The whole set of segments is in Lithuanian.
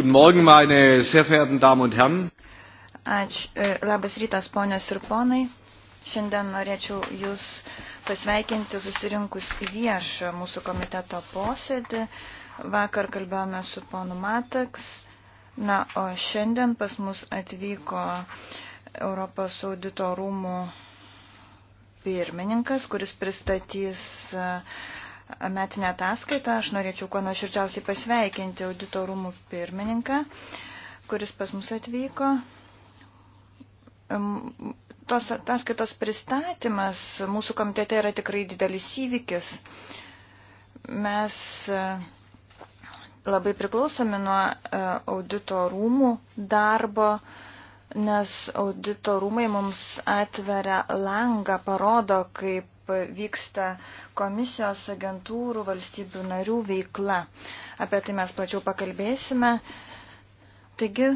Guten Morgen, meine sehr verehrten Damen und Herren. Ačiū. E, labas rytas, ponios ir ponai. Šiandien norėčiau Jūs pasveikinti susirinkus į viešą mūsų komiteto posėdį. Vakar kalbėjome su ponu Mataks. Na, o šiandien pas mus atvyko Europos audito rūmų pirmininkas, kuris pristatys uh, metinę ataskaitą. Aš norėčiau kuo nuoširdžiausiai pasveikinti auditorumų pirmininką, kuris pas mus atvyko. Tos ataskaitos pristatymas mūsų komitete yra tikrai didelis įvykis. Mes e, labai priklausomi nuo e, audito rūmų darbo, nes audito rūmai mums atveria langą, parodo, kaip vyksta komisijos agentūrų valstybių narių veikla. Apie tai mes plačiau pakalbėsime. Taigi,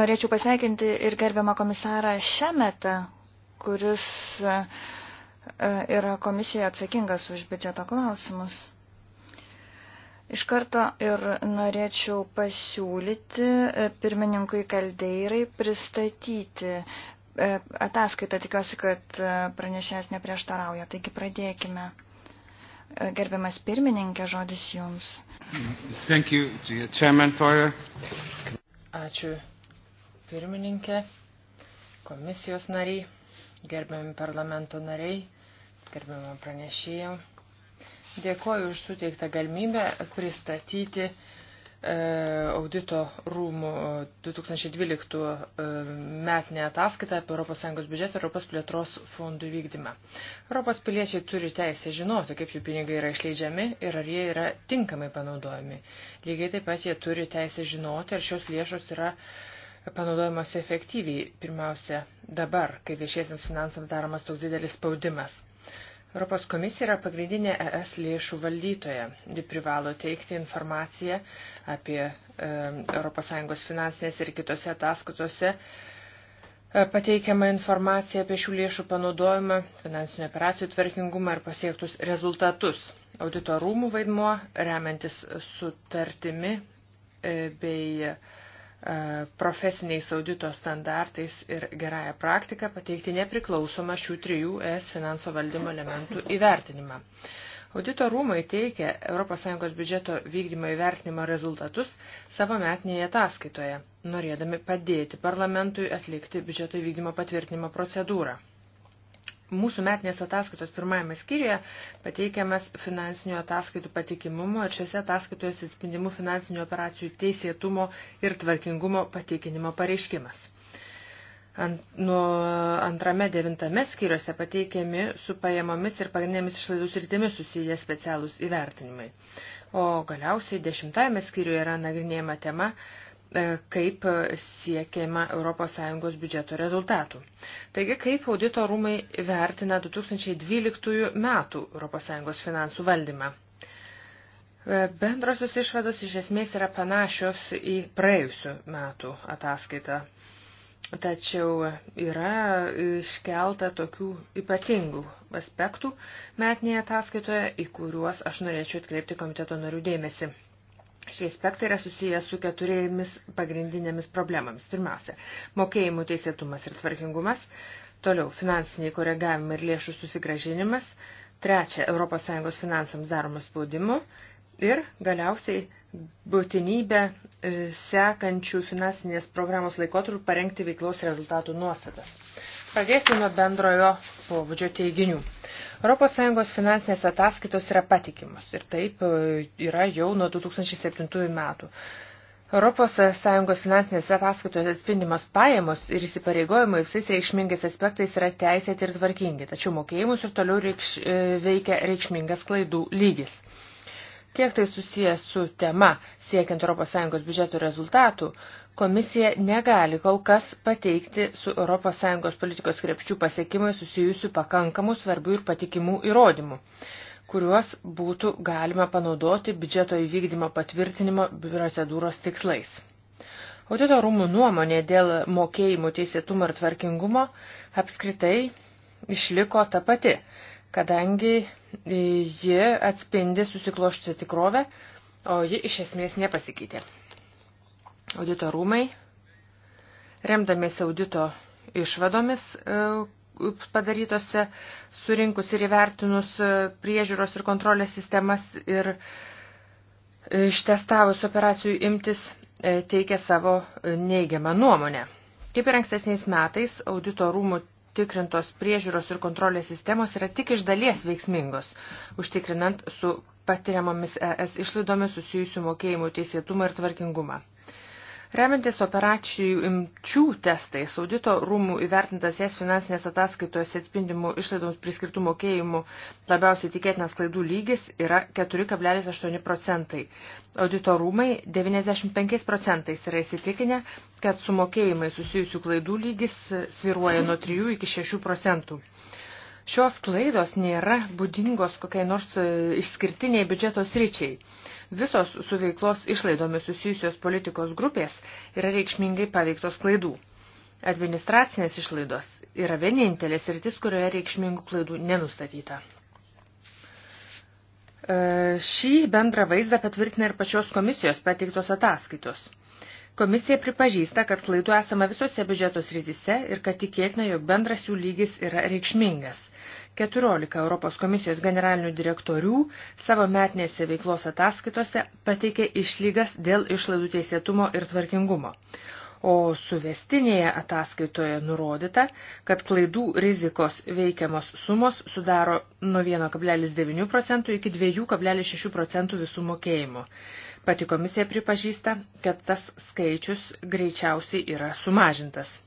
norėčiau pasveikinti ir gerbiamą komisarą Šemetą, kuris e, yra komisijoje atsakingas už biudžeto klausimus. Iš karto ir norėčiau pasiūlyti e, pirmininkui Kaldeirai pristatyti E, ataskaitą, tikiuosi, kad e, pranešėjas neprieštarauja. Taigi pradėkime. E, gerbiamas pirmininkė, žodis jums. Thank you, chairman, for... Ačiū pirmininkė, komisijos nariai, gerbiami parlamento nariai, gerbiamam pranešėjim. Dėkuoju už suteiktą galimybę pristatyti uh, E, audito rūmų 2012 e, metinė ataskaita apie ES biudžetą ir Europos plėtros fondų vykdymą. Europos piliečiai turi teisę žinoti, kaip jų pinigai yra išleidžiami ir ar jie yra tinkamai panaudojami. Lygiai taip pat jie turi teisę žinoti, ar šios lėšos yra panaudojamos efektyviai, pirmiausia dabar, kai viešiesiams finansams daromas toks didelis spaudimas. Europos komisija yra pagrindinė ES lėšų valdytoja. Ji privalo teikti informaciją apie ES finansinės ir kitose ataskaitose e, pateikiama informacija apie šių lėšų panaudojimą, finansinių operacijų tvarkingumą ir pasiektus rezultatus. Audito rūmų vaidmuo, remiantis sutartimi e, bei E, profesiniais audito standartais ir gerąją praktiką pateikti nepriklausomą šių trijų ES finanso valdymo elementų įvertinimą. Audito rūmai teikia ES biudžeto vykdymo įvertinimo rezultatus savo metinėje ataskaitoje, norėdami padėti parlamentui atlikti biudžeto vykdymo patvirtinimo procedūrą. Mūsų metinės ataskaitos pirmajame skyriuje pateikiamas finansinių ataskaitų patikimumo ir šiose ataskaitoje atspindimų finansinių operacijų teisėtumo ir tvarkingumo pateikinimo pareiškimas. Ant, nuo antrame devintame skyriuose pateikiami su pajamomis ir pagrindinėmis išlaidų sritimis susiję specialūs įvertinimai. O galiausiai dešimtajame skyriuje yra nagrinėjama tema E, kaip siekiama ES biudžeto rezultatų. Taigi, kaip audito rūmai vertina 2012 metų ES finansų valdymą? E, bendrosios išvados iš esmės yra panašios į praėjusių metų ataskaitą, tačiau yra iškelta tokių ypatingų aspektų metinėje ataskaitoje, į kuriuos aš norėčiau atkreipti komiteto narių dėmesį. Šie aspektai yra susiję su keturėmis pagrindinėmis problemomis. Pirmiausia, mokėjimų teisėtumas ir tvarkingumas. Toliau, finansiniai koregavimai ir lėšų susigražinimas. Trečia, ES finansams daromas spaudimu. Ir galiausiai būtinybė e, sekančių finansinės programos laikotarpių parengti veiklos rezultatų nuostatas. Pradėsiu nuo bendrojo pobūdžio teiginių. ES finansinės ataskaitos yra patikimus ir taip e, yra jau nuo 2007 metų. ES finansinės ataskaitos atspindimas pajamos ir įsipareigojimai visais reikšmingais aspektais yra teisėti ir tvarkingi, tačiau mokėjimus ir toliau reikš, e, veikia reikšmingas klaidų lygis. Kiek tai susijęs su tema siekiant ES biudžeto rezultatų, komisija negali kol kas pateikti su ES politikos krepčių pasiekimai susijusių pakankamų svarbių ir patikimų įrodymų, kuriuos būtų galima panaudoti biudžeto įvykdymo patvirtinimo procedūros tikslais. Audito rūmų nuomonė dėl mokėjimų teisėtumo ir tvarkingumo apskritai išliko ta pati kadangi ji atspindi susikloščią tikrovę, o ji iš esmės nepasikeitė. Audito rūmai, remdamiesi audito išvadomis e, padarytose, surinkus ir įvertinus e, priežiūros ir kontrolės sistemas ir e, ištestavus operacijų imtis, teikia savo neigiamą nuomonę. Kaip ir ankstesniais metais, audito rūmų užtikrintos priežiūros ir kontrolės sistemos yra tik iš dalies veiksmingos, užtikrinant su patiriamomis ES išlaidomis susijusių mokėjimų teisėtumą ir tvarkingumą. Remiantis operacijų imčių testais, audito rūmų įvertintas jas finansinės ataskaitos atspindimų išlaidoms priskirtų mokėjimų labiausiai tikėtinas klaidų lygis yra 4,8 procentai. Audito rūmai 95 procentais yra įsitikinę, kad su mokėjimai susijusių klaidų lygis sviruoja nuo 3 iki 6 procentų. Šios klaidos nėra būdingos kokiai nors e, išskirtiniai biudžeto sričiai. Visos su veiklos išlaidomis susijusios politikos grupės yra reikšmingai paveiktos klaidų. Administracinės išlaidos yra vienintelės rytis, kurioje reikšmingų klaidų nenustatyta. E, šį bendrą vaizdą patvirtina ir pačios komisijos pateiktos ataskaitos. Komisija pripažįsta, kad klaidų esama visose biudžeto srityse ir kad tikėtina, jog bendras jų lygis yra reikšmingas. 14 Europos komisijos generalinių direktorių savo metinėse veiklos ataskaitose pateikė išlygas dėl išlaidų teisėtumo ir tvarkingumo. O suvestinėje ataskaitoje nurodyta, kad klaidų rizikos veikiamos sumos sudaro nuo 1,9 procentų iki 2,6 procentų visų mokėjimų. Pati komisija pripažįsta, kad tas skaičius greičiausiai yra sumažintas.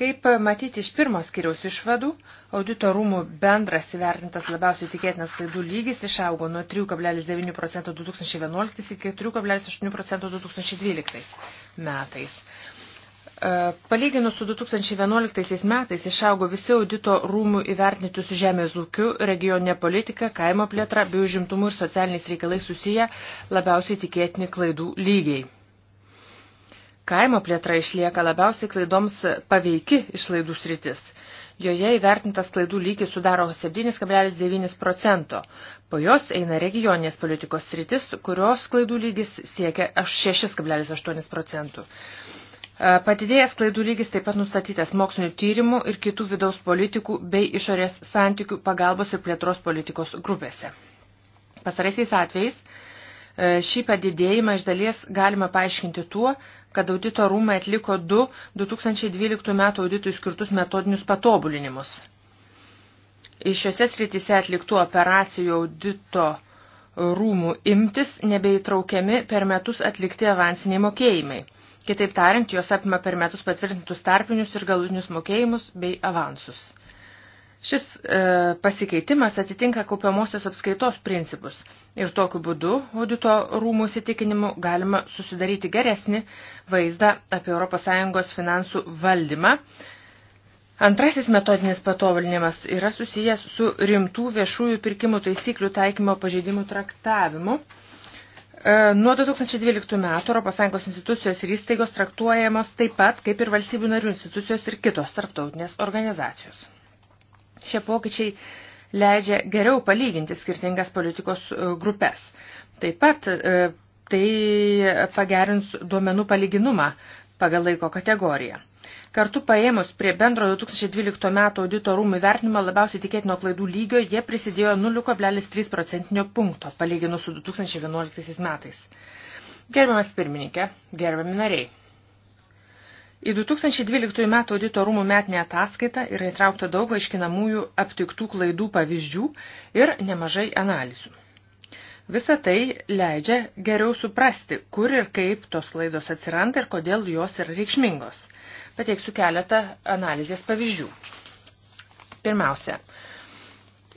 Kaip matyti iš pirmos skiriaus išvadų, audito rūmų bendras įvertintas labiausiai tikėtinas klaidų lygis išaugo nuo 3,9 procentų 2011 iki 4,8 procentų 2012 metais. E, palyginus su 2011 metais išaugo visi audito rūmų įvertinti su žemės ūkiu, regioninė politika, kaimo plėtra bei užimtumų ir socialiniais reikalais susiję labiausiai tikėtini klaidų lygiai. Kaimo plėtra išlieka labiausiai klaidoms paveiki išlaidų sritis. Joje įvertintas klaidų lygis sudaro 7,9 procento. Po jos eina regioninės politikos sritis, kurios klaidų lygis siekia 6,8 procentų. E, Patidėjęs klaidų lygis taip pat nustatytas mokslinių tyrimų ir kitų vidaus politikų bei išorės santykių pagalbos ir plėtros politikos grupėse. Pasaraisiais atvejais e, šį padidėjimą iš dalies galima paaiškinti tuo, kad audito rūmai atliko du 2012 m. auditui skirtus metodinius patobulinimus. Iš šiose srityse atliktų operacijų audito rūmų imtis nebeįtraukiami per metus atlikti avansiniai mokėjimai. Kitaip tariant, jos apima per metus patvirtintus tarpinius ir galutinius mokėjimus bei avansus. Šis e, pasikeitimas atitinka kaupiamosios apskaitos principus ir tokiu būdu audito rūmų įsitikinimu galima susidaryti geresnį vaizdą apie ES finansų valdymą. Antrasis metodinis patobulinimas yra susijęs su rimtų viešųjų pirkimų taisyklių taikymo pažeidimų traktavimu. E, nuo 2012 metų ES institucijos ir įstaigos traktuojamos taip pat kaip ir valstybių narių institucijos ir kitos tarptautinės organizacijos. Šie pokyčiai leidžia geriau palyginti skirtingas politikos e, grupės. Taip pat e, tai pagerins duomenų palyginumą pagal laiko kategoriją. Kartu paėmus prie bendro 2012 metų audito rūmų įvertinimo labiausiai tikėtino klaidų lygio, jie prisidėjo 0,3 procentinio punkto, palyginus su 2011 metais. Gerbiamas pirmininkė, gerbiami nariai. Į 2012 m. audito rūmų metinę ataskaitą yra įtraukta daug aiškinamųjų aptiktų klaidų pavyzdžių ir nemažai analizių. Visa tai leidžia geriau suprasti, kur ir kaip tos klaidos atsiranda ir kodėl jos yra reikšmingos. Pateiksiu keletą analizės pavyzdžių. Pirmiausia,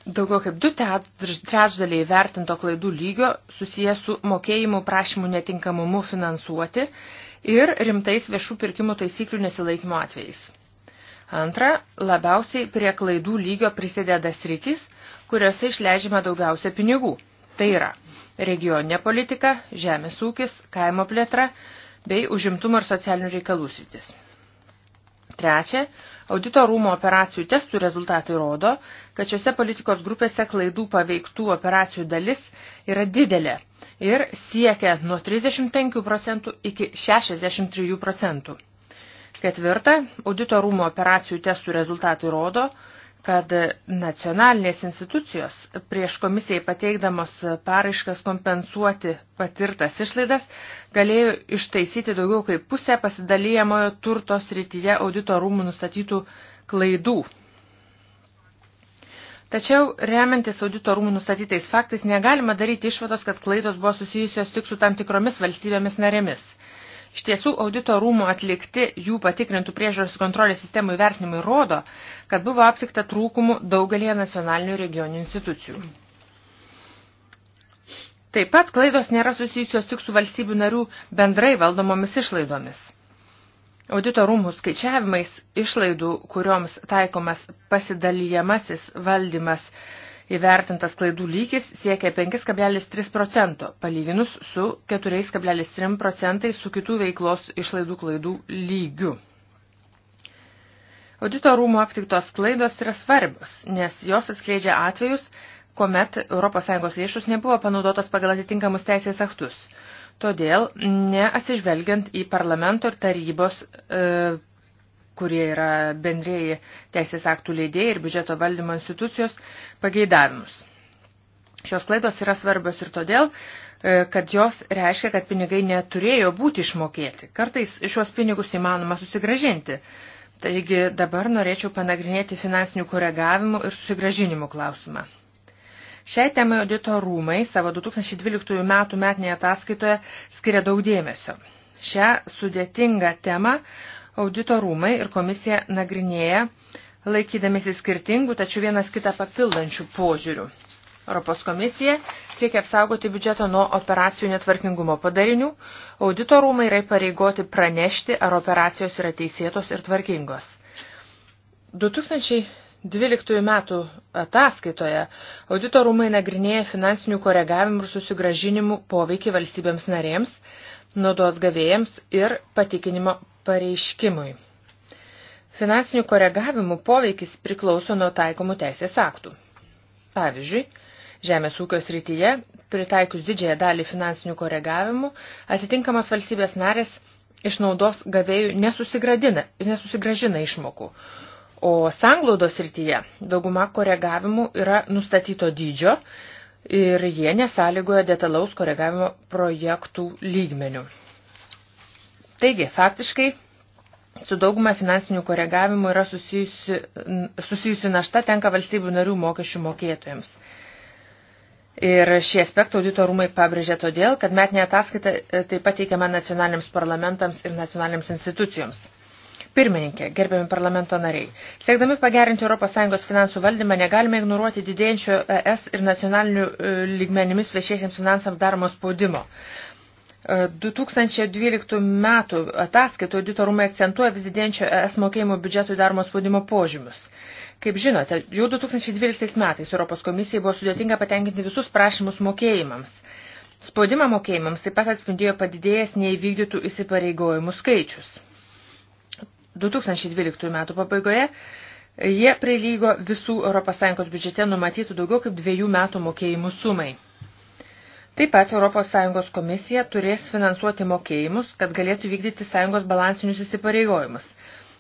daugiau kaip du trečdaliai vertinto klaidų lygio susijęs su mokėjimų prašymų netinkamumu finansuoti ir rimtais viešų pirkimų taisyklių nesilaikymo atvejais. Antra, labiausiai prie klaidų lygio prisideda sritis, kuriuose išleidžiama daugiausia pinigų. Tai yra regioninė politika, žemės ūkis, kaimo plėtra bei užimtumo ir socialinių reikalų sritis. Trečia, audito rūmo operacijų testų rezultatai rodo, kad šiuose politikos grupėse klaidų paveiktų operacijų dalis yra didelė ir siekia nuo 35 procentų iki 63 procentų. Ketvirta, audito rūmo operacijų testų rezultatai rodo, kad nacionalinės institucijos prieš komisijai pateikdamos paraiškas kompensuoti patirtas išlaidas galėjo ištaisyti daugiau kaip pusę pasidalyjamojo turto srityje audito rūmų nustatytų klaidų Tačiau, remiantis audito rūmų nustatytais faktais, negalima daryti išvados, kad klaidos buvo susijusios tik su tam tikromis valstybėmis narėmis. Iš tiesų, audito rūmų atlikti jų patikrintų priežiūros kontrolės sistemų įvertinimai rodo, kad buvo aptikta trūkumų daugelėje nacionalinių regionių institucijų. Taip pat klaidos nėra susijusios tik su valstybių narių bendrai valdomomis išlaidomis. Audito rūmų skaičiavimais išlaidų, kurioms taikomas pasidalijamasis valdymas įvertintas klaidų lygis siekia 5,3 procento, palyginus su 4,3 procentai su kitų veiklos išlaidų klaidų lygiu. Audito rūmų aptiktos klaidos yra svarbios, nes jos atskleidžia atvejus, kuomet ES lėšus nebuvo panaudotos pagal atitinkamus teisės aktus – Todėl, neatsižvelgiant į parlamento ir tarybos, e, kurie yra bendrėjai teisės aktų leidėjai ir biudžeto valdymo institucijos, pageidavimus. Šios klaidos yra svarbios ir todėl, e, kad jos reiškia, kad pinigai neturėjo būti išmokėti. Kartais šios pinigus įmanoma susigražinti. Taigi dabar norėčiau panagrinėti finansinių koregavimų ir susigražinimų klausimą. Šiai temai audito rūmai savo 2012 metų metinėje ataskaitoje skiria daug dėmesio. Šią sudėtingą temą audito rūmai ir komisija nagrinėja laikydamėsi skirtingų, tačiau vienas kitą papildančių požiūrių. Europos komisija siekia apsaugoti biudžeto nuo operacijų netvarkingumo padarinių, audito rūmai yra pareigoti pranešti, ar operacijos yra teisėtos ir tvarkingos. 2000 12 metų ataskaitoje auditorumai nagrinėja finansinių koregavimų ir susigražinimų poveikį valstybėms narėms, naudos gavėjams ir patikinimo pareiškimui. Finansinių koregavimų poveikis priklauso nuo taikomų teisės aktų. Pavyzdžiui, žemės ūkio srityje, pritaikius didžiąją dalį finansinių koregavimų, atitinkamos valstybės narės išnaudos gavėjų nesusigražina išmokų, O sanglaudos rytyje dauguma koregavimų yra nustatyto dydžio ir jie nesąlygoja detalaus koregavimo projektų lygmenių. Taigi, faktiškai, su dauguma finansinių koregavimų yra susijusi, susijusi našta tenka valstybių narių mokesčių mokėtojams. Ir šį aspektą auditorumai pabrėžė todėl, kad metinė ataskaita e, taip pat teikiama nacionaliniams parlamentams ir nacionaliniams institucijoms. Pirmininkė, gerbiami parlamento nariai, siekdami pagerinti ES finansų valdymą negalime ignoruoti didėjančio ES ir nacionalinių e, lygmenimis viešiesiams finansams daromo spaudimo. 2012 e, metų ataskaito auditorumai akcentuoja vis didėjančio ES mokėjimo biudžetui daromo spaudimo požymius. Kaip žinote, jau 2012 metais Europos komisijai buvo sudėtinga patenkinti visus prašymus mokėjimams. Spaudimą mokėjimams taip pat atspindėjo padidėjęs neįvykdytų įsipareigojimų skaičius. 2012 metų pabaigoje jie prilygo visų ES biudžete numatytų daugiau kaip dviejų metų mokėjimų sumai. Taip pat ES komisija turės finansuoti mokėjimus, kad galėtų vykdyti sąjungos balansinius įsipareigojimus.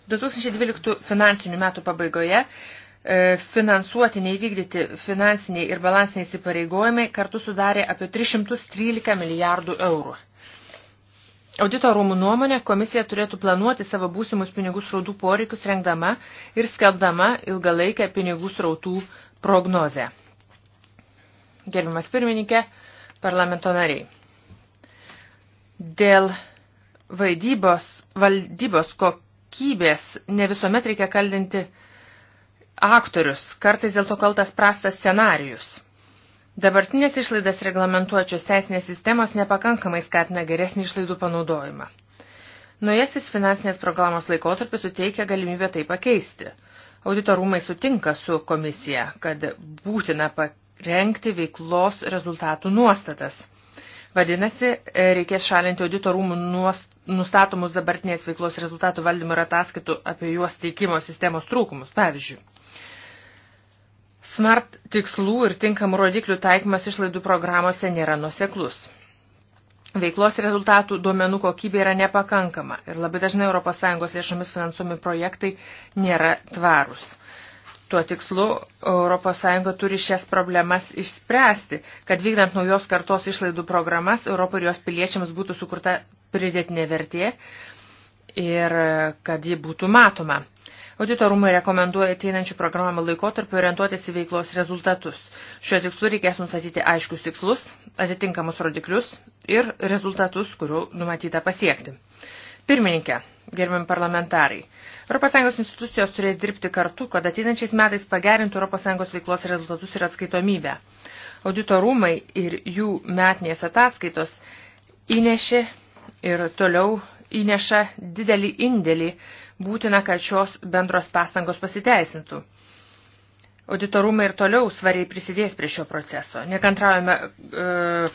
2012 finansinių metų pabaigoje e, finansuoti neįvykdyti finansiniai ir balansiniai įsipareigojimai kartu sudarė apie 313 milijardų eurų. Audito rūmų nuomonė komisija turėtų planuoti savo būsimus pinigų srautų poreikius rengdama ir skelbdama ilgalaikę pinigų srautų prognozę. Gerbimas pirmininkė, parlamento nariai. Dėl vaidybos, valdybos kokybės ne visuomet reikia kaldinti aktorius, kartais dėl to kaltas prastas scenarius. Dabartinės išlaidas reglamentuočios teisinės sistemos nepakankamai skatina geresnį išlaidų panaudojimą. Nuėjasis finansinės programos laikotarpis suteikia galimybę tai pakeisti. Auditorumai sutinka su komisija, kad būtina parengti veiklos rezultatų nuostatas. Vadinasi, reikės šalinti auditorumų nustatomus dabartinės veiklos rezultatų valdymo ir ataskaitų apie juos teikimo sistemos trūkumus, pavyzdžiui. Smart tikslų ir tinkamų rodiklių taikymas išlaidų programuose nėra nuseklus. Veiklos rezultatų duomenų kokybė yra nepakankama ir labai dažnai ES lėšomis finansuomi projektai nėra tvarūs. Tuo tikslu ES turi šias problemas išspręsti, kad vykdant naujos kartos išlaidų programas Europai ir jos piliečiams būtų sukurta pridėtinė vertė ir kad ji būtų matoma. Auditorumai rekomenduoja ateinančių programavimo laikotarpį orientuotis į veiklos rezultatus. Šiuo tikslu reikės nustatyti aiškius tikslus, atitinkamus rodiklius ir rezultatus, kurių numatyta pasiekti. Pirmininkė, gerbiami parlamentarai, ES institucijos turės dirbti kartu, kad ateinančiais metais pagerintų ES veiklos rezultatus ir atskaitomybę. Auditorumai ir jų metinės ataskaitos įnešė ir toliau įneša didelį indėlį Būtina, kad šios bendros pastangos pasiteisintų. Auditorumai ir toliau svariai prisidės prie šio proceso. Nekantraujame e,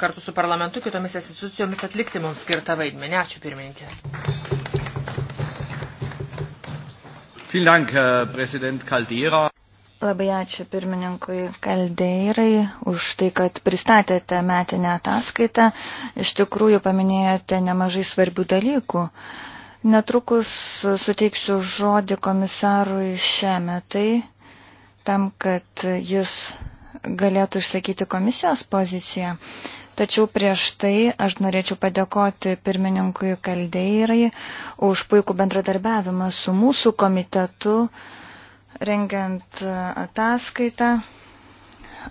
kartu su parlamentu kitomis institucijomis atlikti mums skirtą vaidmenį. Ačiū pirmininkė. Dank, Caldera. Labai ačiū pirmininkui Kaldeirai už tai, kad pristatėte metinę ataskaitą. Iš tikrųjų paminėjote nemažai svarbių dalykų. E, Netrukus suteiksiu žodį komisarui Šemetai, tam, kad jis galėtų išsakyti komisijos poziciją. Tačiau prieš tai aš norėčiau padėkoti pirmininkui Kaldeirai už puikų bendradarbiavimą su mūsų komitetu, rengiant ataskaitą.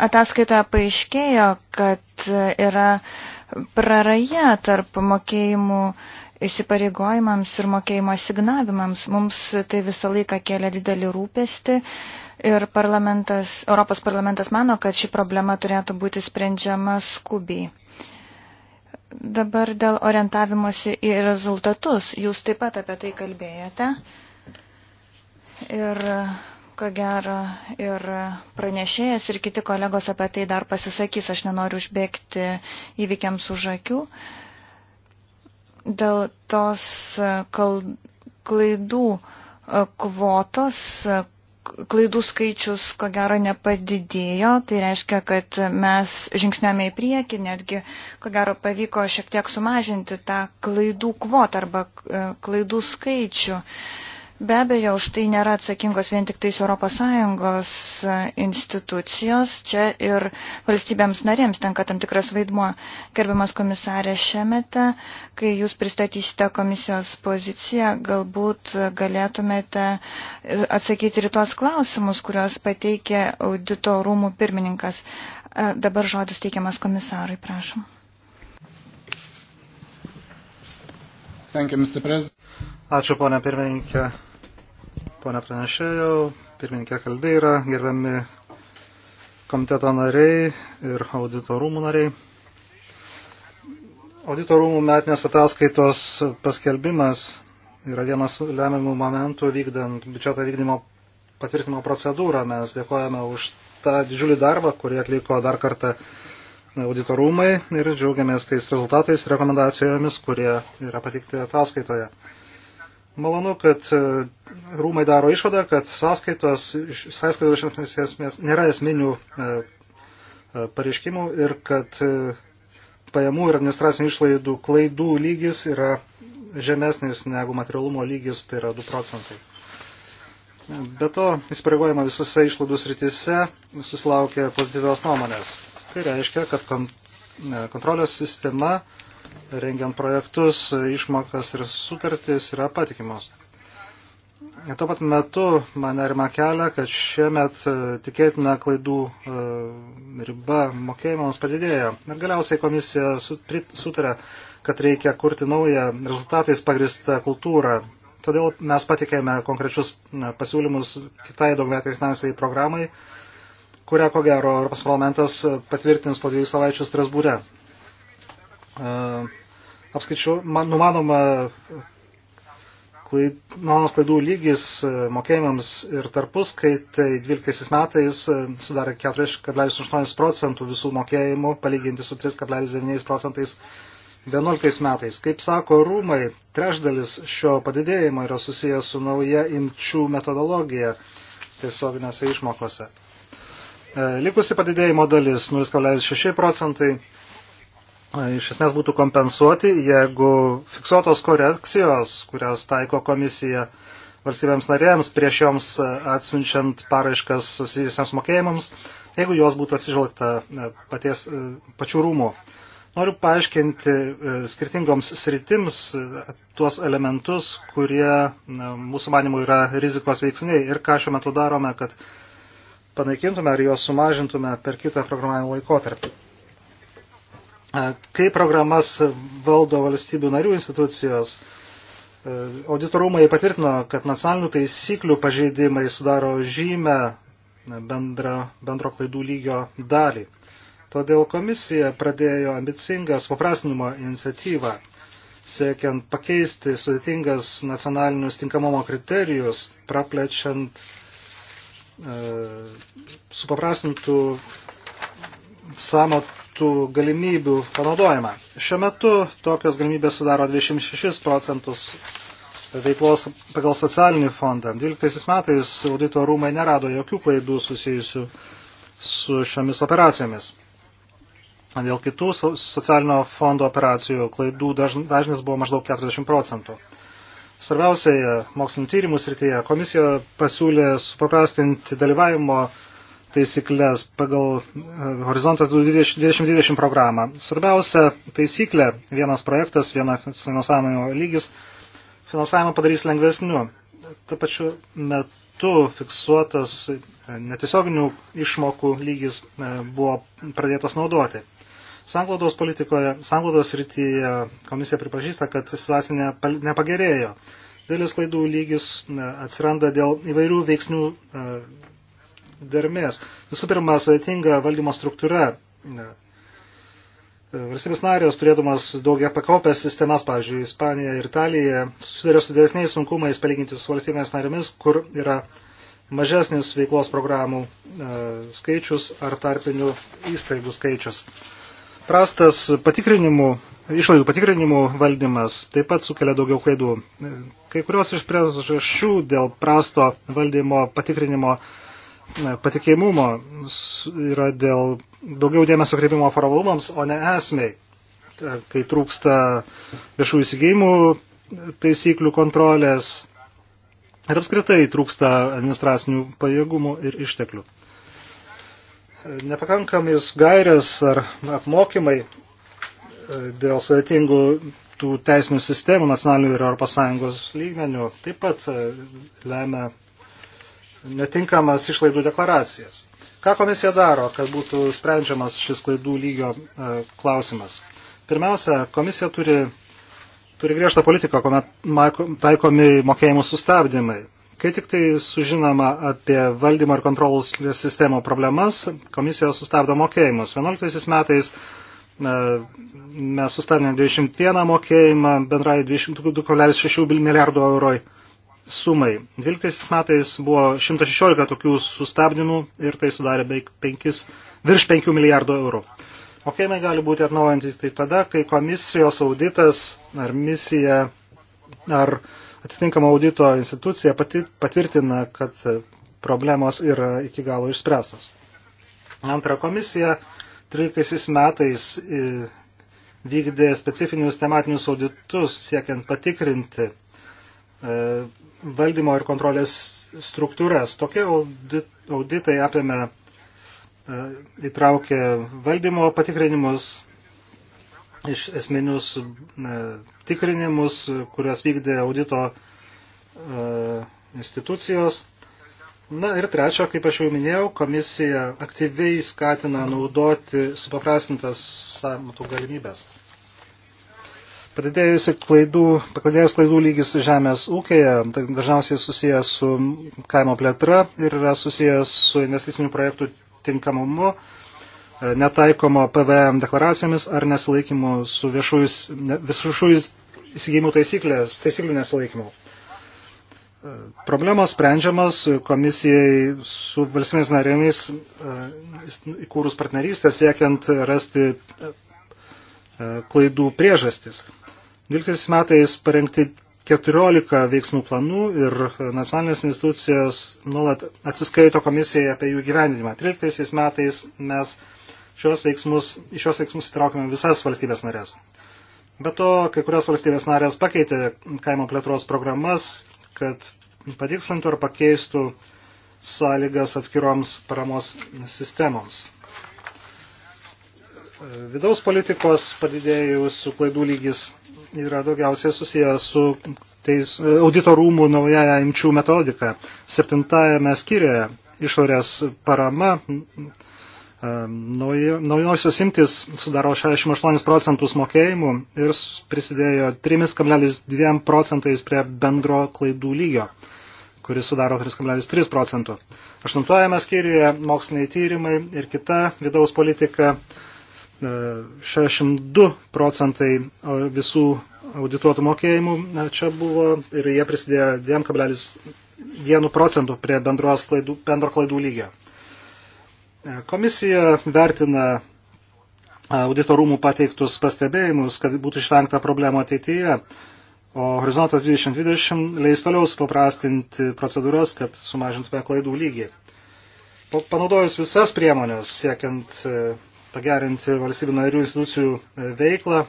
Ataskaitoje paaiškėjo, kad yra praraja tarp mokėjimų įsipareigojimams ir mokėjimo asignavimams. Mums tai visą laiką kėlė didelį rūpestį ir parlamentas, Europos parlamentas mano, kad ši problema turėtų būti sprendžiama skubiai. Dabar dėl orientavimosi į rezultatus. Jūs taip pat apie tai kalbėjote. Ir ko gero ir pranešėjas, ir kiti kolegos apie tai dar pasisakys. Aš nenoriu užbėgti įvykiams už akių. Uh, dėl tos e, klaidų e, kvotos, e, klaidų skaičius ko gero nepadidėjo, tai reiškia, kad mes žingsniame į priekį, netgi ko gero pavyko šiek tiek sumažinti tą klaidų kvotą arba klaidų skaičių. Uh, Be abejo, už tai nėra atsakingos vien tik tais ES e, institucijos, čia ir valstybėms narėms tenka tam tikras vaidmuo. Gerbiamas komisarė Šemete, kai jūs pristatysite komisijos poziciją, galbūt galėtumėte e, atsakyti ir tuos klausimus, kuriuos pateikė audito rūmų pirmininkas. E, dabar žodis teikiamas komisarui, prašom. Thank you, Mr. President. Ačiū, ponia pirmininkė ponia pranešėjau, pirmininkė Kaldeira, gerbiami komiteto nariai ir auditorumų nariai. Auditorumų metinės ataskaitos paskelbimas yra vienas lemiamų momentų vykdant biudžeto vykdymo patvirtinimo procedūrą. Mes dėkojame už tą didžiulį darbą, kurį atliko dar kartą auditorumai ir džiaugiamės tais rezultatais ir rekomendacijomis, kurie yra patikti ataskaitoje. Malonu, kad e, rūmai daro išvadą, kad sąskaitos, sąskaitos šiandien esmės nėra esminių e, e, pareiškimų ir kad pajamų ir administracinių išlaidų klaidų lygis yra žemesnis negu materialumo lygis, tai yra 2 procentai. Be to, įsipareigojama visose išlaidų srityse susilaukė pozityvios nuomonės. Tai reiškia, kad kontrolės sistema uh, rengiant projektus, išmokas ir sutartys yra patikimos. Tuo pat metu man nerima kelia, kad šiemet e, tikėtina klaidų e, riba mokėjimams padidėjo. Ir galiausiai komisija sutarė, kad reikia kurti naują rezultatais pagristą kultūrą. Todėl mes patikėme konkrečius pasiūlymus kitai daugmetai finansiai programai, kurią ko gero Europos parlamentas patvirtins po dviejų savaičių Strasbūre. E, apskaičiu, nu, man, numanoma e, klaid, nuomanos klaidų lygis e, mokėjimams ir tarpus, kai tai 12 metais sudarė 4,8 procentų visų mokėjimų, palyginti su 3,9 procentais 11 metais. Kaip sako rūmai, trešdalis šio padidėjimo yra susijęs su nauja imčių metodologija tiesioginėse išmokose. Likusi padidėjimo dalis 0,6 procentai iš esmės būtų kompensuoti, jeigu fiksuotos korekcijos, kurias taiko komisija valstybėms narėjams prieš joms atsiunčiant paraiškas susijusiams mokėjimams, jeigu jos būtų atsižvelgta e, paties, e, pačių rūmų. Noriu paaiškinti e, skirtingoms sritims tuos elementus, kurie mūsų manimų yra rizikos veiksniai ir ką šiuo metu darome, kad panaikintume ar juos sumažintume per kitą programavimo laikotarpį kaip programas valdo valstybių narių institucijos. E, auditorumai patvirtino, kad nacionalinių taisyklių pažeidimai sudaro žymę bendra, bendro klaidų lygio dalį. Todėl komisija pradėjo ambicingą supaprastinimo iniciatyvą, siekiant pakeisti sudėtingas nacionalinius tinkamumo kriterijus, praplečiant e, supaprastintų samo tų galimybių panaudojimą. Šiuo metu tokios galimybės sudaro 26 procentus veiklos pagal socialinį fondą. 12 metais audito rūmai nerado jokių klaidų susijusių su šiomis operacijomis. Dėl kitų socialinio fondo operacijų klaidų dažnis buvo maždaug 40 procentų. Svarbiausiai mokslinio tyrimų srityje komisija pasiūlė supaprastinti dalyvavimo taisyklės pagal e, Horizontas 2020 programą. Svarbiausia taisyklė, vienas projektas, vienas finansavimo lygis, finansavimą padarys lengvesniu. Ta pačiu metu fiksuotas e, netiesioginių išmokų lygis e, buvo pradėtas naudoti. Sanglaudos politikoje, sanglaudos rytyje komisija pripažįsta, kad situacija nepagerėjo. Dėlis klaidų lygis atsiranda dėl įvairių veiksnių dermės. Visų pirma, sudėtinga valdymo struktūra. E, valstybės narės, turėdamas daugia pakopęs sistemas, pavyzdžiui, Ispanija ir Italija, susiduria su didesniais sunkumais palyginti su valstybės narėmis, kur yra mažesnis veiklos programų e, skaičius ar tarpinių įstaigų skaičius. Prastas patikrinimų išlaidų patikrinimų valdymas taip pat sukelia daugiau klaidų. E, kai kurios iš priežasčių dėl prasto valdymo patikrinimo patikimumo yra dėl daugiau dėmesio kreipimo formalumams, o ne esmiai, kai trūksta viešų įsigijimų taisyklių kontrolės ir apskritai trūksta administracinių pajėgumų ir išteklių. Nepakankamis gairės ar apmokymai e, dėl sudėtingų tų teisinių sistemų nacionalinių ir ES lygmenių taip pat e, lemia netinkamas išlaidų deklaracijas. Ką komisija daro, kad būtų sprendžiamas šis klaidų lygio klausimas? Pirmiausia, komisija turi, turi griežtą politiką, kuomet taikomi mokėjimų sustabdymai. Kai tik tai sužinoma apie valdymo ir kontrolos sistemo problemas, komisija sustabdo mokėjimus. 11 metais mes sustabdėme 21 mokėjimą bendrai 22,6 milijardo euroj sumai. 12 metais buvo 116 tokių sustabdymų ir tai sudarė beveik 5, virš 5 milijardų eurų. Mokėjimai gali būti atnaujinti tik tai tada, kai komisijos auditas ar misija ar atitinkama audito institucija pati, patvirtina, kad problemos yra iki galo išspręstos. Antra komisija 13 metais e, vykdė specifinius tematinius auditus siekiant patikrinti E, valdymo ir kontrolės struktūras. Tokie auditai apėmė e, įtraukė valdymo patikrinimus, iš esminius e, tikrinimus, kuriuos vykdė audito institucijos. Na ir trečia, kaip aš jau minėjau, komisija aktyviai skatina naudoti supaprastintas sąmatų galimybės. Padidėjusi klaidų, padidėjęs klaidų lygis žemės ūkėje tai dažniausiai susijęs su kaimo plėtra ir yra susijęs su investicinių projektų tinkamumu, e, netaikomo PVM deklaracijomis ar nesilaikymu su viešųjų įsigymų taisyklių nesilaikymu. E, problemos sprendžiamas komisijai su valstybės narėmis e, įkūrus partnerystę siekiant rasti klaidų priežastis. 12 metais parengti 14 veiksmų planų ir nacionalinės institucijos nuolat atsiskaito komisijai apie jų gyvendinimą. 13 metais mes šios veiksmus, į šios veiksmus įtraukėme visas valstybės narės. Be to, kai kurios valstybės narės pakeitė kaimo plėtros programas, kad patikslintų ar pakeistų sąlygas atskiroms paramos sistemoms. Vidaus politikos padidėjusių klaidų lygis yra daugiausiai susijęs su teis, e, audito rūmų naujaja imčių metodika. Septintajame skirėje išorės parama e, naujosios imtis sudaro 68 procentus mokėjimų ir prisidėjo 3,2 procentais prie bendro klaidų lygio, kuris sudaro 3,3 procentų. Aštuntojame skyriuje moksliniai tyrimai ir kita vidaus politika 62 e, procentai e, visų audituotų mokėjimų e, čia buvo ir jie prisidėjo 2,1 procentų prie klaidų, bendro klaidų lygio. Komisija vertina auditorumų pateiktus pastebėjimus, kad būtų išvengta problemų ateityje, o Horizontas 2020 leis toliau supaprastinti procedūras, kad sumažintume klaidų lygį. Panaudojus visas priemonės, siekiant pagerinti valstybių narių institucijų e, veiklą,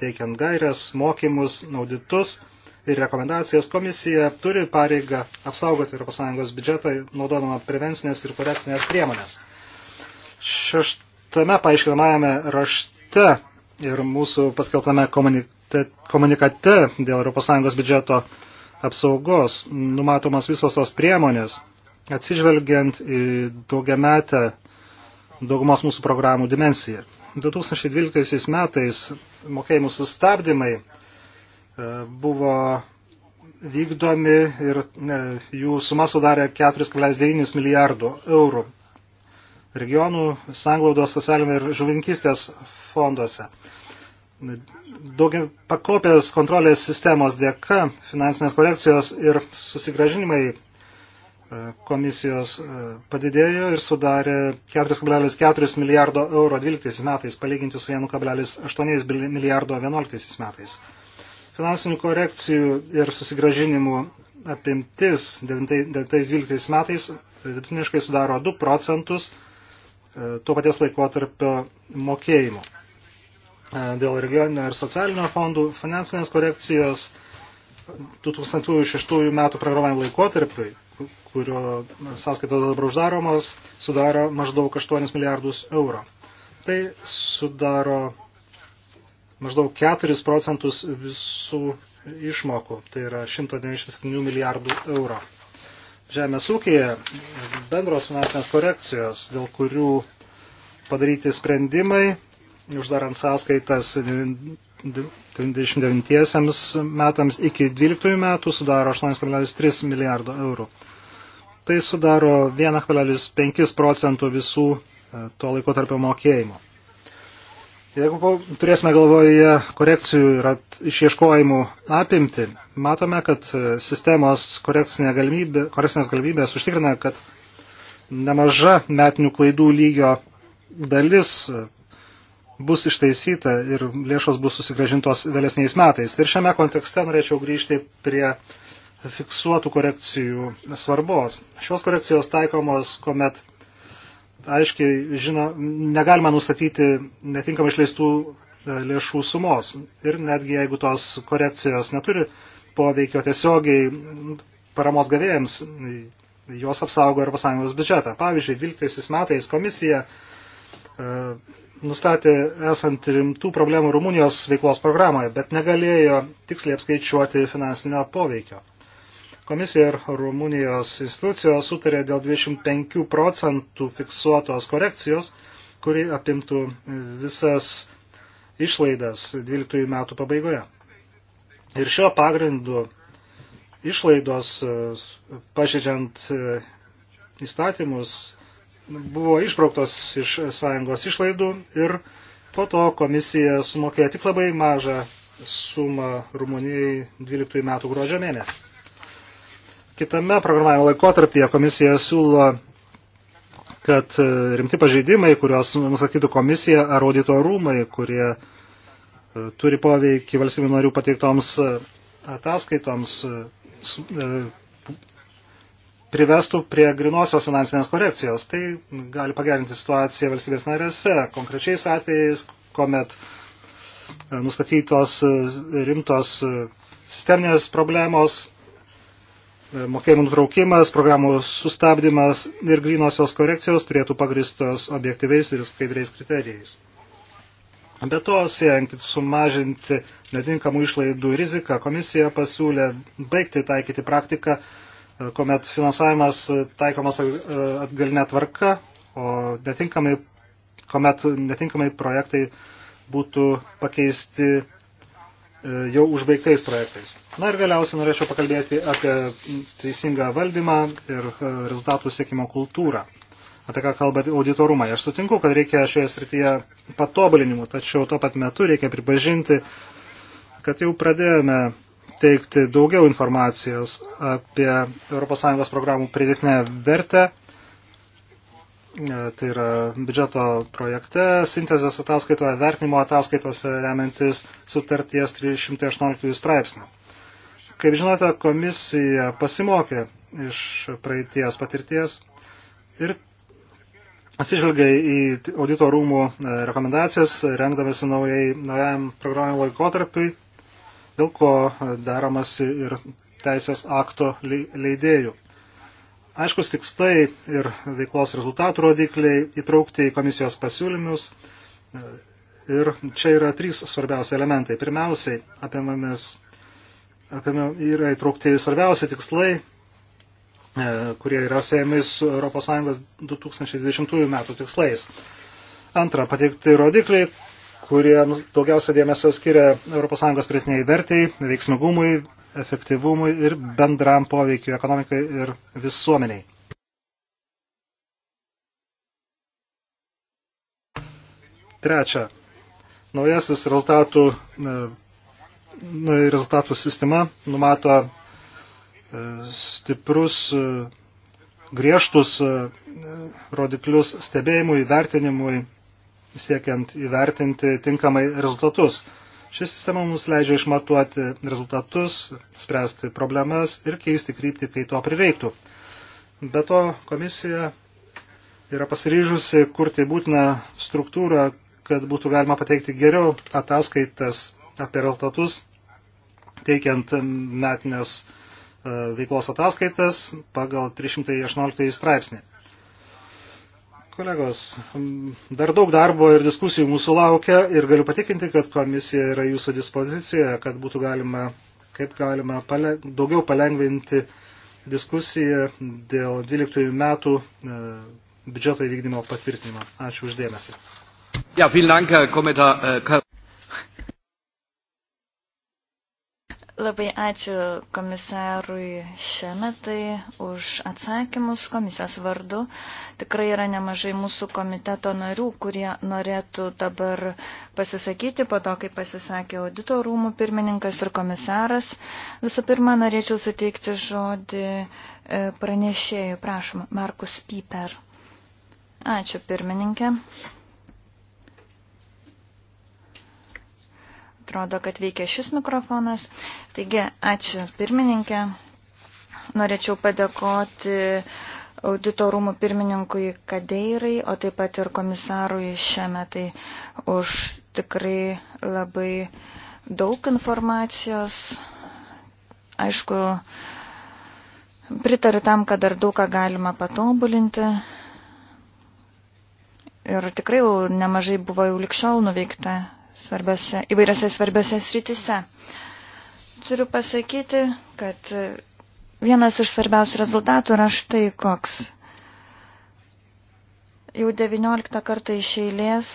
teikiant gairias, mokymus, auditus ir rekomendacijas. Komisija turi pareigą apsaugoti ES biudžetą, naudodama prevencinės ir korekcinės priemonės. Šeštame paaiškinamajame rašte ir mūsų paskelbtame komunikate dėl ES biudžeto apsaugos numatomas visos tos priemonės, atsižvelgiant į daugiametę daugumos mūsų programų dimensiją. 2012 metais mokėjimų sustabdymai e, buvo vykdomi ir ne, jų suma sudarė 4,9 milijardų eurų regionų, sanglaudos, socialinio ir žuvinkystės fonduose. Daugia pakopės kontrolės sistemos dėka finansinės korekcijos ir susigražinimai komisijos e, padidėjo ir sudarė 4,4 milijardo euro 12 metais, palyginti su 1,8 milijardo 11 metais. Finansinių korekcijų ir susigražinimų apimtis 9-12 metais vidutiniškai sudaro 2 procentus e, tuo paties laikotarpio mokėjimų. E, dėl regioninio ir socialinio fondų finansinės korekcijos 2006 metų programavimo laikotarpiui kurio sąskaitos dabar uždaromos, sudaro maždaug 8 milijardus eurų. Tai sudaro maždaug 4 procentus visų išmokų, tai yra 197 milijardų eurų. Žemės ūkėje bendros finansinės korekcijos, dėl kurių padaryti sprendimai, uždarant sąskaitas 99 metams iki 12 metų sudaro 8,3 milijardo eurų. Tai sudaro 1,5 procentų visų e, tuo laiko tarpio mokėjimo. Jeigu turėsime galvoje korekcijų ir išieškojimų apimti, matome, kad e, sistemos korekcinė galimybė, korekcinės galimybės užtikrina, kad nemaža metinių klaidų lygio dalis e, bus ištaisyta ir lėšos bus susigražintos vėlesniais metais. Ir šiame kontekste norėčiau grįžti prie fiksuotų korekcijų svarbos. Šios korekcijos taikomos, kuomet aiškiai žino, negalima nustatyti netinkamai išleistų e, lėšų sumos. Ir netgi jeigu tos korekcijos neturi poveikio tiesiogiai paramos gavėjams, jos apsaugo Europos Sąjungos biudžetą. Pavyzdžiui, 12 metais komisija e, nustatė esant rimtų problemų Rumunijos veiklos programoje, bet negalėjo tiksliai apskaičiuoti finansinio poveikio. Komisija ir Rumunijos institucijos sutarė dėl 25 procentų fiksuotos korekcijos, kuri apimtų visas išlaidas 12 metų pabaigoje. Ir šio pagrindu išlaidos pažydžiant įstatymus buvo išbrauktos iš sąjungos išlaidų ir po to komisija sumokėjo tik labai mažą sumą Rumunijai 12 metų gruodžio mėnesį. Kitame programavimo laikotarpyje komisija siūlo, kad e, rimti pažeidimai, kuriuos nusakytų komisija ar audito rūmai, kurie e, turi poveikį valstybių narių pateiktoms e, ataskaitoms, privestų prie grinosios finansinės korekcijos. Tai gali pagerinti situaciją valstybės narėse, konkrečiais atvejais, kuomet e, nustatytos e, rimtos e, sisteminės problemos, mokėjimų nutraukimas, programų sustabdymas ir grinosios korekcijos turėtų pagristos objektyviais ir skaidriais kriterijais. Be to, siekiant sumažinti netinkamų išlaidų riziką, komisija pasiūlė baigti taikyti praktiką kuomet finansavimas taikomas atgalinė tvarka, o netinkamai, kuomet netinkamai projektai būtų pakeisti e, jau užbaigtais projektais. Na ir galiausiai norėčiau pakalbėti apie teisingą valdymą ir e, rezultatų siekimo kultūrą, apie ką kalba auditorumai. Aš sutinku, kad reikia šioje srityje patobulinimų, tačiau tuo pat metu reikia pripažinti, kad jau pradėjome teikti daugiau informacijos apie ES programų pridėtinę vertę. Tai yra biudžeto projekte, sintezės ataskaitoje, vertinimo ataskaitose remiantis sutarties 318 straipsnių. Kaip žinote, komisija pasimokė iš praeities patirties ir atsižvelgia į audito rūmų rekomendacijas, rengdamėsi naujai, naujam programų laikotarpiui dėl ko daromas ir teisės akto leidėjų. Aiškus tikslai ir veiklos rezultatų rodikliai įtraukti į komisijos pasiūlymus. Ir čia yra trys svarbiausi elementai. Pirmiausiai, apimamis, apimam, yra įtraukti svarbiausi tikslai, e, kurie yra siejami su ES 2020 metų tikslais. Antra, pateikti rodikliai, kurie nu, daugiausia dėmesio skiria ES pritiniai vertėjai, veiksmigumui, efektyvumui ir bendram poveikiu ekonomikai ir visuomeniai. Trečia. Naujasis rezultatų, e, rezultatų sistema numato e, stiprus e, griežtus rodiklius stebėjimui, vertinimui siekiant įvertinti tinkamai rezultatus. Ši sistema mums leidžia išmatuoti rezultatus, spręsti problemas ir keisti kryptį, kai to prireiktų. Be to, komisija yra pasiryžusi kurti būtiną struktūrą, kad būtų galima pateikti geriau ataskaitas apie rezultatus, teikiant metinės e, veiklos ataskaitas pagal 318 straipsnį. Kolegos, dar daug darbo ir diskusijų mūsų laukia ir galiu patikinti, kad komisija yra jūsų dispozicijoje, kad būtų galima, kaip galima pale, daugiau palengvinti diskusiją dėl 12 metų e, biudžeto įvykdymo patvirtinimo. Ačiū uždėmesi. Ja, vielen Dank, Herr Kommissar. Äh, Labai ačiū komisarui Šemetai už atsakymus komisijos vardu. Tikrai yra nemažai mūsų komiteto narių, kurie norėtų dabar pasisakyti po to, kai pasisakė audito rūmų pirmininkas ir komisaras. Visų pirma, norėčiau suteikti žodį e, pranešėjų. Prašom, Markus Piper. Ačiū pirmininkė. Atrodo, kad veikia šis mikrofonas. Taigi, ačiū pirmininkė. Norėčiau padėkoti auditorumų pirmininkui Kadeirai, o taip pat ir komisarui šiame tai už tikrai labai daug informacijos. Aišku, Pritariu tam, kad dar daug ką galima patobulinti. Ir tikrai nemažai buvo jau likščiau nuveikta svarbiose, įvairiose svarbiose sritise. Turiu pasakyti, kad vienas iš svarbiausių rezultatų yra štai koks. Jau 19 kartą iš eilės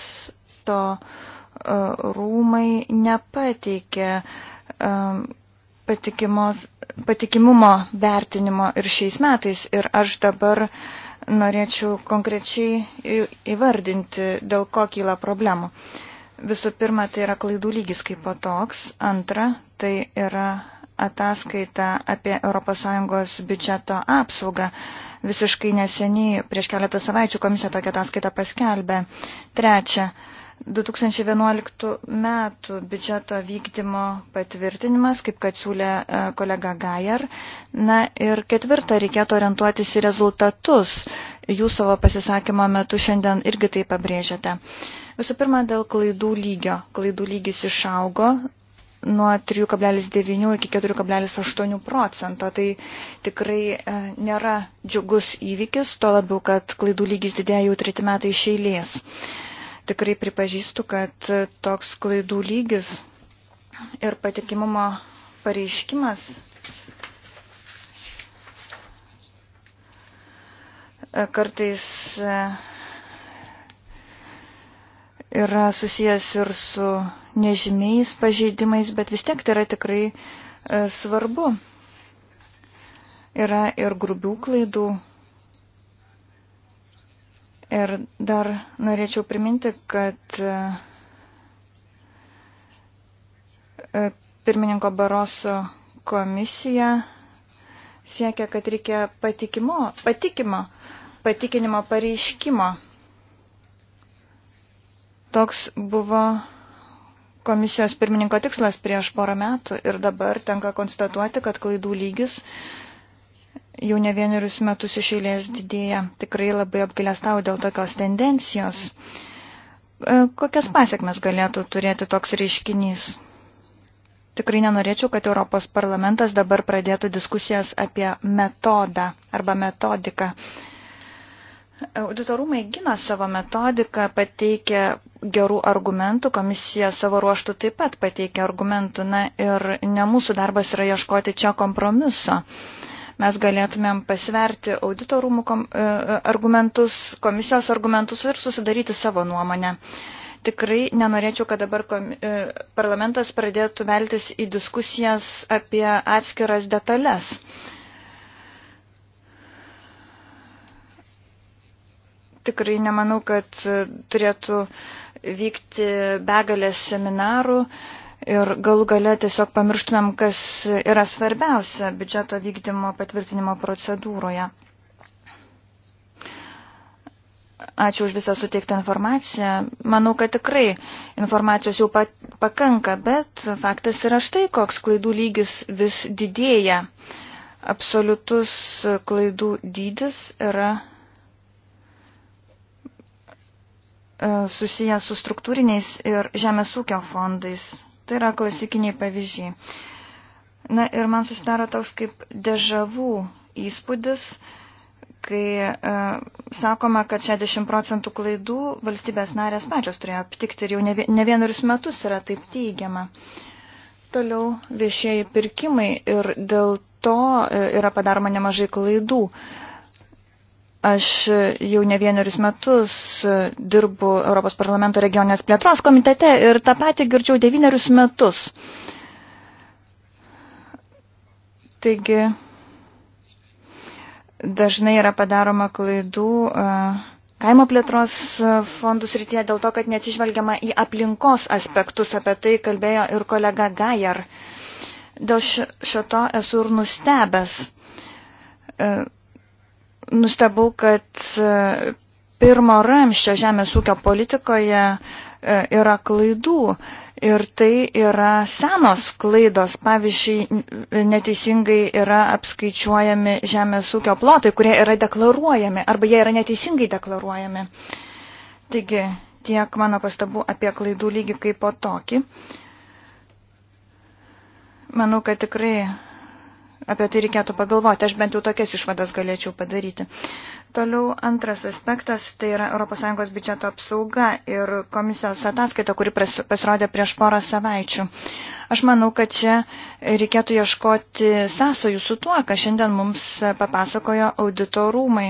to e, rūmai nepateikė e, patikimumo vertinimo ir šiais metais. Ir aš dabar norėčiau konkrečiai įvardinti, dėl ko kyla problemų. Visų pirma, tai yra klaidų lygis kaip po toks. Antra, tai yra ataskaita apie ES biudžeto apsaugą. Visiškai neseniai, prieš keletą savaičių, komisija tokią ataskaitą paskelbė. Trečia, 2011 metų biudžeto vykdymo patvirtinimas, kaip kad siūlė e, kolega Gajar. Na ir ketvirta, reikėtų orientuotis į rezultatus. Jūs savo pasisakymo metu šiandien irgi tai pabrėžiate. Uh, Visų pirma, dėl klaidų lygio. Klaidų lygis išaugo nuo 3,9 iki 4,8 procento. Tai tikrai e, nėra džiugus įvykis, to labiau, kad klaidų lygis didėja jau treti metai iš eilės. Tikrai pripažįstu, kad toks klaidų lygis ir patikimumo pareiškimas e, kartais e, yra susijęs ir su nežymiais pažeidimais, bet vis tiek tai yra tikrai e, svarbu. Yra ir grubių klaidų. Ir dar norėčiau priminti, kad e, e, pirmininko Baroso komisija siekia, kad reikia patikimo, patikimo, patikinimo pareiškimo Toks buvo komisijos pirmininko tikslas prieš porą metų ir dabar tenka konstatuoti, kad klaidų lygis jau ne vienerius metus išėlės didėja. Tikrai labai apgailestau dėl tokios tendencijos. E, kokias pasiekmes galėtų turėti toks reiškinys? Tikrai nenorėčiau, kad Europos parlamentas dabar pradėtų diskusijas apie metodą arba metodiką. Auditorumai gina savo metodiką, pateikia gerų argumentų, komisija savo ruoštų taip pat pateikia argumentų, na ir ne mūsų darbas yra ieškoti čia kompromiso. Mes galėtumėm pasverti auditorumų kom, e, e, argumentus, komisijos argumentus ir susidaryti savo nuomonę. Tikrai nenorėčiau, kad dabar kom, e, parlamentas pradėtų veltis į diskusijas apie atskiras detalės. tikrai nemanau, kad turėtų vykti begalės seminarų ir galų gale tiesiog pamirštumėm, kas yra svarbiausia biudžeto vykdymo patvirtinimo procedūroje. Ačiū už visą suteiktą informaciją. Manau, kad tikrai informacijos jau pakanka, bet faktas yra štai, koks klaidų lygis vis didėja. Absoliutus klaidų dydis yra E, susijęs su struktūriniais ir žemės ūkio fondais. Tai yra klasikiniai pavyzdžiai. Na ir man susidaro toks kaip dežavų įspūdis, kai e, sakoma, kad 60 procentų klaidų valstybės narės pačios turėjo aptikti ir jau ne, ne vienerius metus yra taip teigiama. Toliau viešieji pirkimai ir dėl to e, yra padaroma nemažai klaidų. E, Aš jau ne vienerius metus dirbu Europos parlamento regionės plėtros komitete ir tą patį girdžiau devynerius metus. Taigi dažnai yra padaroma klaidų e, kaimo plėtros fondus rytyje dėl to, kad neatsižvelgiama į aplinkos aspektus, apie tai kalbėjo ir kolega Gajar. Dėl šito esu ir nustebęs e, nustebau, kad e, pirmo ramščio žemės ūkio politikoje e, yra klaidų. Ir tai yra senos klaidos. Pavyzdžiui, neteisingai yra apskaičiuojami žemės ūkio plotai, kurie yra deklaruojami arba jie yra neteisingai deklaruojami. Taigi, tiek mano pastabų apie klaidų lygį kaip po tokį. Manau, kad tikrai Apie tai reikėtų pagalvoti, aš bent jau tokias išvadas galėčiau padaryti. Toliau antras aspektas, tai yra ES biudžeto apsauga ir komisijos ataskaita, kuri pasirodė prieš porą savaičių. Aš manau, kad čia reikėtų ieškoti sąsojų su tuo, ką šiandien mums papasakojo auditorumai.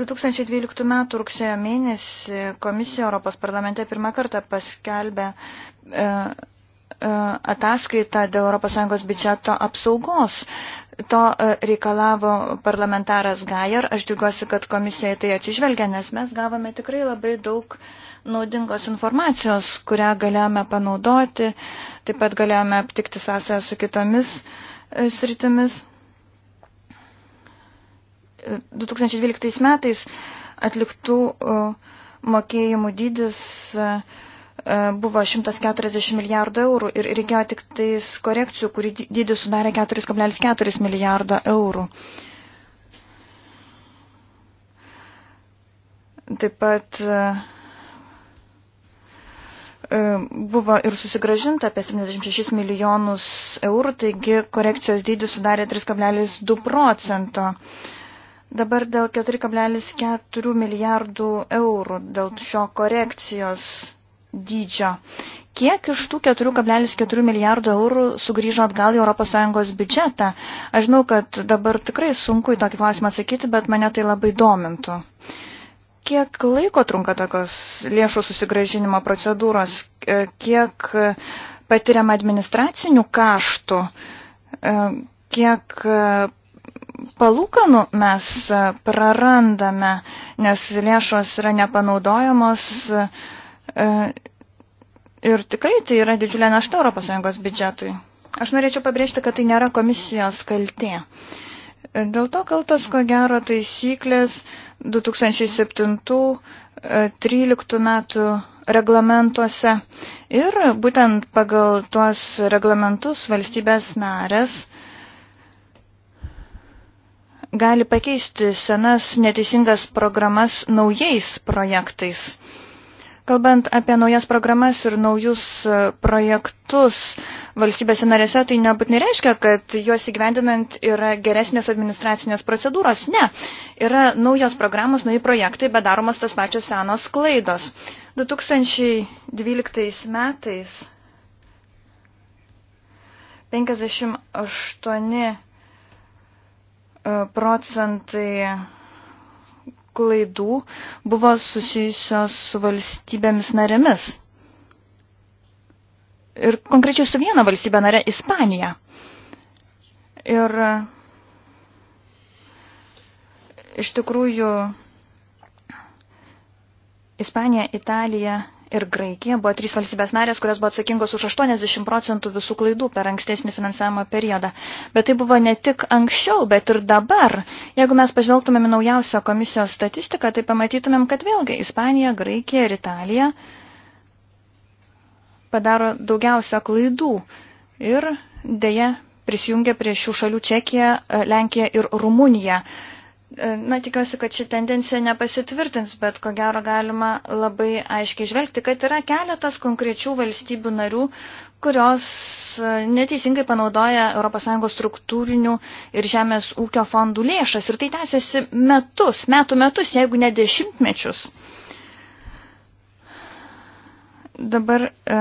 2012 m. rugsėjo mėnesį komisija Europos parlamente pirmą kartą paskelbė e, E, ataskaitą dėl ES biudžeto apsaugos. To e, reikalavo parlamentaras Gajar. Aš džiugiuosi, kad komisija tai atsižvelgia, nes mes gavome tikrai labai daug naudingos informacijos, kurią galėjome panaudoti. Taip pat galėjome aptikti sąsąją su kitomis e, sritimis. 2012 metais atliktų mokėjimų dydis uh, E, buvo 140 milijardų eurų ir reikėjo tik tais korekcijų, kuri dydį sudarė 4,4 milijardo eurų. Taip pat e, e, buvo ir susigražinta apie 76 milijonus eurų, taigi korekcijos dydis sudarė 3,2 procento. Dabar dėl 4,4 milijardų eurų dėl šio korekcijos dydžio. Kiek iš tų 4,4 milijardo eurų sugrįžo atgal į ES biudžetą? Aš žinau, kad dabar tikrai sunku į tokį klausimą atsakyti, bet mane tai labai domintų. Kiek laiko trunka tokios lėšų susigražinimo procedūros? Kiek patiriam administracinių kaštų? Kiek palūkanų mes prarandame, nes lėšos yra nepanaudojamos? E, ir tikrai tai yra didžiulė našta ES biudžetui. Aš norėčiau pabrėžti, kad tai nėra komisijos kaltė. E, dėl to kaltas, ko gero, taisyklės 2007-2013 e, metų reglamentuose. Ir būtent pagal tuos reglamentus valstybės narės gali pakeisti senas neteisingas programas naujais projektais. Kalbant apie naujas programas ir naujus e, projektus valstybėse narėse, tai nebūtinai reiškia, kad juos įgyvendinant yra geresnės administracinės procedūros. Ne, yra naujos programos, nauji projektai, bet daromos tos pačios senos klaidos. 2012 metais 58 e, procentai klaidų buvo susijusios su valstybėmis narėmis. Ir konkrečiai su viena valstybė narė - Ispanija. Ir iš tikrųjų Ispanija, Italija ir Graikija buvo trys valstybės narės, kurios buvo atsakingos už 80 procentų visų klaidų per ankstesnį finansavimo periodą. Bet tai buvo ne tik anksčiau, bet ir dabar. Jeigu mes pažvelgtumėm naujausią komisijos statistiką, tai pamatytumėm, kad vėlgi Ispanija, Graikija ir Italija padaro daugiausia klaidų ir dėja prisijungia prie šių šalių Čekija, Lenkija ir Rumunija. Na, tikiuosi, kad ši tendencija nepasitvirtins, bet ko gero galima labai aiškiai žvelgti, kad yra keletas konkrečių valstybių narių, kurios e, neteisingai panaudoja ES struktūrinių ir žemės ūkio fondų lėšas. Ir tai tęsiasi metus, metų metus, jeigu ne dešimtmečius. Dabar. E,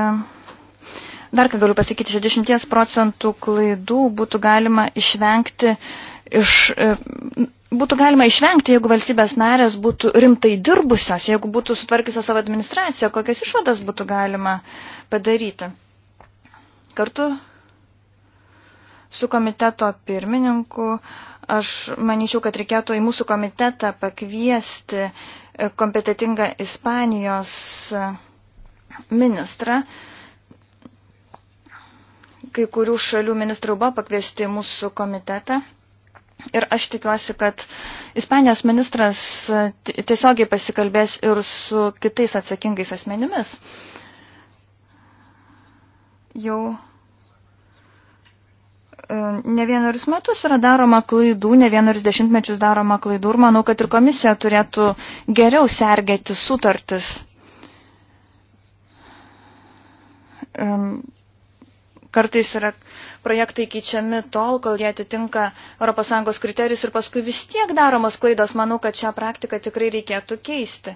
Dar ką galiu pasakyti, 60 procentų klaidų būtų galima išvengti iš, e, būtų galima išvengti, jeigu valstybės narės būtų rimtai dirbusios, jeigu būtų sutvarkiusios savo administraciją, kokias išvadas būtų galima padaryti. Kartu su komiteto pirmininku aš manyčiau, kad reikėtų į mūsų komitetą pakviesti e, kompetitingą Ispanijos ministrą. Kai kurių šalių ministrų buvo pakviesti mūsų komitetą. Ir aš tikiuosi, kad Ispanijos ministras e, tiesiogiai pasikalbės ir su kitais atsakingais asmenimis. Jau e, ne vienerius metus yra daroma klaidų, ne vienerius dešimtmečius daroma klaidų ir manau, kad ir komisija turėtų geriau sergėti sutartis. Kartais yra projektai keičiami tol, kol jie atitinka ES kriterijus ir paskui vis tiek daromos klaidos. Manau, kad šią praktiką tikrai reikėtų keisti.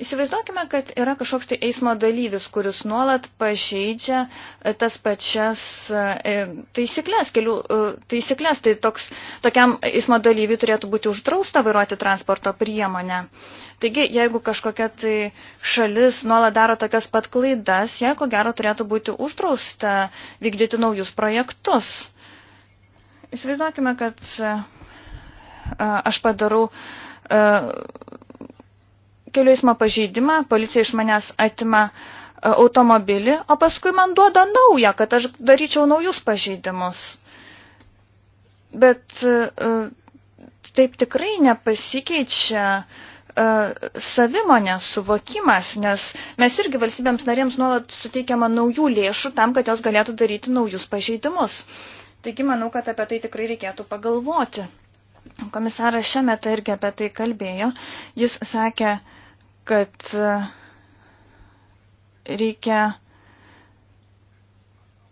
Įsivaizduokime, kad yra kažkoks tai eismo dalyvis, kuris nuolat pažeidžia e, tas pačias e, taisyklės, kelių e, taisyklės, tai toks, tokiam eismo dalyviui turėtų būti uždrausta vairuoti transporto priemonę. Taigi, jeigu kažkokia tai šalis nuolat daro tokias pat klaidas, jie ko gero turėtų būti uždrausta vykdyti naujus projektus. Įsivaizduokime, kad aš padarau kelių eismo pažeidimą, policija iš manęs atima e, automobilį, o paskui man duoda naują, kad aš daryčiau naujus pažeidimus. Bet e, e, taip tikrai nepasikeičia savimonės suvokimas, nes mes irgi valstybėms narėms nuolat suteikiama naujų lėšų tam, kad jos galėtų daryti naujus pažeidimus. Taigi manau, kad apie tai tikrai reikėtų pagalvoti. Komisaras šiame tai irgi apie tai kalbėjo. Jis sakė, uh, kad reikia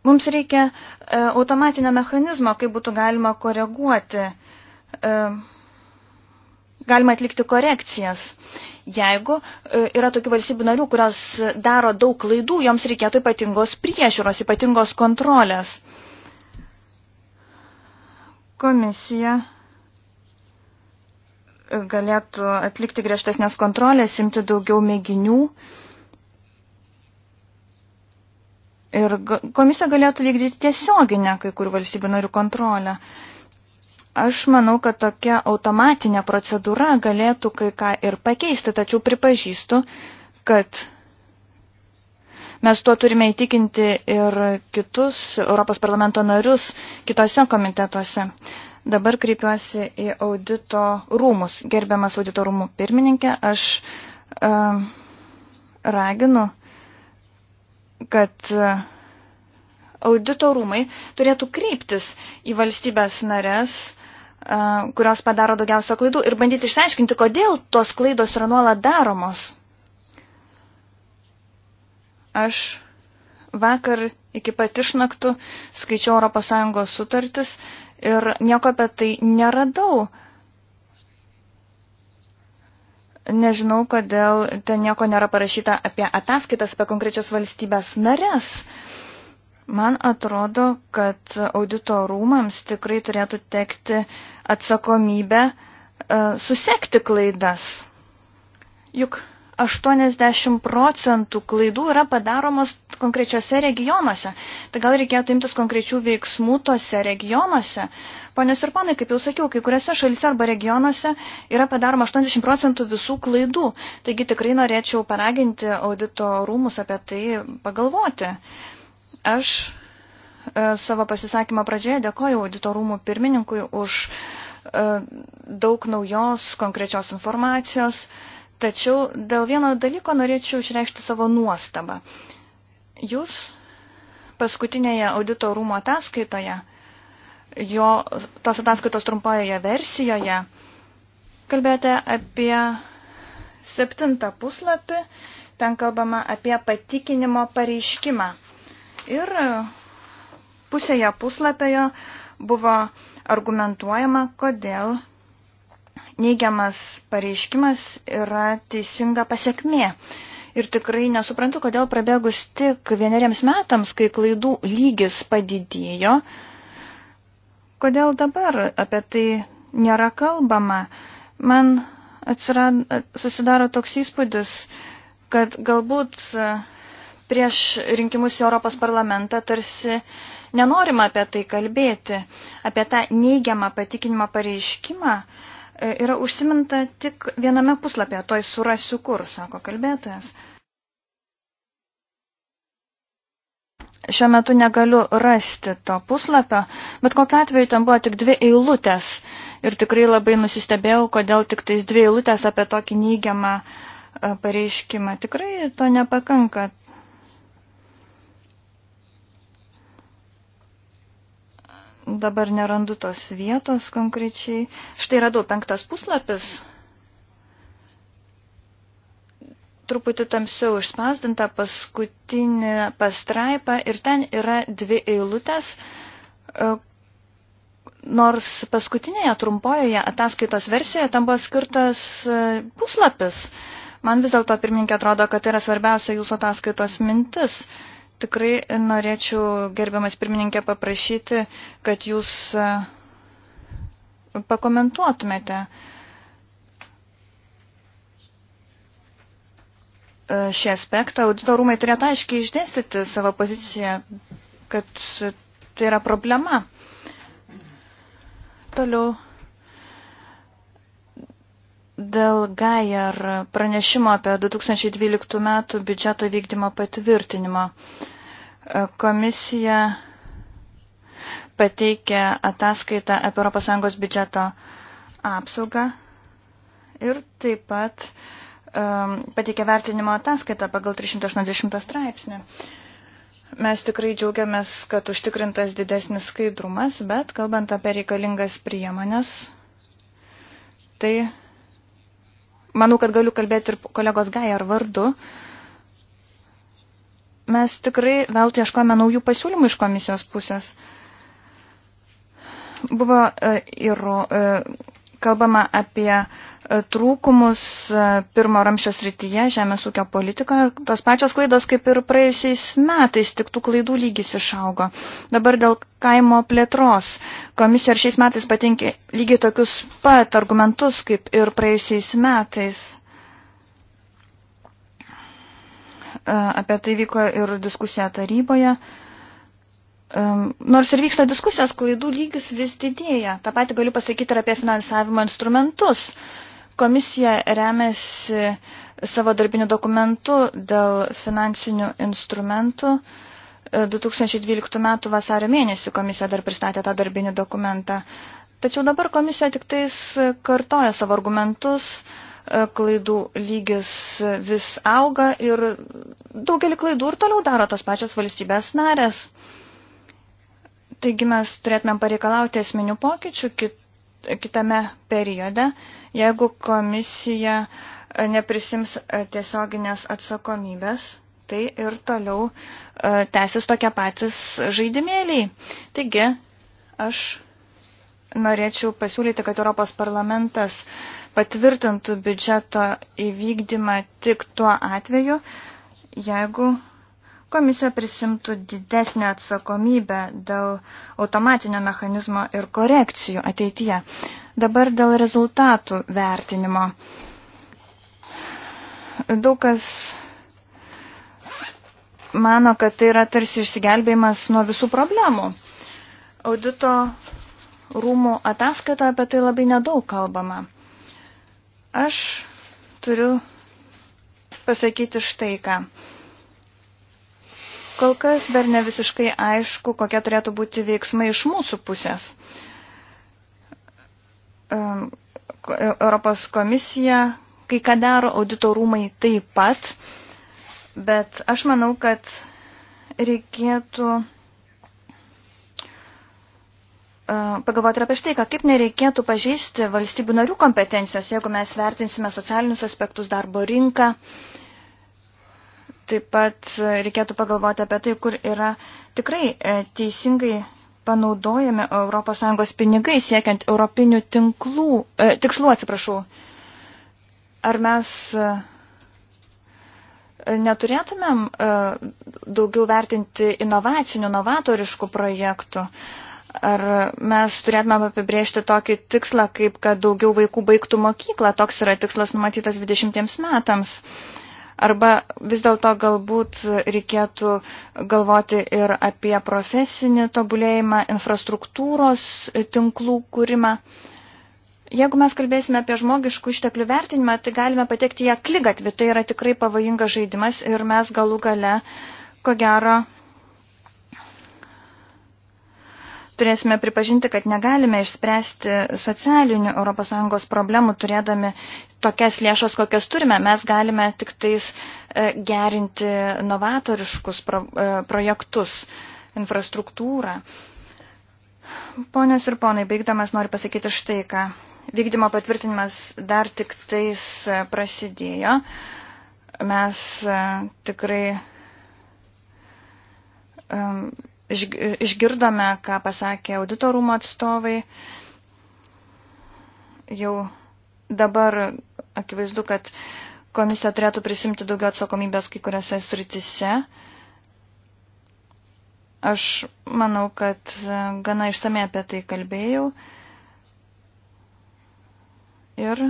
Mums reikia e, automatinio mechanizmo, kaip būtų galima koreguoti, e, galima atlikti korekcijas. Jeigu e, yra tokių valstybių narių, kurios daro daug klaidų, joms reikėtų ypatingos priežiūros, ypatingos kontrolės. Komisija galėtų atlikti griežtesnės kontrolės, imti daugiau mėginių. Ir komisija galėtų vykdyti tiesioginę kai kur valstybių narių kontrolę. Aš manau, kad tokia automatinė procedūra galėtų kai ką ir pakeisti, tačiau pripažįstu, kad mes tuo turime įtikinti ir kitus Europos parlamento narius kitose komitetuose. Dabar kreipiuosi į audito rūmus. Gerbiamas audito rūmų pirmininkė, aš uh, raginu, kad uh, audito rūmai turėtų kreiptis į valstybės narės, uh, e, kurios padaro daugiausia klaidų ir bandyti išsiaiškinti, kodėl tos klaidos yra nuolat daromos. Aš vakar iki pat išnaktų skaičiau ES sutartis ir nieko apie tai neradau. Nežinau, kodėl ten nieko nėra parašyta apie ataskaitas, apie konkrečias valstybės narės. Man atrodo, kad audito rūmams tikrai turėtų tekti atsakomybę e, susekti klaidas. Juk 80 procentų klaidų yra padaromos konkrečiose regionuose. Tai gal reikėtų imtis konkrečių veiksmų tose regionuose. Ponios ir ponai, kaip jau sakiau, kai kuriuose šalyse arba regionuose yra padaroma 80 procentų visų klaidų. Taigi tikrai norėčiau paraginti audito rūmus apie tai pagalvoti. Aš e, savo pasisakymą pradžioje dėkoju audito rūmų pirmininkui už e, daug naujos konkrečios informacijos. E, Tačiau dėl vieno dalyko norėčiau išreikšti savo nuostabą. Jūs paskutinėje audito rūmo ataskaitoje, jo, tos ataskaitos trumpojoje versijoje, kalbėjote apie septintą puslapį, ten kalbama apie patikinimo pareiškimą. Ir pusėje puslapio buvo argumentuojama, kodėl neigiamas pareiškimas yra teisinga pasiekmė. Ir tikrai nesuprantu, kodėl prabėgus tik vieneriems metams, kai klaidų lygis padidėjo, kodėl dabar apie tai nėra kalbama. Man atsirad, susidaro toks įspūdis, kad galbūt prieš rinkimus į Europos parlamentą tarsi nenorima apie tai kalbėti, apie tą neigiamą patikinimą pareiškimą, E, yra užsiminta tik viename puslapyje, toj surasiu kur, sako kalbėtojas. Šiuo metu negaliu rasti to puslapio, bet kokiu atveju ten buvo tik dvi eilutės ir tikrai labai nusistebėjau, kodėl tik tais dvi eilutės apie tokį neigiamą e, pareiškimą. Tikrai to nepakanka, dabar nerandu tos vietos konkrečiai. Štai radau penktas puslapis. Truputį tamsiau išspausdinta paskutinė pastraipa ir ten yra dvi eilutės. E, nors paskutinėje trumpojoje ataskaitos versijoje tam buvo skirtas e, puslapis. Man vis dėlto pirmininkė atrodo, kad tai yra svarbiausia jūsų ataskaitos mintis. Uh, Tikrai norėčiau, gerbiamas pirmininkė, paprašyti, kad jūs e, pakomentuotumėte e, šį aspektą. Auditorumai turėtų aiškiai išdėstyti savo poziciją, kad tai yra problema. Toliau Dėl Gajar pranešimo apie 2012 metų biudžeto vykdymo patvirtinimo e, komisija pateikė ataskaitą apie ES biudžeto apsaugą ir taip pat um, pateikė vertinimo ataskaitą pagal 380 straipsnį. Mes tikrai džiaugiamės, kad užtikrintas didesnis skaidrumas, bet kalbant apie reikalingas priemonės, tai manau, kad galiu kalbėti ir kolegos Gajar vardu, mes tikrai veltui ieškojame naujų pasiūlymų iš komisijos pusės. Buvo e, ir e, kalbama apie trūkumus e, pirmo ramščio srityje, žemės ūkio politikoje. Tos pačios klaidos kaip ir praėjusiais metais, tik tų klaidų lygis išaugo. Dabar dėl kaimo plėtros komisija ir šiais metais patinkė lygiai tokius pat argumentus kaip ir praėjusiais metais. E, apie tai vyko ir diskusija taryboje. E, nors ir vyksta diskusijos, klaidų lygis vis didėja. Ta pati galiu pasakyti ir apie finansavimo instrumentus. Uh, Komisija remiasi savo darbinių dokumentų dėl finansinių instrumentų. 2012 e, m. vasario mėnesį komisija dar pristatė tą darbinį dokumentą. Tačiau dabar komisija tik tais kartoja savo argumentus, e, klaidų lygis vis auga ir daugelį klaidų ir toliau daro tos pačios valstybės narės. Taigi mes turėtumėm pareikalauti esminių pokyčių, kit kitame periode, jeigu komisija e, neprisims e, tiesioginės atsakomybės, tai ir toliau e, tęsis tokie patys žaidimėliai. Taigi, aš norėčiau pasiūlyti, kad Europos parlamentas patvirtintų biudžeto įvykdymą tik tuo atveju, jeigu komisija prisimtų didesnę atsakomybę dėl automatinio mechanizmo ir korekcijų ateityje. Dabar dėl rezultatų vertinimo. Daug kas mano, kad tai yra tarsi išsigelbėjimas nuo visų problemų. Audito rūmų ataskaitoje apie tai labai nedaug kalbama. Aš turiu pasakyti štai ką. Kol kas dar ne visiškai aišku, kokie turėtų būti veiksmai iš mūsų pusės. E, Europos komisija kai ką daro auditorumai taip pat, bet aš manau, kad reikėtų e, pagalvoti ir apie štai, kaip nereikėtų pažeisti valstybių narių kompetencijos, jeigu mes vertinsime socialinius aspektus, darbo rinką, uh, Taip pat reikėtų pagalvoti apie tai, kur yra tikrai e, teisingai panaudojami ES pinigai siekiant europinių tinklų, e, tikslų, atsiprašau. Ar mes e, neturėtumėm e, daugiau vertinti inovacinių, novatoriškų projektų? Ar mes turėtumėm apibriežti tokį tikslą, kaip kad daugiau vaikų baigtų mokyklą? Toks yra tikslas numatytas 20 metams. E, Arba vis dėlto galbūt reikėtų galvoti ir apie profesinį tobulėjimą, infrastruktūros tinklų kūrimą. Jeigu mes kalbėsime apie žmogiškų išteklių vertinimą, tai galime patekti į aklygatvį. Tai yra tikrai pavojingas žaidimas ir mes galų gale, ko gero, turėsime pripažinti, kad negalime išspręsti socialinių ES problemų turėdami tokias lėšas, kokias turime. Mes galime tik tais e, gerinti novatoriškus pro, e, projektus, infrastruktūrą. Ponios ir ponai, baigdamas noriu pasakyti štai ką. Vykdymo patvirtinimas dar tik tais e, prasidėjo. Mes tikrai um, išgirdome, ką pasakė auditorumo atstovai. Jau dabar akivaizdu, kad komisija turėtų prisimti daugiau atsakomybės kai kuriuose sritise. Aš manau, kad gana išsamei apie tai kalbėjau. Ir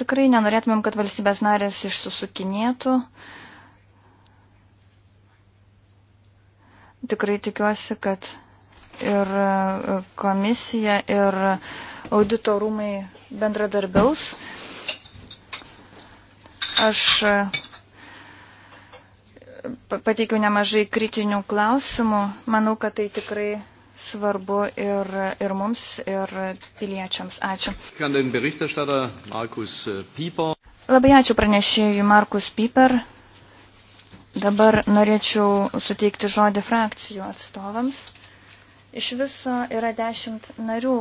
tikrai nenorėtumėm, kad valstybės narės išsusukinėtų. Uh, tikrai tikiuosi, kad ir komisija, ir auditorumai bendradarbiaus. Aš pateikiau nemažai kritinių klausimų. Manau, kad tai tikrai svarbu ir, ir mums, ir piliečiams. Ačiū. Äh, Labai ačiū pranešėjui Markus Piper. Dabar norėčiau suteikti žodį frakcijų atstovams. Iš viso yra dešimt narių,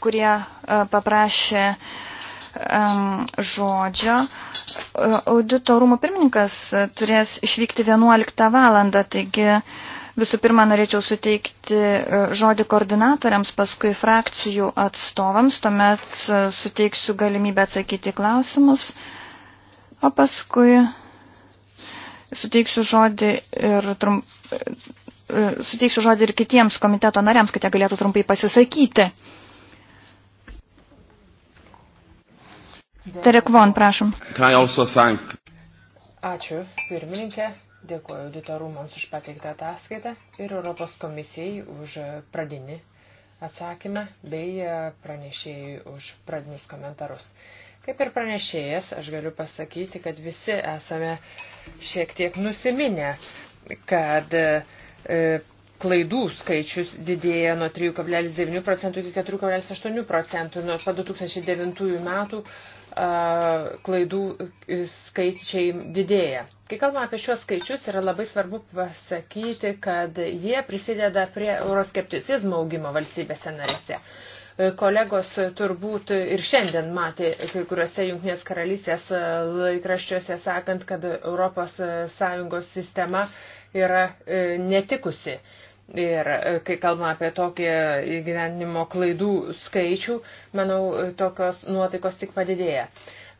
kurie e, paprašė žodžio. E, audito rūmų pirmininkas turės išvykti 11 valandą, taigi visų pirma norėčiau suteikti e, žodį koordinatoriams, paskui frakcijų atstovams, tuomet suteiksiu galimybę atsakyti klausimus, o paskui suteiksiu žodį ir, trump, e, suteiksiu žodį ir kitiems komiteto nariams, kad jie galėtų trumpai pasisakyti. Terek Von, prašom. Ačiū, pirmininkė. Dėkuoju auditorumams už pateiktą ataskaitą ir Europos komisijai už pradinį atsakymą bei pranešėjai už pradinius komentarus. Kaip ir pranešėjas, aš galiu pasakyti, kad visi esame šiek tiek nusiminę, kad e, klaidų skaičius didėja nuo 3,9 procentų iki 4,8 procentų. Nuo pat 2009 metų klaidų e, skaičiai didėja. Kai kalbame apie šios skaičius, yra labai svarbu pasakyti, kad jie prisideda prie euroskepticizmo augimo valstybėse narėse. Kolegos turbūt ir šiandien matė kai kuriuose Junktinės karalystės laikraščiuose sakant, kad ES sistema yra e, netikusi. Ir e, kai kalbame apie tokį įgyvendinimo klaidų skaičių, manau, tokios nuotaikos tik padidėja.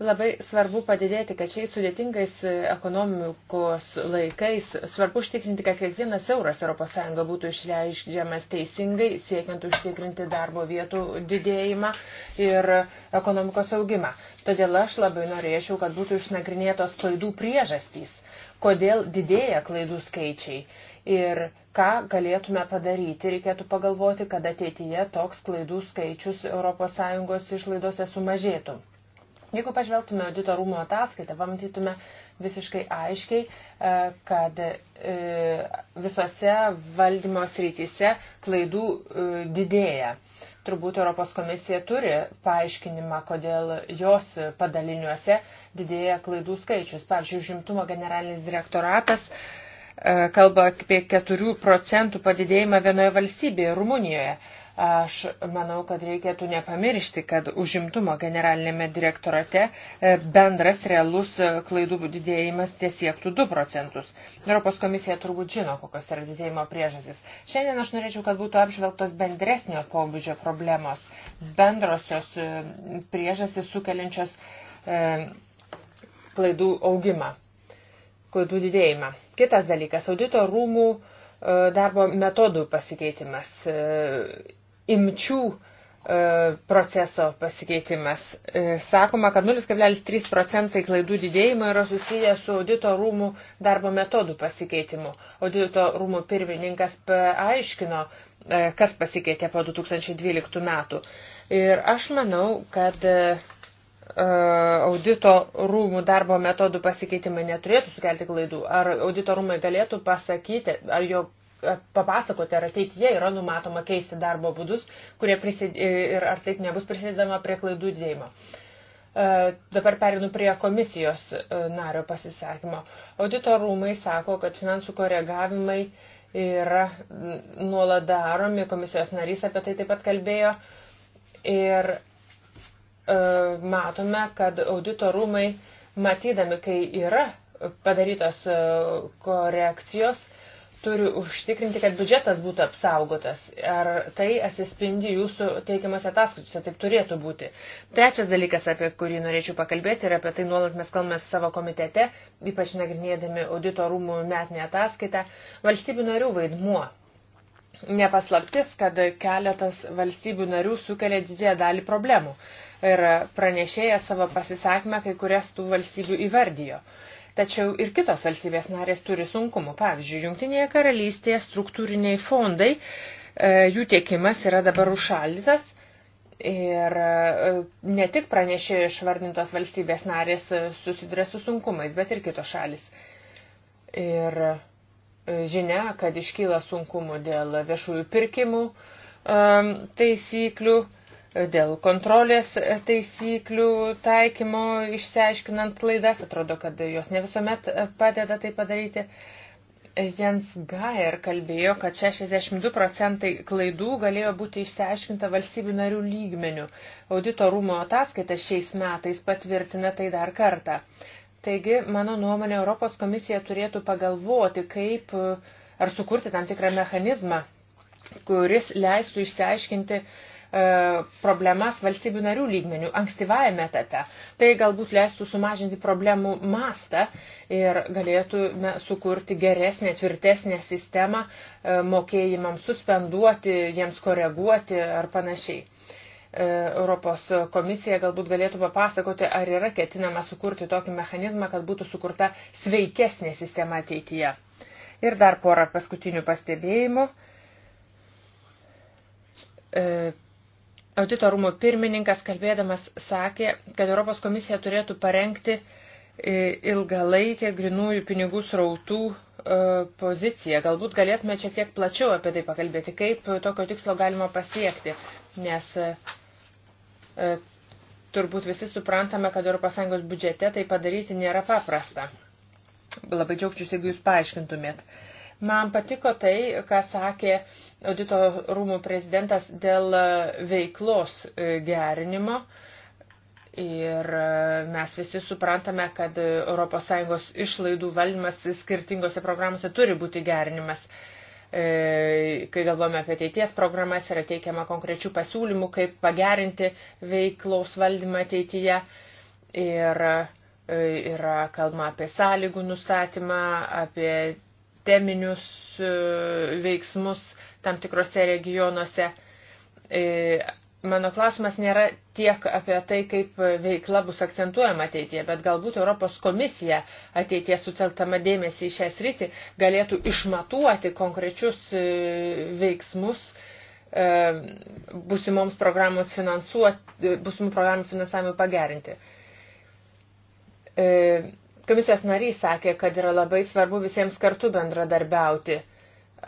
Labai svarbu padidėti, kad šiais sudėtingais ekonomikos laikais svarbu užtikrinti, kad kiekvienas euras ES būtų išleidžiamas teisingai, siekiant užtikrinti darbo vietų didėjimą ir ekonomikos augimą. Todėl aš labai norėčiau, kad būtų išnagrinėtos klaidų priežastys, kodėl didėja klaidų skaičiai ir ką galėtume padaryti. Reikėtų pagalvoti, kad ateityje toks klaidų skaičius ES išlaidose sumažėtų. Jeigu pažvelgtume audito rūmų ataskaitą, pamatytume visiškai aiškiai, e, kad e, visose valdymo srityse klaidų e, didėja. Turbūt Europos komisija turi paaiškinimą, kodėl jos padaliniuose didėja klaidų skaičius. Pavyzdžiui, žimtumo generalinis direktoratas kalba apie 4 procentų padidėjimą vienoje valstybėje, Rumunijoje Aš manau, kad reikėtų nepamiršti, kad užimtumo generalinėme direktorate e, bendras realus e, klaidų didėjimas tiesiektų 2 procentus. Europos komisija turbūt žino, kokios yra didėjimo priežasis. Šiandien aš norėčiau, kad būtų apžvelgtos bendresnio pobūdžio problemos, bendrosios e, priežasis sukeliančios klaidų augimą, klaidų didėjimą. Kitas dalykas - audito rūmų darbo metodų pasikeitimas imčių e, proceso pasikeitimas. E, sakoma, kad 0,3 procentai klaidų didėjimo yra susiję su audito rūmų darbo metodų pasikeitimu. Audito rūmų pirmininkas paaiškino, e, kas pasikeitė po 2012 metų. Ir aš manau, kad audito rūmų darbo metodų pasikeitimai neturėtų sukelti klaidų. Ar audito rūmai galėtų pasakyti, ar jo papasakoti, ar ateityje yra numatoma keisti darbo būdus, kurie prisid... ir ar taip nebus prisidedama prie klaidų didėjimo. E, dabar perinu prie komisijos e, nario pasisakymo. Audito rūmai sako, kad finansų koregavimai yra nuolat daromi, komisijos narys apie tai taip pat kalbėjo. Ir e, matome, kad audito rūmai, matydami, kai yra padarytos korekcijos, turi užtikrinti, kad biudžetas būtų apsaugotas. Ar tai atsispindi jūsų teikiamas ataskaitose? Taip turėtų būti. Trečias dalykas, apie kurį norėčiau pakalbėti ir apie tai nuolat mes kalbame savo komitete, ypač nagrinėdami audito rūmų metinę ataskaitą, valstybių narių vaidmuo. Nepaslaptis, kad keletas valstybių narių sukelia didžiąją dalį problemų. Ir pranešėja savo pasisakymą kai kurias tų valstybių įvardijo. Tačiau ir kitos valstybės narės turi sunkumų. Pavyzdžiui, Junktinėje karalystėje struktūriniai fondai, e, jų tiekimas yra dabar užšaldytas. Ir e, ne tik pranešė išvardintos valstybės narės e, susiduria su sunkumais, bet ir kitos šalis. Ir žinia, kad iškyla sunkumų dėl viešųjų pirkimų taisyklių dėl kontrolės taisyklių taikymo išsiaiškinant klaidas. Atrodo, kad jos ne visuomet padeda tai padaryti. Jens Gair kalbėjo, kad 62 procentai klaidų galėjo būti išsiaiškinta valstybių narių lygmenių. Audito rūmo ataskaita šiais metais patvirtina tai dar kartą. Taigi, mano nuomonė, Europos komisija turėtų pagalvoti, kaip ar sukurti tam tikrą mechanizmą, kuris leistų išsiaiškinti uh, E, problemas valstybių narių lygmenių ankstyvajame etape. Tai galbūt leistų sumažinti problemų mastą ir galėtume sukurti geresnę, tvirtesnę sistemą e, mokėjimams suspenduoti, jiems koreguoti ar panašiai. E, Europos komisija galbūt galėtų papasakoti, ar yra ketinama sukurti tokį mechanizmą, kad būtų sukurta sveikesnė sistema ateityje. Ir dar porą paskutinių pastebėjimų auditorumo pirmininkas kalbėdamas sakė, kad Europos komisija turėtų parengti e, ilgalaikę grinųjų pinigų srautų e, poziciją. Galbūt galėtume šiek tiek plačiau apie tai pakalbėti, kaip tokio tikslo galima pasiekti, nes e, turbūt visi suprantame, kad ES biudžete tai padaryti nėra paprasta. Labai džiaugčiausi, jeigu jūs paaiškintumėt. Uh, Man patiko tai, ką sakė audito rūmų prezidentas dėl e, veiklos e, gerinimo. Ir e, mes visi suprantame, kad ES išlaidų valdymas skirtingose programuose turi būti gerinimas. Kai galvojame apie ateities programas, yra teikiama konkrečių pasiūlymų, kaip pagerinti veiklaus valdymą ateityje. Ir yra kalbama apie sąlygų nustatymą, apie teminius e, veiksmus tam tikrose regionuose. E, mano klausimas nėra tiek apie tai, kaip veikla bus akcentuojama ateitie, bet galbūt Europos komisija ateitie suteltama dėmesį į šią sritį galėtų išmatuoti konkrečius e, veiksmus būsimoms programos finansuoti, būsimų programų finansavimui pagerinti Komisijos narys sakė, kad yra labai svarbu visiems kartu bendradarbiauti.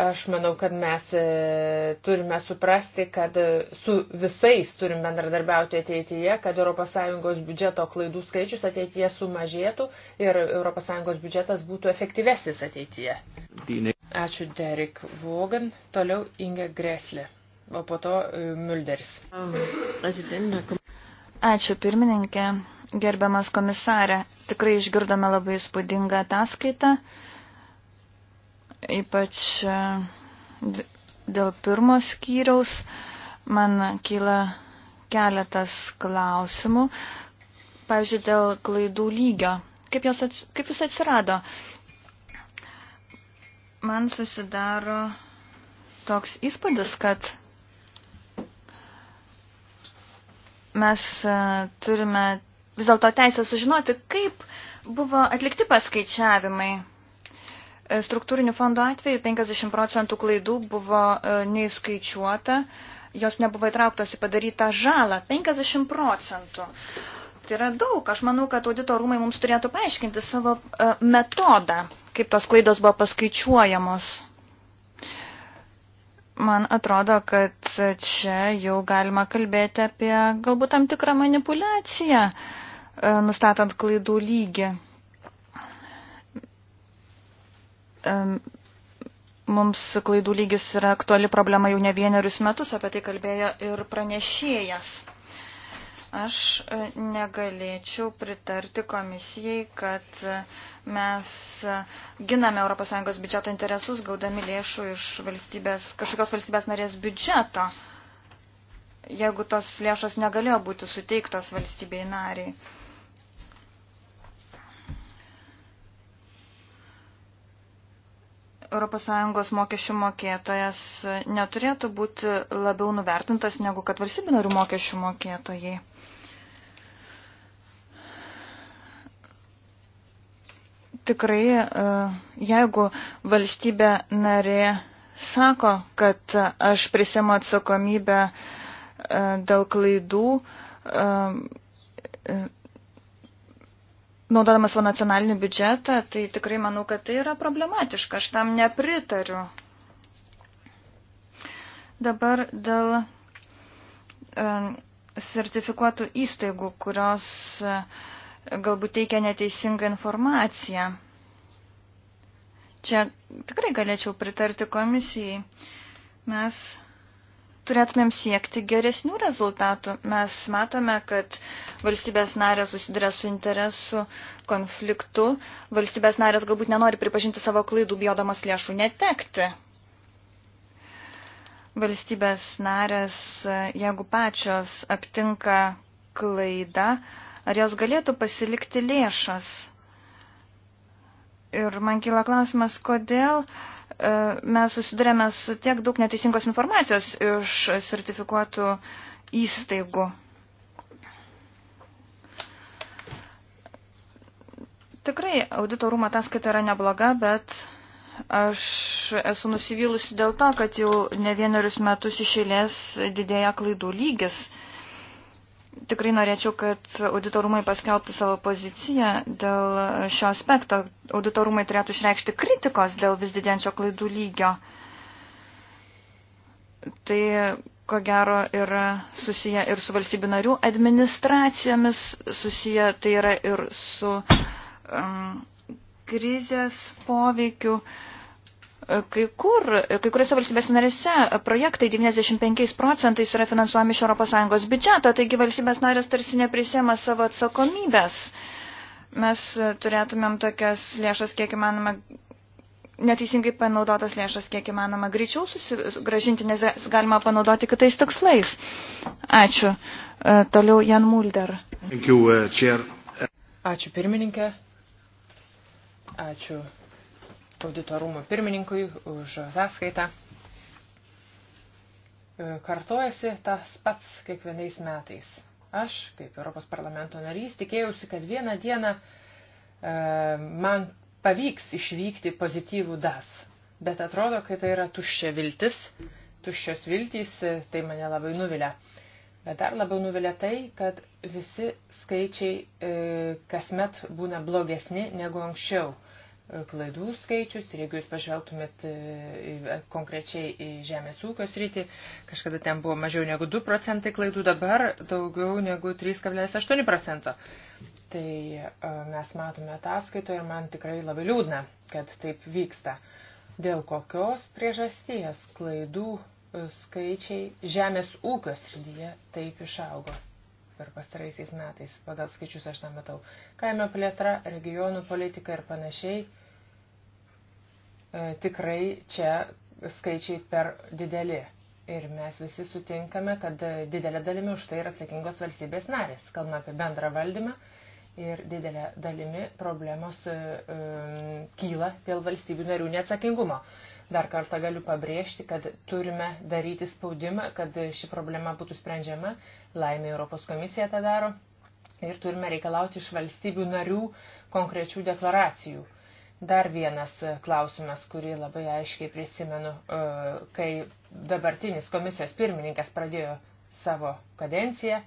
Aš manau, kad mes e, turime suprasti, kad e, su visais turim bendradarbiauti ateityje, kad ES biudžeto klaidų skaičius ateityje sumažėtų ir ES biudžetas būtų efektyvesnis ateityje. Ačiū Derek Vogan, toliau Inge Greslė, o po to e, Mülderis. Um, Ačiū pirmininkė, Gerbiamas komisarė, tikrai išgirdome labai įspūdingą ataskaitą, ypač e, dėl pirmo skyriaus. Man kyla keletas klausimų, pavyzdžiui, dėl klaidų lygio. Kaip, jos ats, kaip jis atsirado? Man susidaro toks įspūdis, kad mes e, turime vis dėlto teisę sužinoti, kaip buvo atlikti paskaičiavimai. E, struktūrinių fondų atveju 50 procentų klaidų buvo e, neįskaičiuota, jos nebuvo įtrauktos į padarytą žalą. 50 procentų. Tai yra daug. Aš manau, kad audito rūmai mums turėtų paaiškinti savo e, metodą, kaip tos klaidos buvo paskaičiuojamos. Man atrodo, kad čia jau galima kalbėti apie galbūt tam tikrą manipulaciją. Uh, E, nustatant klaidų lygį. E, mums klaidų lygis yra aktuali problema jau ne vienerius metus, apie tai kalbėjo ir pranešėjas. Aš e, negalėčiau pritarti komisijai, kad mes giname ES biudžeto interesus, gaudami lėšų iš valstybės, kažkokios valstybės narės biudžeto, jeigu tos lėšos negalėjo būti suteiktos valstybei nariai. ES mokesčių mokėtojas neturėtų būti labiau nuvertintas negu kad valstybių narių mokesčių mokėtojai. Tikrai, e, jeigu valstybė narė sako, kad aš prisimu atsakomybę e, dėl klaidų, e, naudodamas savo nacionalinį biudžetą, tai tikrai manau, kad tai yra problematiška. Aš tam nepritariu. Dabar dėl e, sertifikuotų įstaigų, kurios e, galbūt teikia neteisingą informaciją. Čia tikrai galėčiau pritarti komisijai. Mes turėtumėm siekti geresnių rezultatų. Mes matome, kad valstybės narės susiduria su interesų konfliktu, valstybės narės galbūt nenori pripažinti savo klaidų, bijodamas lėšų netekti. Valstybės narės, jeigu pačios aptinka klaidą, ar jos galėtų pasilikti lėšas. Ir man kyla klausimas, kodėl uh, E, mes susidurėme su tiek daug neteisingos informacijos iš sertifikuotų įstaigų. Tikrai audito rūmo ataskaita yra nebloga, bet aš esu nusivylusi dėl to, kad jau ne vienerius metus išėlės didėja klaidų lygis. Uh, tikrai norėčiau, kad auditorumai paskelbtų savo poziciją dėl šio aspekto. Auditorumai turėtų išreikšti kritikos dėl vis didėjančio klaidų lygio. Tai, ko gero, yra susiję ir su valstybių narių administracijomis, susiję tai yra ir su um, krizės poveikiu. Uh, Kai, kur, kai kuriuose valstybės narėse projektai 95 procentais yra finansuojami iš ES biudžeto, taigi valstybės narės tarsi neprisėma savo atsakomybės. Mes turėtumėm tokias lėšas, kiek įmanoma, neteisingai panaudotas lėšas, kiek įmanoma, greičiau susigražinti, nes galima panaudoti kitais tikslais. Ačiū. E, toliau Jan Mulder. Uh, Ačiū pirmininkė. Ačiū auditorumo pirmininkui už sąskaitą. E, kartojasi tas pats kiekvienais metais. Aš, kaip Europos parlamento narys, tikėjausi, kad vieną dieną e, man pavyks išvykti pozityvų das. Bet atrodo, kad tai yra tuščia viltis, tuščios viltys, e, tai mane labai nuvilia. Bet dar labiau nuvilia tai, kad visi skaičiai e, kasmet būna blogesni negu anksčiau klaidų skaičius ir jeigu jūs pažvelgtumėt e, e, konkrečiai į žemės ūkio sritį, kažkada ten buvo mažiau negu 2 procentai klaidų, dabar daugiau negu 3,8 procento. Tai e, mes matome ataskaitoje ir man tikrai labai liūdna, kad taip vyksta. Dėl kokios priežasties klaidų skaičiai žemės ūkio srityje taip išaugo? per pastaraisiais metais, pagal skaičius aš tą matau. Kaimo plėtra, regionų politika ir panašiai, e, tikrai čia skaičiai per dideli. Ir mes visi sutinkame, kad didelė dalimi už tai yra atsakingos valstybės narės. Kalbame apie bendrą valdymą ir didelė dalimi problemos um, kyla dėl valstybių narių neatsakingumo. Uh, Dar kartą galiu pabrėžti, kad turime daryti spaudimą, kad ši problema būtų sprendžiama. Laimė Europos komisija tą daro. Ir turime reikalauti iš valstybių narių konkrečių deklaracijų. Dar vienas klausimas, kurį labai aiškiai prisimenu, e, kai dabartinis komisijos pirmininkas pradėjo savo kadenciją,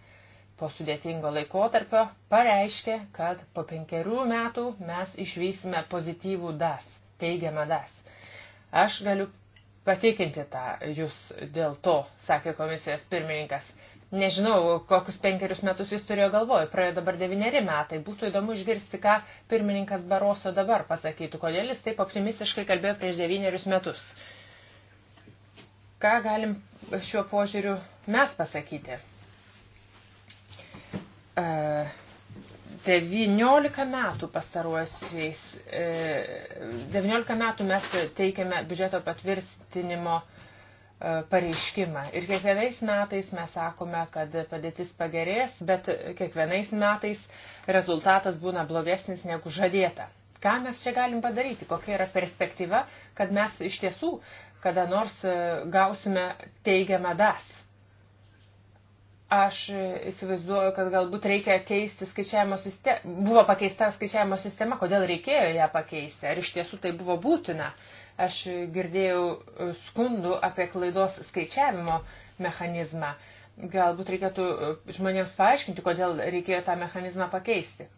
po sudėtingo laikotarpio pareiškė, kad po penkerių metų mes išvysime pozityvų DAS, teigiamą DAS. Aš galiu patikinti tą jūs dėl to, sakė komisijos pirmininkas. Nežinau, kokius penkerius metus jis turėjo galvoj, praėjo dabar devyneri metai. Būtų įdomu išgirsti, ką pirmininkas Baroso dabar pasakytų, kodėl jis taip optimistiškai kalbėjo prieš devynerius metus. Ką galim šiuo požiūriu mes pasakyti? Uh, 19 metų pastaruosiais, 19 e, metų mes teikiame biudžeto patvirtinimo e, pareiškimą. Ir kiekvienais metais mes sakome, kad padėtis pagerės, bet kiekvienais metais rezultatas būna blogesnis negu žadėta. Ką mes čia galim padaryti? Kokia yra perspektyva, kad mes iš tiesų kada nors e, gausime teigiamą das? Aš įsivaizduoju, kad galbūt reikia keisti skaičiavimo sistemą. Buvo pakeista skaičiavimo sistema, kodėl reikėjo ją pakeisti, ar iš tiesų tai buvo būtina. Aš girdėjau e, skundų apie klaidos skaičiavimo mechanizmą. Galbūt reikėtų e, žmonėms paaiškinti, kodėl reikėjo tą mechanizmą pakeisti.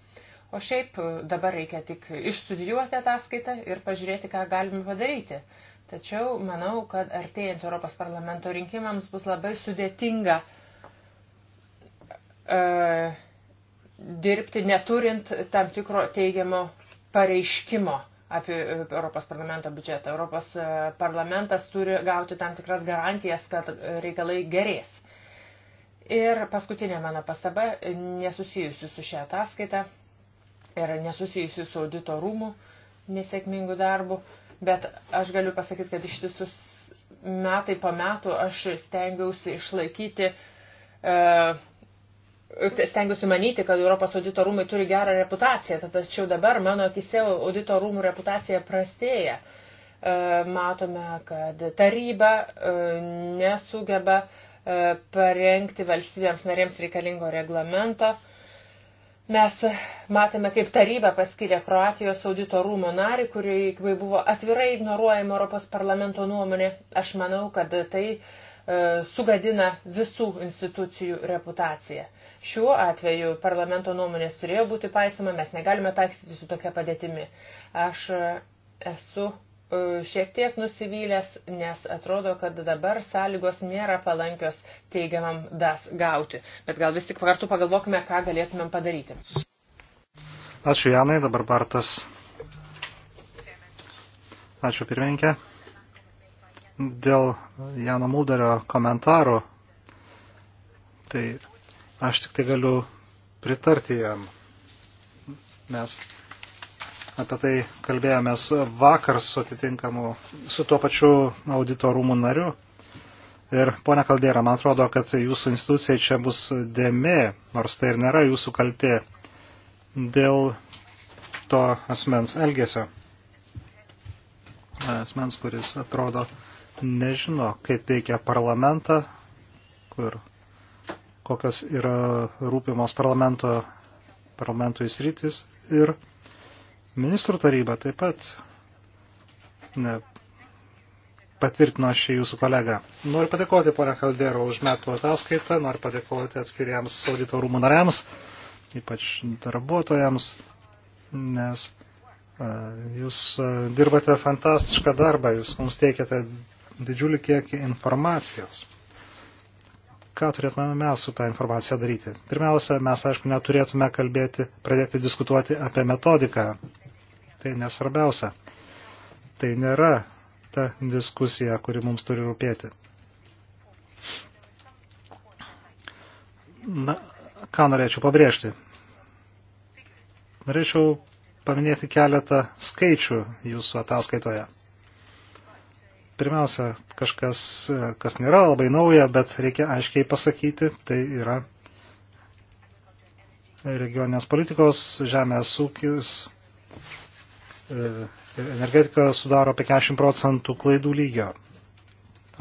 O šiaip e, dabar reikia tik išstudijuoti ataskaitą ir pažiūrėti, ką galime padaryti. Tačiau manau, kad artėjant Europos parlamento rinkimams bus labai sudėtinga uh, E, dirbti neturint tam tikro teigiamo pareiškimo apie Europos parlamento biudžetą. Europos e, parlamentas turi gauti tam tikras garantijas, kad reikalai gerės. Ir paskutinė mano pastaba, nesusijusi su šia ataskaita ir nesusijusi su audito rūmų nesėkmingų darbų, bet aš galiu pasakyti, kad iš visus metai po metų aš stengiausi išlaikyti uh, stengiuosi manyti, kad Europos audito rūmai turi gerą reputaciją, tačiau dabar mano akise audito rūmų reputacija prastėja. E, matome, kad taryba e, nesugeba e, parengti valstybėms narėms reikalingo reglamento. Mes matėme, kaip taryba paskiria Kroatijos audito rūmo narį, kuriai buvo atvirai ignoruojama Europos parlamento nuomonė. Aš manau, kad tai uh, E, sugadina visų institucijų reputaciją. Šiuo atveju parlamento nuomonės turėjo būti paisoma, mes negalime taikstyti su tokia padėtimi. Aš e, esu e, šiek tiek nusivylęs, nes atrodo, kad dabar sąlygos nėra palankios teigiamam das gauti. Bet gal vis tik kartu pagalvokime, ką galėtumėm padaryti. Ačiū Janai, dabar Bartas. Ačiū pirmininkė dėl Jano Mulderio komentaro, tai aš tik tai galiu pritarti jam. Mes apie tai kalbėjomės vakar su atitinkamu, su tuo pačiu auditorumų nariu. Ir ponia Kaldėra, man atrodo, kad jūsų institucijai čia bus dėmė, nors tai ir nėra jūsų kaltė dėl to asmens elgesio. Asmens, kuris atrodo nežino, kaip veikia parlamentą, kur, kokios yra rūpimos parlamento, parlamentų įsrytis ir ministrų taryba taip pat ne, patvirtino šį jūsų kolegą. Noriu padėkoti, ponia Kaldero, už metų ataskaitą, noriu padėkoti atskiriams audito rūmų nariams, ypač darbuotojams, nes e, Jūs e, dirbate fantastišką darbą, jūs mums teikiate didžiulį kiekį informacijos. Ką turėtume mes su tą informacija daryti? Pirmiausia, mes, aišku, neturėtume kalbėti, pradėti diskutuoti apie metodiką. Tai nesvarbiausia. Tai nėra ta diskusija, kuri mums turi rūpėti. Na, ką norėčiau pabrėžti? Norėčiau paminėti keletą skaičių jūsų ataskaitoje pirmiausia, kažkas, kas nėra labai nauja, bet reikia aiškiai pasakyti, tai yra regioninės politikos, žemės ūkis e, ir energetika sudaro apie 40 procentų klaidų lygio.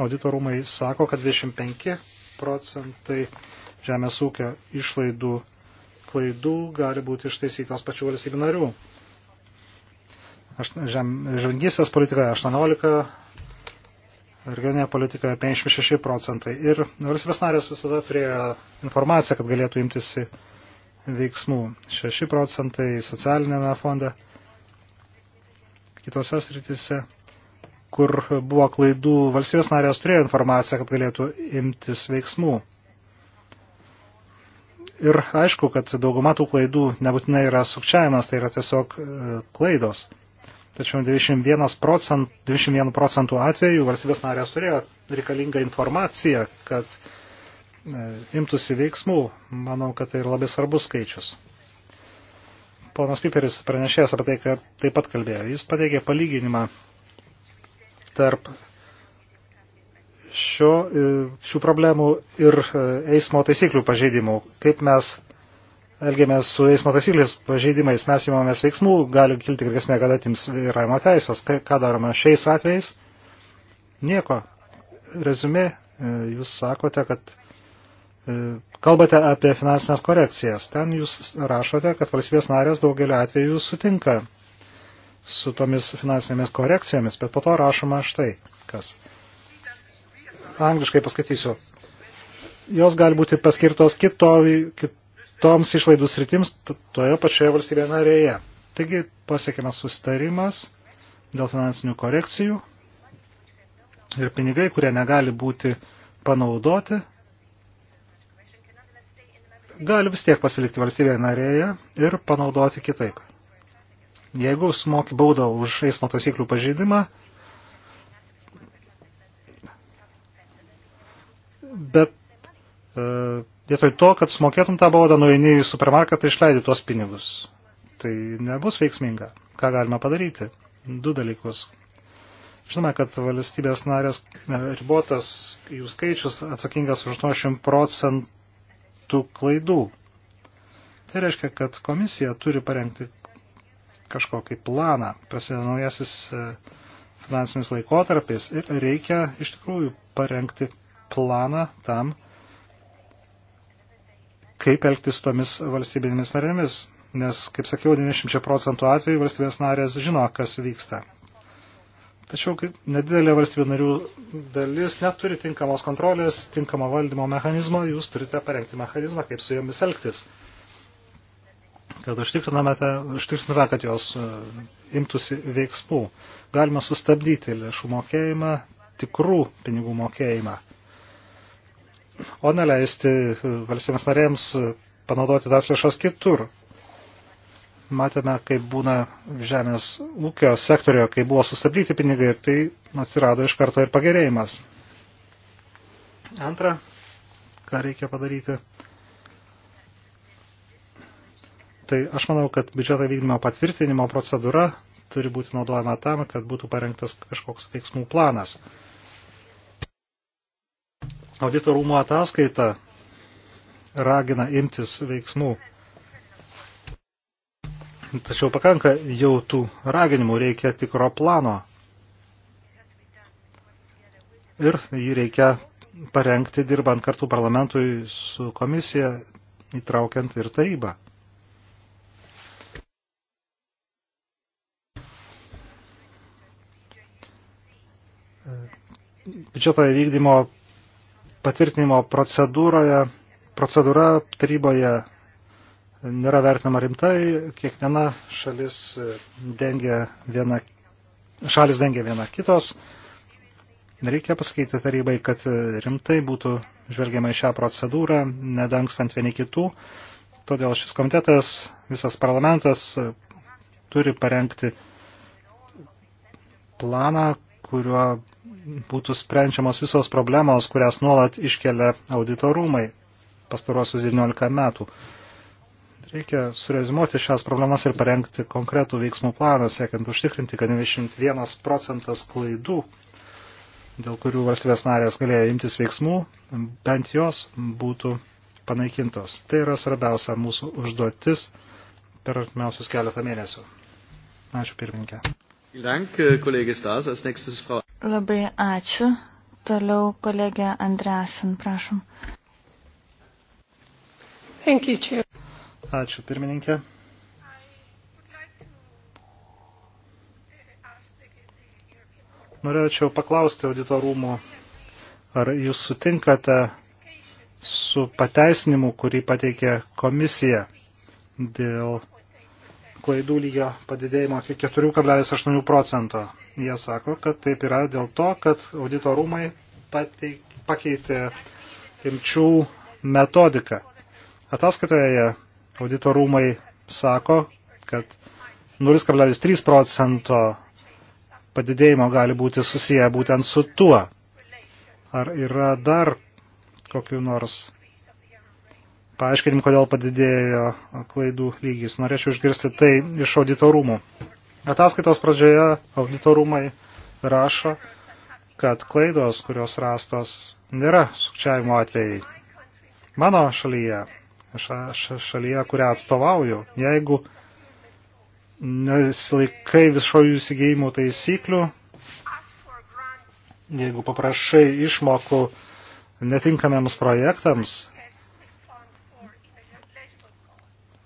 Auditorumai sako, kad 25 procentai žemės ūkio išlaidų klaidų gali būti ištaisytos pačių valstybių narių. Žemgysės politikoje 18 regioninėje politikoje 56 procentai. Ir valstybės narės visada turėjo informaciją, kad galėtų imtis veiksmų. 6 procentai socialinėme fonde, kitose sritise, kur buvo klaidų, valstybės narės turėjo informaciją, kad galėtų imtis veiksmų. Ir aišku, kad dauguma tų klaidų nebūtinai yra sukčiavimas, tai yra tiesiog e, klaidos. Tačiau 21 procentų, 21 procentų atveju valstybės narės turėjo reikalingą informaciją, kad e, imtųsi veiksmų. Manau, kad tai yra labai svarbus skaičius. Ponas Piperis pranešėjas apie tai, kad taip pat kalbėjo. Jis pateikė palyginimą tarp šio, e, šių problemų ir e, eismo taisyklių pažeidimų. Kaip mes elgiamės su eismo taisyklės pažeidimais, mes įmamės veiksmų, gali kilti grėsmė, kad atims vairavimo teisės. Ką darome šiais atvejais? Nieko. Rezumė, e, jūs sakote, kad e, kalbate apie finansinės korekcijas. Ten jūs rašote, kad valstybės narės daugelį atvejų sutinka su tomis finansinėmis korekcijomis, bet po to rašoma štai kas. Angliškai paskaitysiu. Jos gali būti paskirtos kito, kit, toms išlaidų sritims toje pačioje valstybėje narėje. Taigi pasiekiamas sustarimas dėl finansinių korekcijų ir pinigai, kurie negali būti panaudoti, gali vis tiek pasilikti valstybėje narėje ir panaudoti kitaip. Jeigu sumoki baudą už eismo taisyklių pažeidimą, bet e, Vietoj to, kad sumokėtum tą baudą, nueini į supermarketą išleidi tuos pinigus. Tai nebus veiksminga. Ką galima padaryti? Du dalykus. Žinome, kad valstybės narės ribotas jų skaičius atsakingas už 80 procentų klaidų. Tai reiškia, kad komisija turi parengti kažkokį planą, prasideda naujasis e, finansinis laikotarpis ir reikia iš tikrųjų parengti planą tam, kaip elgtis tomis valstybinėmis narėmis, nes, kaip sakiau, 90 procentų atveju valstybės narės žino, kas vyksta. Tačiau nedidelė valstybė narių dalis neturi tinkamos kontrolės, tinkamo valdymo mechanizmo, jūs turite parengti mechanizmą, kaip su jomis elgtis. Kad užtikrintume, kad jos e, imtųsi veiksmų. Galima sustabdyti lėšų mokėjimą, tikrų pinigų mokėjimą o neleisti valstybės narėms panaudoti tas lėšas kitur. Matėme, kaip būna žemės ūkio sektorio, kai buvo sustabdyti pinigai ir tai atsirado iš karto ir pagerėjimas. Antra, ką reikia padaryti. Tai aš manau, kad biudžeto vykdymo patvirtinimo procedūra turi būti naudojama tam, kad būtų parengtas kažkoks veiksmų planas. Audito rūmų ataskaita ragina imtis veiksmų. Tačiau pakanka jau tų raginimų, reikia tikro plano. Ir jį reikia parengti dirbant kartu parlamentui su komisija, įtraukiant ir tarybą. Biudžeto įvykdymo patvirtinimo procedūroje, procedūra taryboje nėra vertinama rimtai, kiekviena šalis dengia viena, šalis dengia viena kitos. Reikia pasakyti tarybai, kad rimtai būtų žvelgiama į šią procedūrą, nedangstant vieni kitų. Todėl šis komitetas, visas parlamentas turi parengti planą, kuriuo būtų sprendžiamos visos problemos, kurias nuolat iškelia auditorumai pastaruosius 19 metų. Reikia surezimuoti šias problemas ir parengti konkretų veiksmų planą, siekiant užtikrinti, kad 91 procentas klaidų, dėl kurių valstybės narės galėjo imtis veiksmų, bent jos būtų panaikintos. Tai yra svarbiausia mūsų užduotis per artimiausius keletą mėnesių. Ačiū pirmininkė. Äh, Labai ačiū. Toliau kolegė Andreasen, prašom. Thank you, Chair. Ačiū, pirmininkė. Norėčiau paklausti auditorumų, ar jūs sutinkate su pateisinimu, kurį pateikė komisija dėl klaidų lygio padidėjimo iki 4,8 procento. Jie sako, kad taip yra dėl to, kad auditorumai pateik, pakeitė imčių metodiką. Ataskaitoje auditorumai sako, kad 0,3 procento padidėjimo gali būti susiję būtent su tuo. Ar yra dar kokiu nors paaiškinim, kodėl padidėjo klaidų lygis. Norėčiau išgirsti tai iš auditorumų. Ataskaitos pradžioje auditorumai rašo, kad klaidos, kurios rastos, nėra sukčiavimo atvejai. Mano šalyje, ša, ša, šalyje, kurią atstovauju, jeigu nesilaikai viešojų įsigėjimų taisyklių, jeigu paprašai išmokų netinkamiems projektams,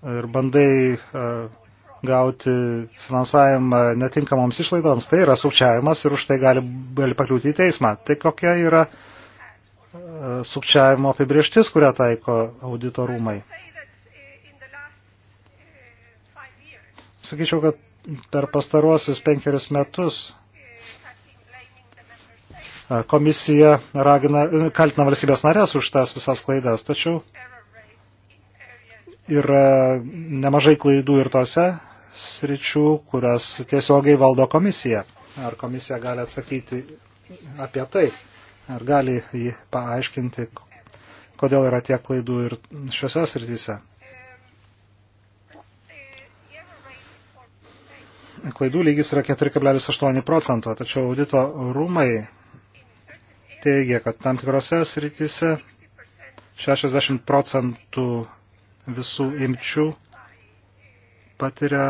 ir bandai e, gauti finansavimą netinkamoms išlaidoms, tai yra sukčiavimas ir už tai gali, gali pakliūti į teismą. Tai kokia yra e, sukčiavimo apibrieštis, kurią taiko auditorumai? Sakyčiau, kad per pastaruosius penkerius metus e, komisija ragina, kaltina valstybės narės už tas visas klaidas, tačiau yra nemažai klaidų ir tose sričių, kurias tiesiogiai valdo komisija. Ar komisija gali atsakyti apie tai? Ar gali jį paaiškinti, kodėl yra tiek klaidų ir šiuose srityse? Klaidų lygis yra 4,8 procento, tačiau audito rūmai teigia, kad tam tikrose srityse 60 procentų visų imčių patiria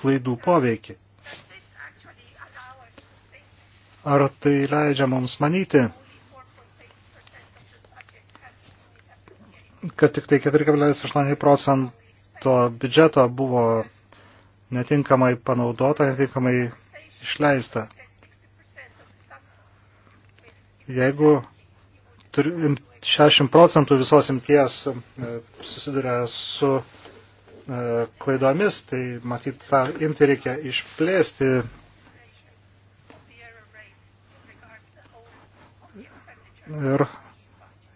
klaidų poveikį. Ar tai leidžia mums manyti, kad tik tai 4,8 procento biudžeto buvo netinkamai panaudota, netinkamai išleista? Jeigu 60 procentų visos imties e, susiduria su e, klaidomis, tai matyt, tą imti reikia išplėsti. Ir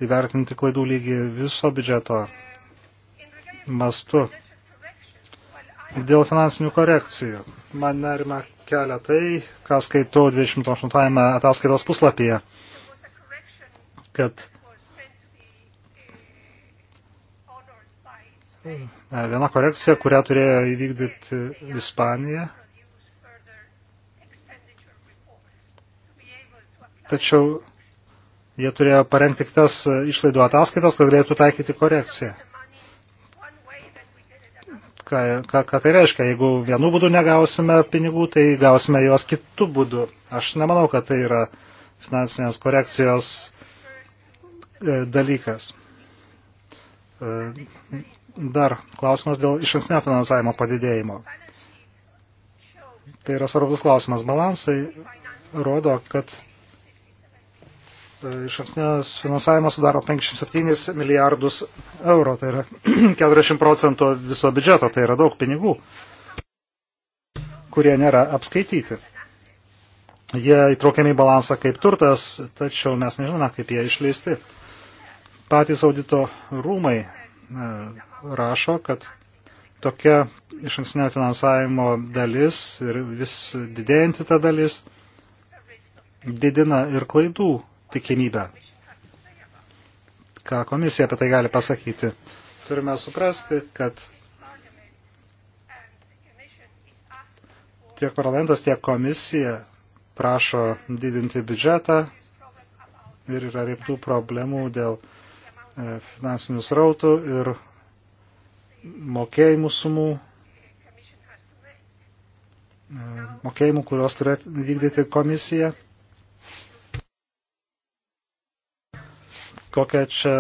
įvertinti klaidų lygį viso biudžeto mastu. Dėl finansinių korekcijų. Man nerima kelia tai, ką skaitau 28 ataskaitos puslapyje, kad E, viena korekcija, kurią turėjo įvykdyti Ispanija. Tačiau jie turėjo parengti kitas išlaidų ataskaitas, kad galėtų taikyti korekciją. Ką, ką, ką tai reiškia? Jeigu vienu būdu negausime pinigų, tai gausime juos kitų būdų. Aš nemanau, kad tai yra finansinės korekcijos e, dalykas e, dar klausimas dėl iš anksnio finansavimo padidėjimo. Tai yra svarbus klausimas. Balansai rodo, kad e, iš anksnės finansavimo sudaro 57 milijardus eurų, tai yra 40 procentų viso biudžeto, tai yra daug pinigų, kurie nėra apskaityti. Jie įtraukiami į balansą kaip turtas, tačiau mes nežinome, kaip jie išleisti. Patys audito rūmai e, rašo, kad tokia iš anksnio finansavimo dalis ir vis didėjanti ta dalis didina ir klaidų tikimybę. Ką komisija apie tai gali pasakyti? Turime suprasti, kad tiek parlamentas, tiek komisija prašo didinti biudžetą ir yra rimtų problemų dėl e, finansinių srautų ir mokėjimų sumų, mokėjimų, kurios turėtų vykdyti komisija. Kokia čia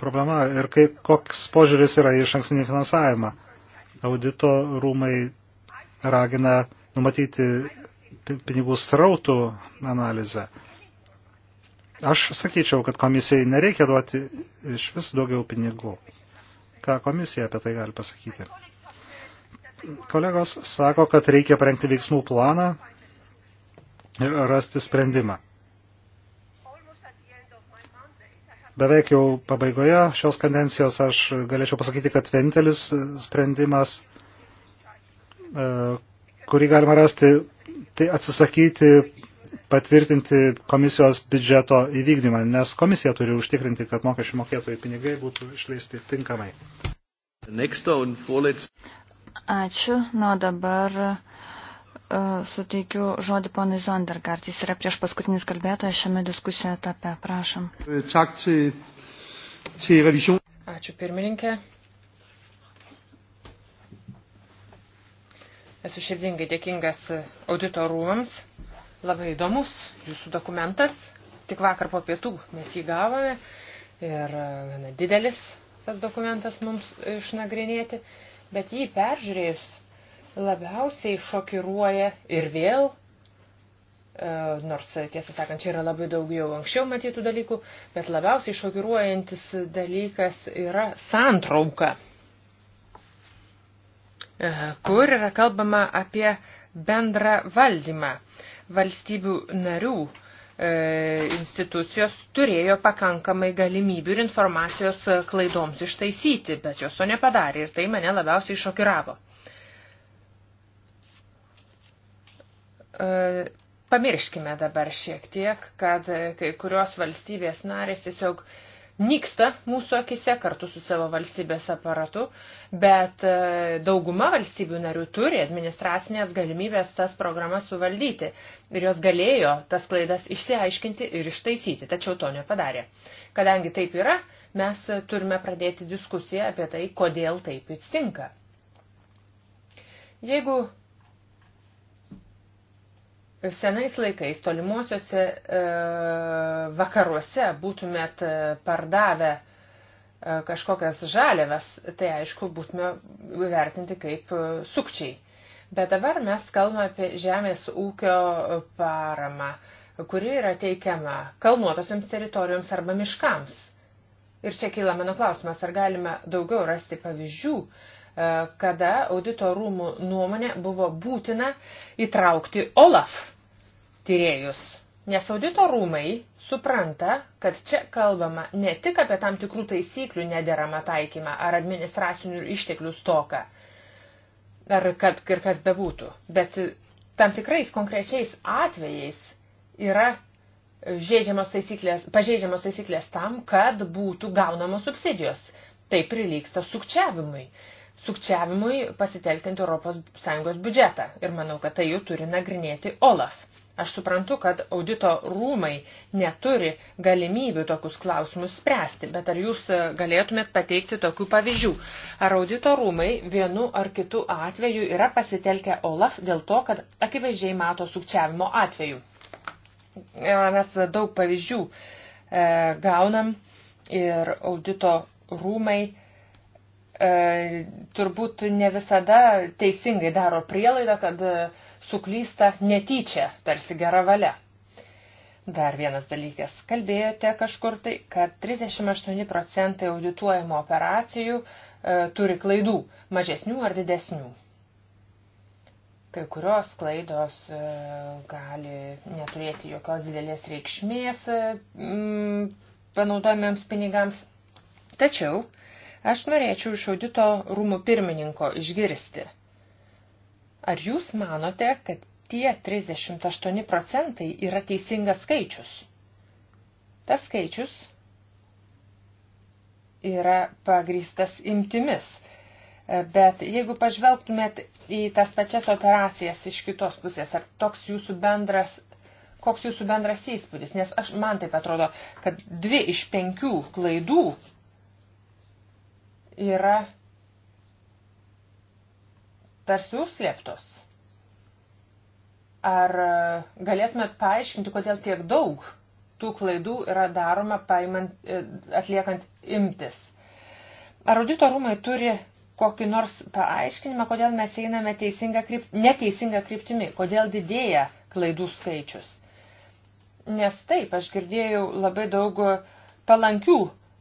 problema ir kaip, koks požiūris yra į šankstinį finansavimą. Audito rūmai ragina numatyti pinigų srautų analizę. Aš sakyčiau, kad komisijai nereikia duoti iš vis daugiau pinigų. Ką komisija apie tai gali pasakyti? Kolegos sako, kad reikia parengti veiksmų planą ir rasti sprendimą. Beveik jau pabaigoje šios kadencijos aš galėčiau pasakyti, kad vienintelis sprendimas, e, kurį galima rasti, tai atsisakyti patvirtinti komisijos biudžeto įvykdymą, nes komisija turi užtikrinti, kad mokesčių mokėtojų pinigai būtų išleisti tinkamai. Ačiū. Na, dabar uh, suteikiu žodį ponui Zondergaard. Jis yra prieš paskutinis kalbėtojas šiame diskusijoje etape. Prašom. Ačiū pirmininkė. Esu širdingai dėkingas auditorumams Labai įdomus jūsų dokumentas. Tik vakar po pietų mes jį gavome ir e, gana didelis tas dokumentas mums išnagrinėti, bet jį peržiūrėjus labiausiai šokiruoja ir vėl, e, nors, e, tiesą sakant, čia yra labai daug jau anksčiau matytų dalykų, bet labiausiai šokiruojantis dalykas yra santrauka, kur yra kalbama apie bendrą valdymą valstybių narių e, institucijos turėjo pakankamai galimybių ir informacijos e, klaidoms ištaisyti, bet jos to nepadarė ir tai mane labiausiai šokiravo. E, pamirškime dabar šiek tiek, kad kai kurios valstybės narės tiesiog uh, nyksta mūsų akise kartu su savo valstybės aparatu, bet e, dauguma valstybių narių turi administracinės galimybės tas programas suvaldyti ir jos galėjo tas klaidas išsiaiškinti ir ištaisyti, tačiau to nepadarė. Kadangi taip yra, mes turime pradėti diskusiją apie tai, kodėl taip atsitinka. Jeigu senais laikais tolimuosiuose e, vakaruose būtumėt e, pardavę e, kažkokias žalėves, tai aišku, būtume vertinti kaip e, sukčiai. Bet dabar mes kalbame apie žemės ūkio paramą, kuri yra teikiama kalnuotosiams teritorijoms arba miškams. Ir čia kyla mano klausimas, ar galime daugiau rasti pavyzdžių, E, kada audito rūmų nuomonė buvo būtina įtraukti OLAF tyrėjus. Nes audito rūmai supranta, kad čia kalbama ne tik apie tam tikrų taisyklių nederamą taikymą ar administracinių išteklių stoką, ar kad ir kas bebūtų, bet tam tikrais konkrečiais atvejais yra taisyklės, pažeidžiamos taisyklės tam, kad būtų gaunamos subsidijos. Tai prilyksta sukčiavimui sukčiavimui pasitelkiant ES biudžetą. Ir manau, kad tai jau turi nagrinėti OLAF. Aš suprantu, kad audito rūmai neturi galimybių tokius klausimus spręsti, bet ar jūs e, galėtumėt pateikti tokių pavyzdžių? Ar audito rūmai vienu ar kitu atveju yra pasitelkę OLAF dėl to, kad akivaizdžiai mato sukčiavimo atveju? E, mes daug pavyzdžių e, gaunam ir audito rūmai E, turbūt ne visada teisingai daro prielaidą, kad e, suklysta netyčia, tarsi gera valia. Dar vienas dalykas. Kalbėjote kažkur tai, kad 38 procentai audituojimo operacijų e, turi klaidų, mažesnių ar didesnių. Kai kurios klaidos e, gali neturėti jokios didelės reikšmės e, m, panaudojamiems pinigams. Tačiau e, Aš norėčiau iš audito rūmų pirmininko išgirsti. Ar jūs manote, kad tie 38 procentai yra teisingas skaičius? Tas skaičius yra pagrįstas imtimis. Bet jeigu pažvelgtumėt į tas pačias operacijas iš kitos pusės, ar toks jūsų bendras, koks jūsų bendras įspūdis, nes aš, man taip atrodo, kad dvi iš penkių klaidų yra tarsi užslėptos. Ar e, galėtumėt paaiškinti, kodėl tiek daug tų klaidų yra daroma paimant, e, atliekant imtis? Ar audito rūmai turi kokį nors paaiškinimą, kodėl mes einame teisinga krypt, neteisinga kryptimi, kodėl didėja klaidų skaičius? Nes taip, aš girdėjau labai daug palankių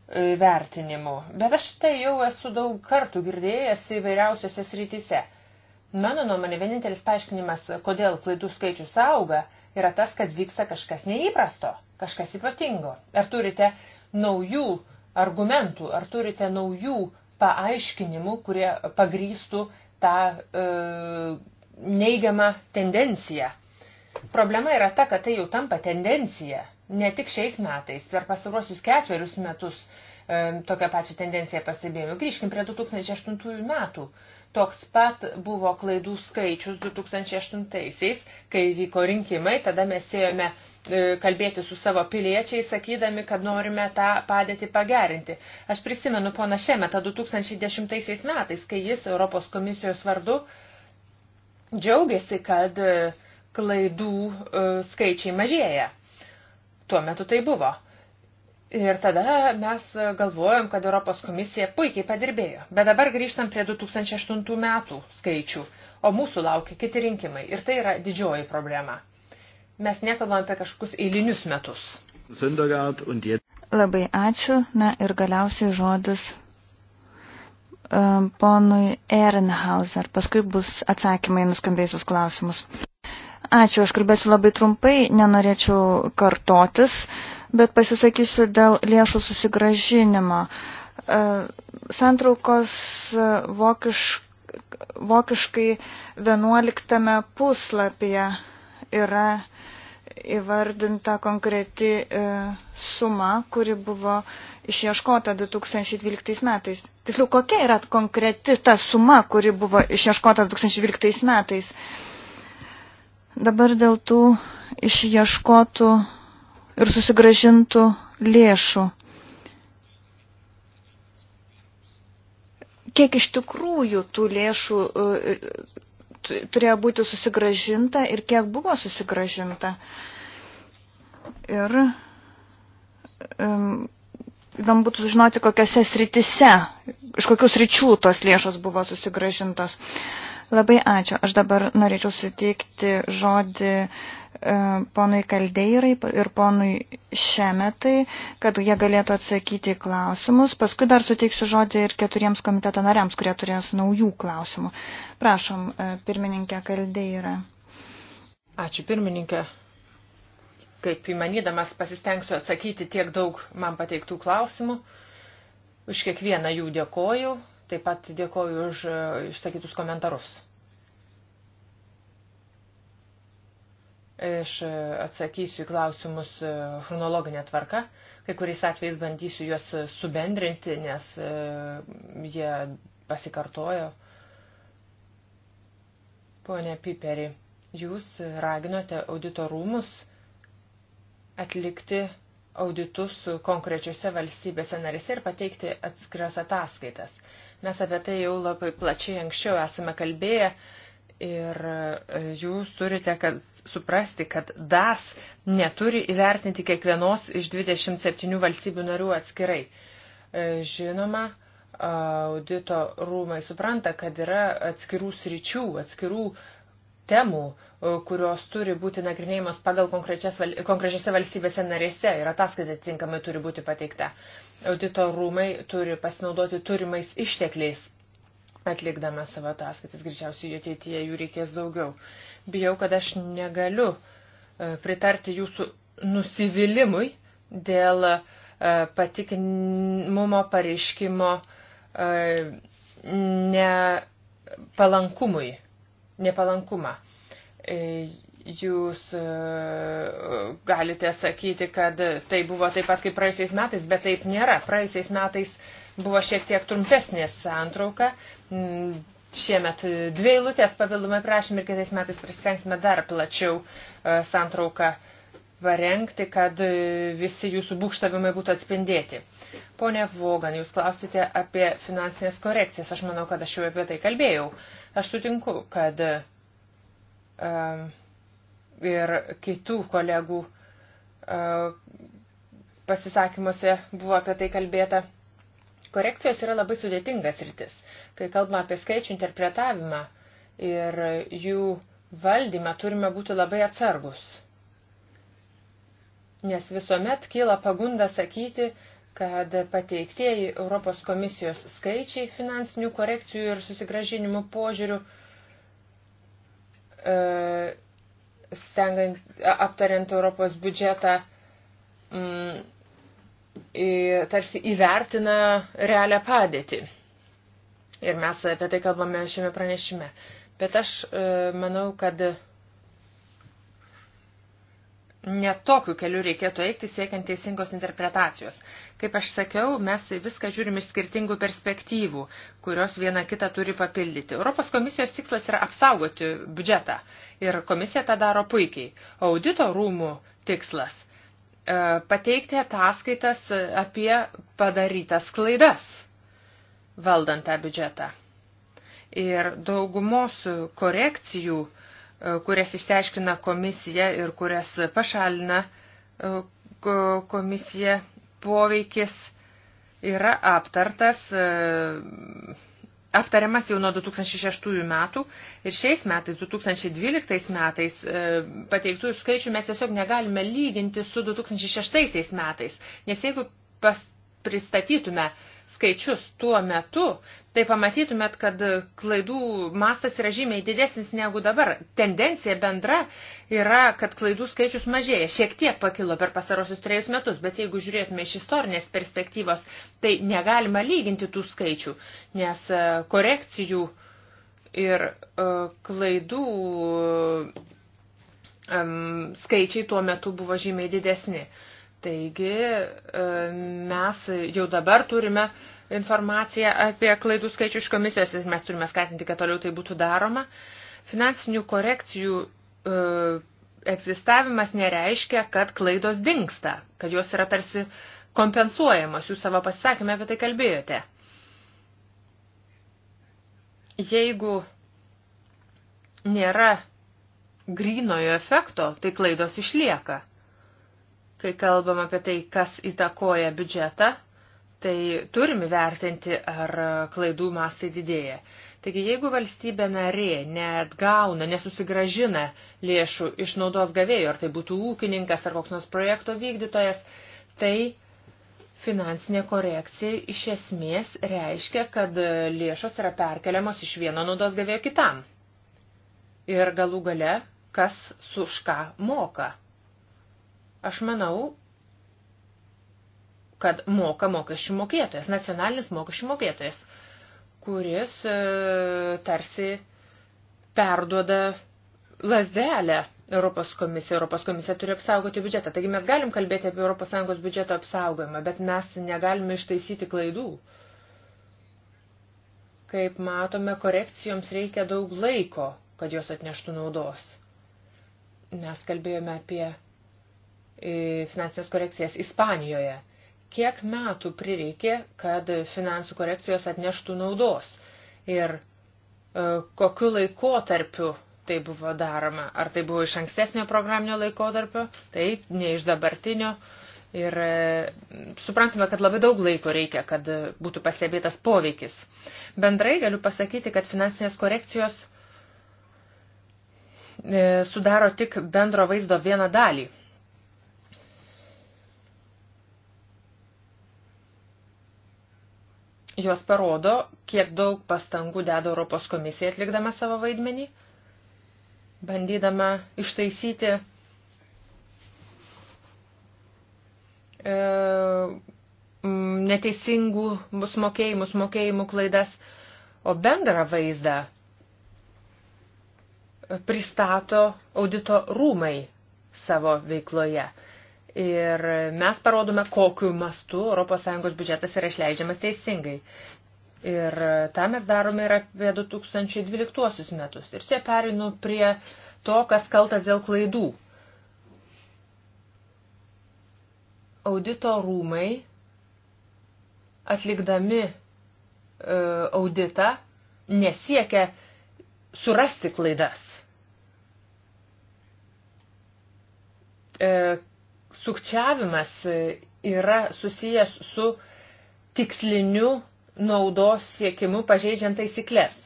E, vertinimų. Bet aš tai jau esu daug kartų girdėjęs įvairiausiose srityse. Mano nuomonė, vienintelis paaiškinimas, kodėl klaidų skaičius auga, yra tas, kad vyksta kažkas neįprasto, kažkas ypatingo. Ar turite naujų argumentų, ar turite naujų paaiškinimų, kurie pagrystų tą e, neigiamą tendenciją. Problema yra ta, kad tai jau tampa tendencija, Ne tik šiais metais, per pastaruosius ketverius metus e, tokią pačią tendenciją pastebėjome. Grįžkim prie 2008 metų. Toks pat buvo klaidų skaičius 2008-aisiais, kai vyko rinkimai, tada mes ėjome e, kalbėti su savo piliečiai, sakydami, kad norime tą padėtį pagerinti. Aš prisimenu pona Šemetą 2010 metais, kai jis Europos komisijos vardu džiaugiasi, kad e, klaidų e, skaičiai mažėja. Tuo metu tai buvo. Ir tada mes galvojom, kad Europos komisija puikiai padirbėjo. Bet dabar grįžtam prie 2008 metų skaičių, o mūsų laukia kiti rinkimai. Ir tai yra didžioji problema. Mes nekalbam apie kažkokius eilinius metus. Labai ačiū. Na ir galiausiai žodis um, ponui Ehrenhauser. Paskui bus atsakymai nuskambėjusius klausimus. Ačiū, aš kalbėsiu labai trumpai, nenorėčiau kartotis, bet pasisakysiu dėl lėšų susigražinimo. E, santraukos e, vokiš, vokiškai 11 puslapyje yra įvardinta konkreti e, suma, kuri buvo išieškota 2012 metais. Tiksliau, kokia yra konkreti ta suma, kuri buvo išieškota 2012 metais? Dabar dėl tų išieškotų ir susigražintų lėšų. Kiek iš tikrųjų tų lėšų e, e, turėjo būti susigražinta ir kiek buvo susigražinta. Ir um, įdomu būtų sužinoti, kokiose sritise, iš kokius ryčių tos lėšos buvo susigražintos. Uh, Labai ačiū. Aš dabar norėčiau suteikti žodį e, ponui Kaldeirai ir ponui Šemetai, kad jie galėtų atsakyti klausimus. Paskui dar suteiksiu žodį ir keturiems komiteto nariams, kurie turės naujų klausimų. Prašom, e, pirmininkė Kaldeira. Ačiū, pirmininkė. Kaip įmanydamas pasistengsiu atsakyti tiek daug man pateiktų klausimų. Už kiekvieną jų dėkoju Taip pat dėkoju už e, išsakytus komentarus. Aš e, atsakysiu į klausimus e, chronologinę tvarką. Kai kuriais atvejais bandysiu juos subendrinti, nes jie pasikartojo. Pone Piperi, jūs raginote auditorumus atlikti auditus konkrečiose valstybėse narėse ir pateikti atskiras ataskaitas. Mes apie tai jau labai plačiai anksčiau esame kalbėję ir e, jūs turite kad, suprasti, kad DAS neturi įvertinti kiekvienos iš 27 valstybių narių atskirai. E, žinoma, audito rūmai supranta, kad yra atskirų sričių, atskirų uh, temų, e, kurios turi būti nagrinėjimas pagal konkrečiose valstybėse narėse ir ataskaita tinkamai turi būti pateikta. Audito rūmai turi pasinaudoti turimais ištekliais atlikdama savo ataskaitas, greičiausiai jų ateityje jų reikės daugiau. Bijau, kad aš negaliu e, pritarti jūsų nusivylimui dėl e, patikimumo pareiškimo nepalankumui nepalankumą. E, jūs e, galite sakyti, kad tai buvo taip pat kaip praėjusiais metais, bet taip nėra. Praėjusiais metais buvo šiek tiek trumpesnė santrauka. Mm, šiemet dvi eilutės papildomai prašym ir kitais metais prisistengsime dar plačiau e, santrauką uh, parengti, kad visi jūsų būkštavimai būtų atspindėti. Pone Vogan, jūs klausite apie finansinės korekcijas. Aš manau, kad aš jau apie tai kalbėjau. Aš sutinku, kad um, ir kitų kolegų um, pasisakymuose buvo apie tai kalbėta. Korekcijos yra labai sudėtingas rytis. Kai kalbame apie skaičių interpretavimą ir jų valdymą, turime būti labai atsargus nes visuomet kyla pagunda sakyti, kad pateiktieji Europos komisijos skaičiai finansinių korekcijų ir susigražinimų požiūrių e, stengant, aptariant Europos biudžetą, mm, tarsi įvertina realią padėtį. Ir mes apie tai kalbame šiame pranešime. Bet aš e, manau, kad netokiu keliu reikėtų eiti siekiant teisingos interpretacijos. Kaip aš sakiau, mes viską žiūrim iš skirtingų perspektyvų, kurios viena kitą turi papildyti. Europos komisijos tikslas yra apsaugoti biudžetą ir komisija tą daro puikiai. Audito rūmų tikslas e, – pateikti ataskaitas apie padarytas klaidas valdant tą biudžetą. Ir daugumos korekcijų uh, kurias išsiaiškina komisija ir kurias pašalina e, komisija poveikis yra aptartas, e, aptariamas jau nuo 2006 metų ir šiais metais, 2012 metais e, pateiktų skaičių mes tiesiog negalime lyginti su 2006 metais, nes jeigu pas, pristatytume uh, skaičius tuo metu, tai pamatytumėt, kad klaidų mastas yra žymiai didesnis negu dabar. Tendencija bendra yra, kad klaidų skaičius mažėja. Šiek tiek pakilo per pasarosius trejus metus, bet jeigu žiūrėtume iš istorinės perspektyvos, tai negalima lyginti tų skaičių, nes e, korekcijų ir e, klaidų e, skaičiai tuo metu buvo žymiai didesni. Taigi e, mes jau dabar turime informaciją apie klaidų skaičių iš komisijos ir mes turime skatinti, kad toliau tai būtų daroma. Finansinių korekcijų e, egzistavimas nereiškia, kad klaidos dinksta, kad jos yra tarsi kompensuojamos. Jūs savo pasisakymę apie tai kalbėjote. Jeigu nėra grynojo efekto, tai klaidos išlieka kai kalbam apie tai, kas įtakoja biudžetą, tai turim įvertinti, ar klaidų mastai didėja. Taigi, jeigu valstybė narė neatgauna, nesusigražina lėšų iš naudos gavėjo, ar tai būtų ūkininkas ar koks nors projekto vykdytojas, tai finansinė korekcija iš esmės reiškia, kad lėšos yra perkeliamos iš vieno naudos gavėjo kitam. Ir galų gale, kas su už ką moka. Aš manau, kad moka mokesčių mokėtojas, nacionalinis mokesčių mokėtojas, kuris e, tarsi perduoda lasdelę Europos komisija. Europos komisija turi apsaugoti biudžetą. Taigi mes galim kalbėti apie ES biudžeto apsaugojimą, bet mes negalime ištaisyti klaidų. Kaip matome, korekcijoms reikia daug laiko, kad jos atneštų naudos. Mes kalbėjome apie finansinės korekcijas Ispanijoje. Kiek metų prireikė, kad finansų korekcijos atneštų naudos ir e, kokiu laikotarpiu tai buvo daroma. Ar tai buvo iš ankstesnio programinio laikotarpio, taip, ne iš dabartinio. Ir e, suprantame, kad labai daug laiko reikia, kad būtų pastebėtas poveikis. Bendrai galiu pasakyti, kad finansinės korekcijos e, sudaro tik bendro vaizdo vieną dalį. Jos parodo, kiek daug pastangų deda Europos komisija atlikdama savo vaidmenį, bandydama ištaisyti e, neteisingų mokėjimus, mokėjimų klaidas, o bendrą vaizdą pristato audito rūmai savo veikloje. Ir mes parodome, kokiu mastu ES biudžetas yra išleidžiamas teisingai. Ir tą mes darome ir apie 2012 metus. Ir čia perinu prie to, kas kaltas dėl klaidų. Audito rūmai atlikdami e, auditą nesiekia surasti klaidas. E, sukčiavimas e, yra susijęs su tiksliniu naudos siekimu pažeidžiant taisyklės.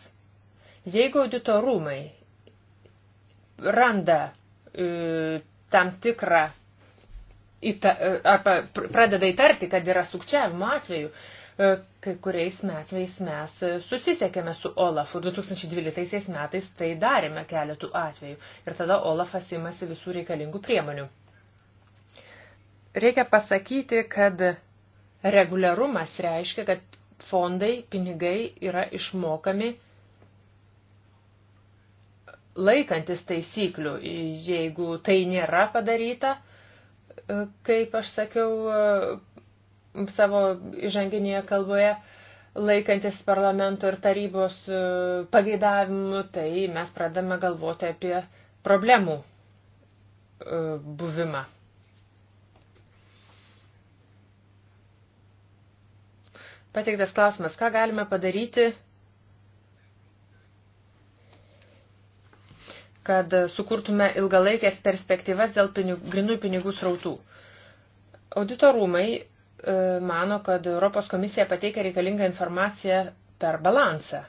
Jeigu auditorumai randa e, tam tikrą, įta, e, arba pradeda įtarti, kad yra sukčiavimo atveju, e, kai kuriais metais mes e, susisiekėme su Olafu. 2012 metais tai darėme keletų atvejų ir tada Olafas imasi visų reikalingų priemonių. Reikia pasakyti, kad reguliarumas reiškia, kad fondai, pinigai yra išmokami laikantis taisyklių. Jeigu tai nėra padaryta, e, kaip aš sakiau e, savo įžanginėje kalboje, laikantis parlamento ir tarybos e, pageidavimų, tai mes pradame galvoti apie problemų buvimą. Pateiktas klausimas, ką galime padaryti, kad sukurtume ilgalaikės perspektyvas dėl pinigų, grinų pinigų srautų. Auditorumai e, mano, kad Europos komisija pateikia reikalingą informaciją per balansą.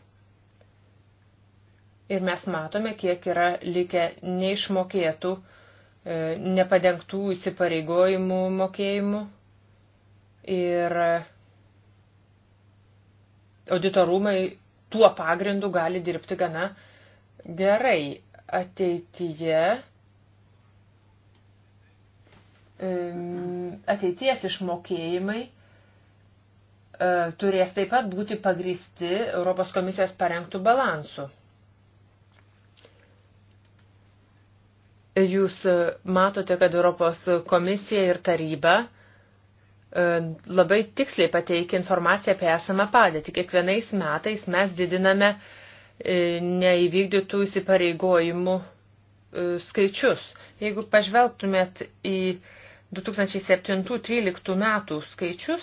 Ir mes matome, kiek yra likę neišmokėtų, e, nepadengtų įsipareigojimų mokėjimų. Ir e, auditorumai tuo pagrindu gali dirbti gana gerai ateityje. Ateities išmokėjimai e, turės taip pat būti pagristi Europos komisijos parengtų balansų. Jūs matote, kad Europos komisija ir taryba uh, E, labai tiksliai pateikia informaciją apie esamą padėtį. Kiekvienais metais mes didiname e, neįvykdytų įsipareigojimų e, skaičius. Jeigu pažvelgtumėt į 2007-2013 metų skaičius,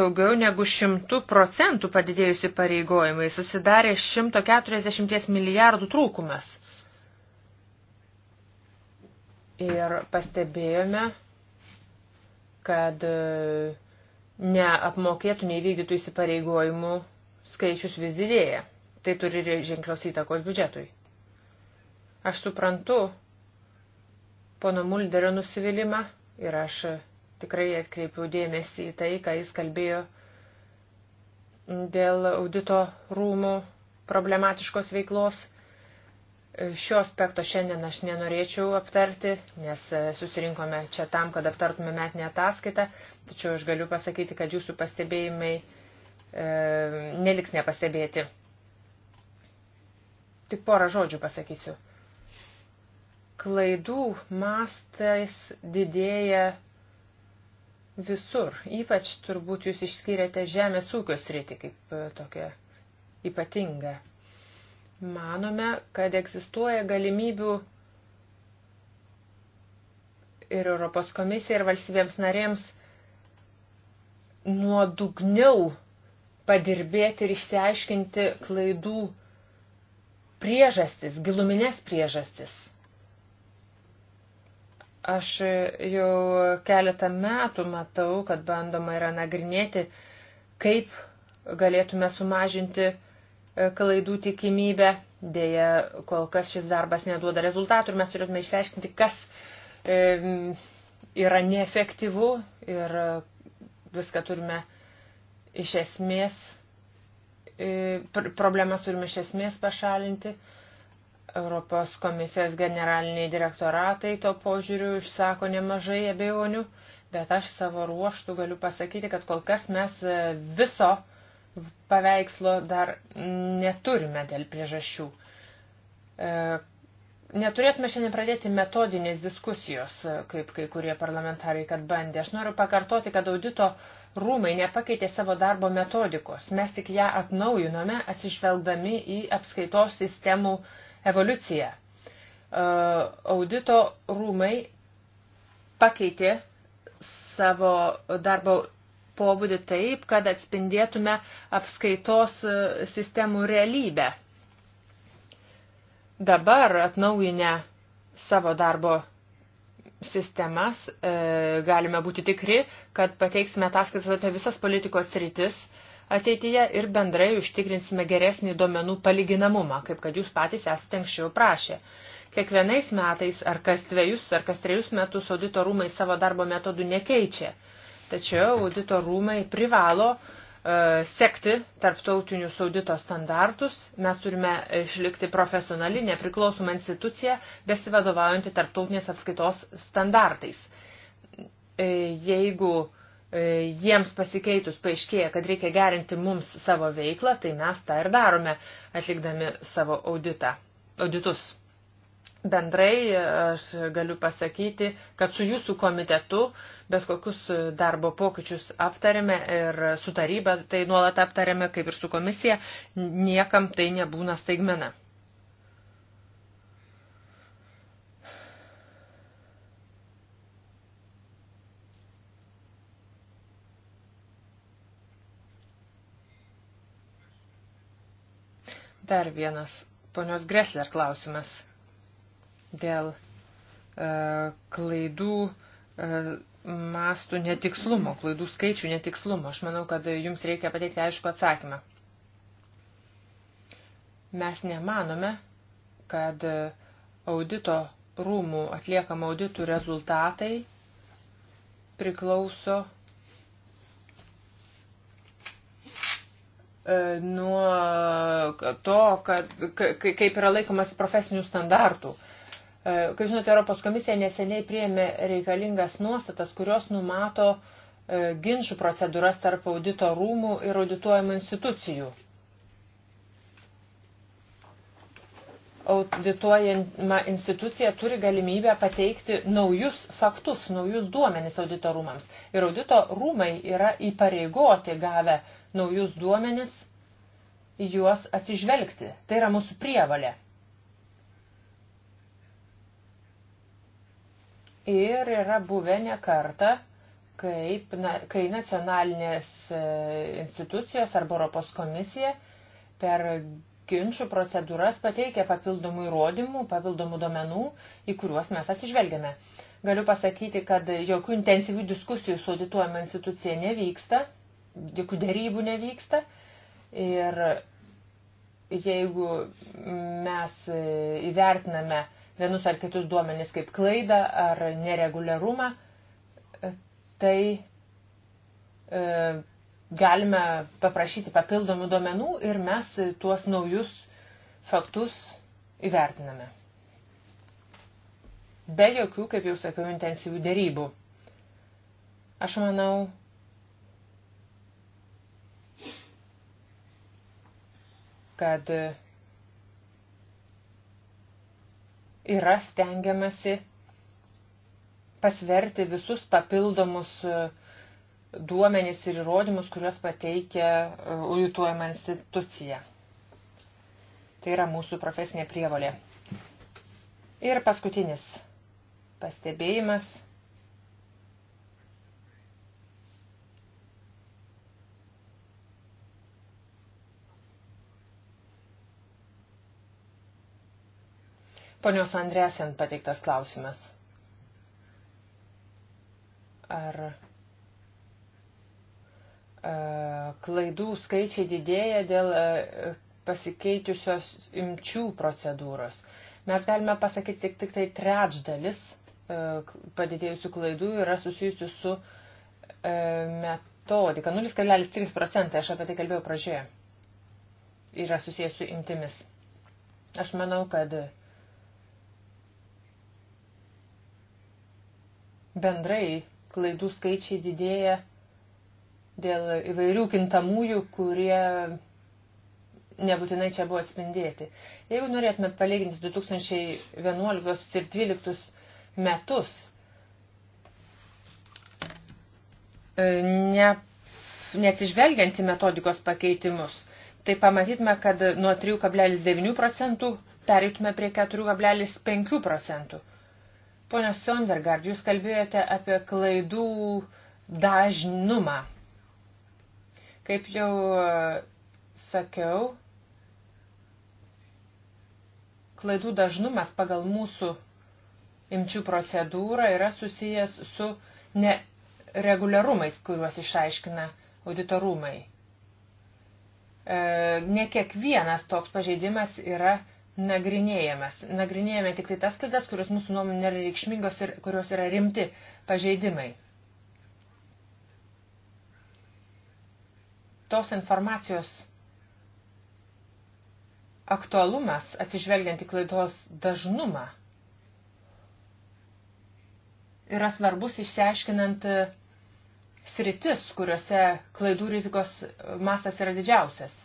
daugiau negu 100 procentų padidėjusi pareigojimai susidarė 140 milijardų trūkumas ir pastebėjome, kad e, neapmokėtų neįvykdytų įsipareigojimų skaičius vis didėja. Tai turi ženklios įtakos biudžetui. Aš suprantu pono Mulderio nusivylimą ir aš tikrai atkreipiau dėmesį į tai, ką jis kalbėjo dėl audito rūmų problematiškos veiklos. Šio aspekto šiandien aš nenorėčiau aptarti, nes e, susirinkome čia tam, kad aptartume metinę ataskaitą, tačiau aš galiu pasakyti, kad jūsų pastebėjimai e, neliks nepastebėti. Tik porą žodžių pasakysiu. Klaidų mastais didėja visur, ypač turbūt jūs išskiriate žemės ūkio sritį kaip e, tokią ypatingą manome, kad egzistuoja galimybių ir Europos komisija ir valstybėms narėms nuodugniau padirbėti ir išsiaiškinti klaidų priežastis, giluminės priežastis. Aš jau keletą metų matau, kad bandoma yra nagrinėti, kaip galėtume sumažinti klaidų tikimybę. Deja, kol kas šis darbas neduoda rezultatų ir mes turėtume išsiaiškinti, kas yra neefektyvu ir e, viską turime iš esmės, e, problemas turime iš esmės pašalinti. Europos komisijos generaliniai direktoratai to požiūriu išsako nemažai abejonių, bet aš savo ruoštų galiu pasakyti, kad kol kas mes e, viso uh, paveikslo dar neturime dėl priežasčių. E, neturėtume šiandien pradėti metodinės diskusijos, e, kaip kai kurie parlamentarai, kad bandė. Aš noriu pakartoti, kad audito rūmai nepakeitė savo darbo metodikos. Mes tik ją atnaujinome, atsižvelgdami į apskaitos sistemų evoliuciją. E, audito rūmai pakeitė savo darbo pobūdį taip, kad atspindėtume apskaitos e, sistemų realybę. Dabar atnaujinę savo darbo sistemas e, galime būti tikri, kad pateiksime ataskaitas apie visas politikos sritis ateityje ir bendrai užtikrinsime geresnį duomenų palyginamumą, kaip kad jūs patys esate anksčiau prašę. Kiekvienais metais ar kas dviejus ar kas trejus metus audito rūmai savo darbo metodų nekeičia – Tačiau audito rūmai privalo e, sekti tarptautinius audito standartus. Mes turime išlikti profesionali, nepriklausoma institucija, besivadovaujanti tarptautinės apskaitos standartais. E, jeigu e, jiems pasikeitus paaiškėja, kad reikia gerinti mums savo veiklą, tai mes tą ir darome, atlikdami savo auditą, auditus. Bendrai aš galiu pasakyti, kad su jūsų komitetu bet kokius darbo pokyčius aptarėme ir su taryba tai nuolat aptarėme, kaip ir su komisija, niekam tai nebūna staigmena. Dar vienas ponios Gresler klausimas dėl e, klaidų e, mastų netikslumo, klaidų skaičių netikslumo. Aš manau, kad jums reikia pateikti aišku atsakymą. Mes nemanome, kad audito rūmų atliekama auditų rezultatai priklauso e, nuo to, kad, kaip yra laikomasi profesinių standartų. E, kaip žinote, Europos komisija neseniai priėmė reikalingas nuostatas, kurios numato e, ginčių procedūras tarp audito rūmų ir audituojamų institucijų. Audituojama institucija turi galimybę pateikti naujus faktus, naujus duomenis audito rūmams. Ir audito rūmai yra įpareigoti gavę naujus duomenis juos atsižvelgti. Tai yra mūsų prievalė. Ir yra buvę ne kartą, kaip, na, kai nacionalinės e, institucijos arba Europos komisija per ginčių procedūras pateikia papildomų įrodymų, papildomų domenų, į kuriuos mes atsižvelgiame. Galiu pasakyti, kad jokių intensyvių diskusijų su audituojama institucija nevyksta, jokių dėrybų nevyksta. Ir jeigu mes e, įvertiname uh, vienus ar kitus duomenis kaip klaidą ar nereguliarumą, e, tai e, galime paprašyti papildomų duomenų ir mes tuos naujus faktus įvertiname. Be jokių, kaip jau sakiau, intensyvių dėrybų. Aš manau, kad e, yra stengiamasi pasverti visus papildomus e, duomenys ir įrodymus, kuriuos pateikia e, ujituojama institucija. Tai yra mūsų profesinė prievolė. Ir paskutinis pastebėjimas – Ponios Andresen pateiktas klausimas. Ar e, klaidų skaičiai didėja dėl e, pasikeitusios imčių procedūros? Mes galime pasakyti tik, tik tai trečdalis e, padidėjusių klaidų yra susijusių su e, metodika. 0,3 procentai, aš apie tai kalbėjau pradžioje, yra susijęs su imtimis. Aš manau, kad e, Bendrai klaidų skaičiai didėja dėl įvairių kintamųjų, kurie nebūtinai čia buvo atspindėti. Jeigu norėtumėt palyginti 2011 ir 2012 metus, e, ne, neatsižvelgiant į metodikos pakeitimus, tai pamatytume, kad nuo 3,9 procentų pereitume prie 4,5 procentų. Pone Sondergaard, jūs kalbėjote apie klaidų dažnumą. Kaip jau e, sakiau, klaidų dažnumas pagal mūsų imčių procedūrą yra susijęs su nereguliarumais, kuriuos išaiškina auditorumai. E, ne kiekvienas toks pažeidimas yra nagrinėjamas. Nagrinėjame tik tai tas klaidas, kurios mūsų nuomonė yra reikšmingos ir kurios yra rimti pažeidimai. Tos informacijos aktualumas atsižvelgiant į klaidos dažnumą yra svarbus išsiaiškinant e, sritis, kuriuose klaidų rizikos masas yra didžiausias.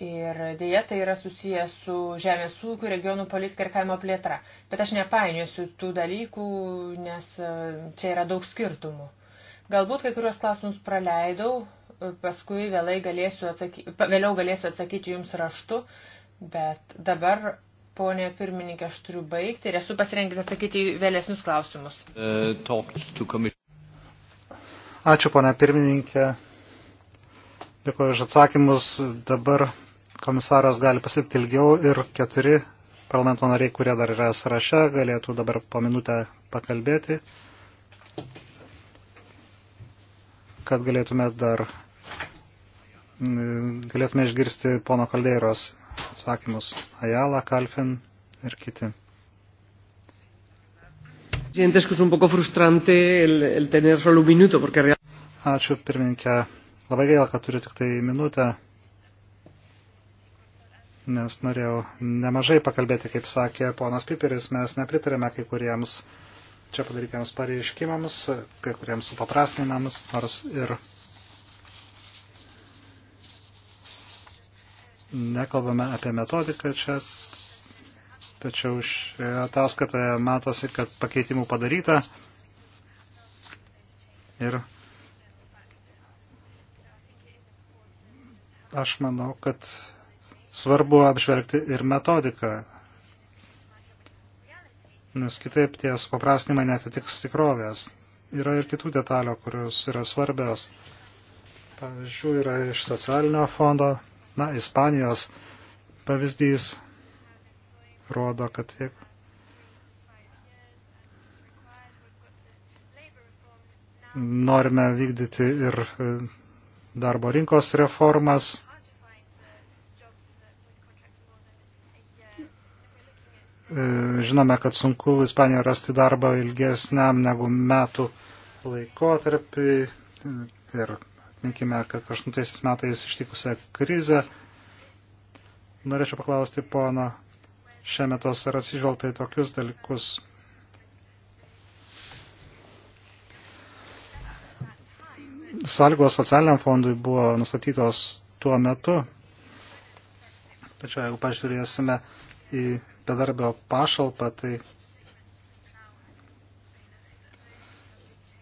Ir dėja tai yra susijęs su žemės ūkiu, regionų politika ir kaimo plėtra. Bet aš nepainiosiu tų dalykų, nes e, čia yra daug skirtumų. Galbūt kai kurios klausimus praleidau, e, paskui vėlai galėsiu atsaky... vėliau galėsiu atsakyti jums raštu, bet dabar, ponė pirmininkė, aš turiu baigti ir esu pasirengęs atsakyti į vėlesnius klausimus. E, Ačiū, ponė pirmininkė. Dėkuoju už atsakymus. Dabar komisaras gali pasilikti ilgiau ir keturi parlamento nariai, kurie dar yra sąraše, galėtų dabar po minutę pakalbėti, kad galėtume dar galėtume išgirsti pono Kaldeiros atsakymus Ajala, Kalfin ir kiti. Ačiū pirmininkė. Labai gaila, kad turiu tik tai minutę nes norėjau nemažai pakalbėti, kaip sakė ponas Piperis, mes nepritarėme kai kuriems čia padarytiems pareiškimams, kai kuriems supaprastinimams, nors ir nekalbame apie metodiką čia, tačiau šioje ataskatoje matosi, kad pakeitimų padaryta ir aš manau, kad Svarbu apžvelgti ir metodiką, nes kitaip tie supaprastinimai netitiks tikrovės. Yra ir kitų detalių, kurios yra svarbios. Pavyzdžių yra iš socialinio fondo, na, Ispanijos pavyzdys rodo, kad tiek. Norime vykdyti ir e, darbo rinkos reformas, E, žinome, kad sunku Ispanijoje rasti darbą ilgesniam negu metų laikotarpį ir atminkime, kad 8 metais ištikusią krizę. Norėčiau paklausti pono Šemetos, ar atsižvelgta į tokius dalykus. Sąlygos socialiniam fondui buvo nustatytos tuo metu, tačiau jeigu pažiūrėsime į bedarbio pašalpą, tai,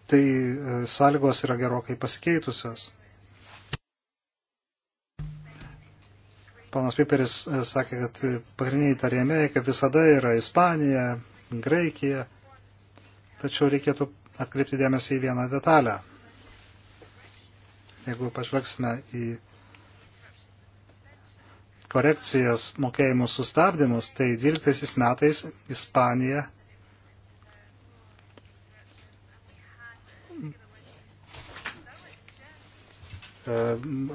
tai e, sąlygos yra gerokai pasikeitusios. Panas Piperis e, sakė, kad pagrindiniai tarėmėjai, kaip visada, yra Ispanija, Graikija. Tačiau reikėtų atkreipti dėmesį į vieną detalę. Jeigu pažvelgsime į korekcijas, mokėjimų sustabdymus, tai 12 metais Ispanija e,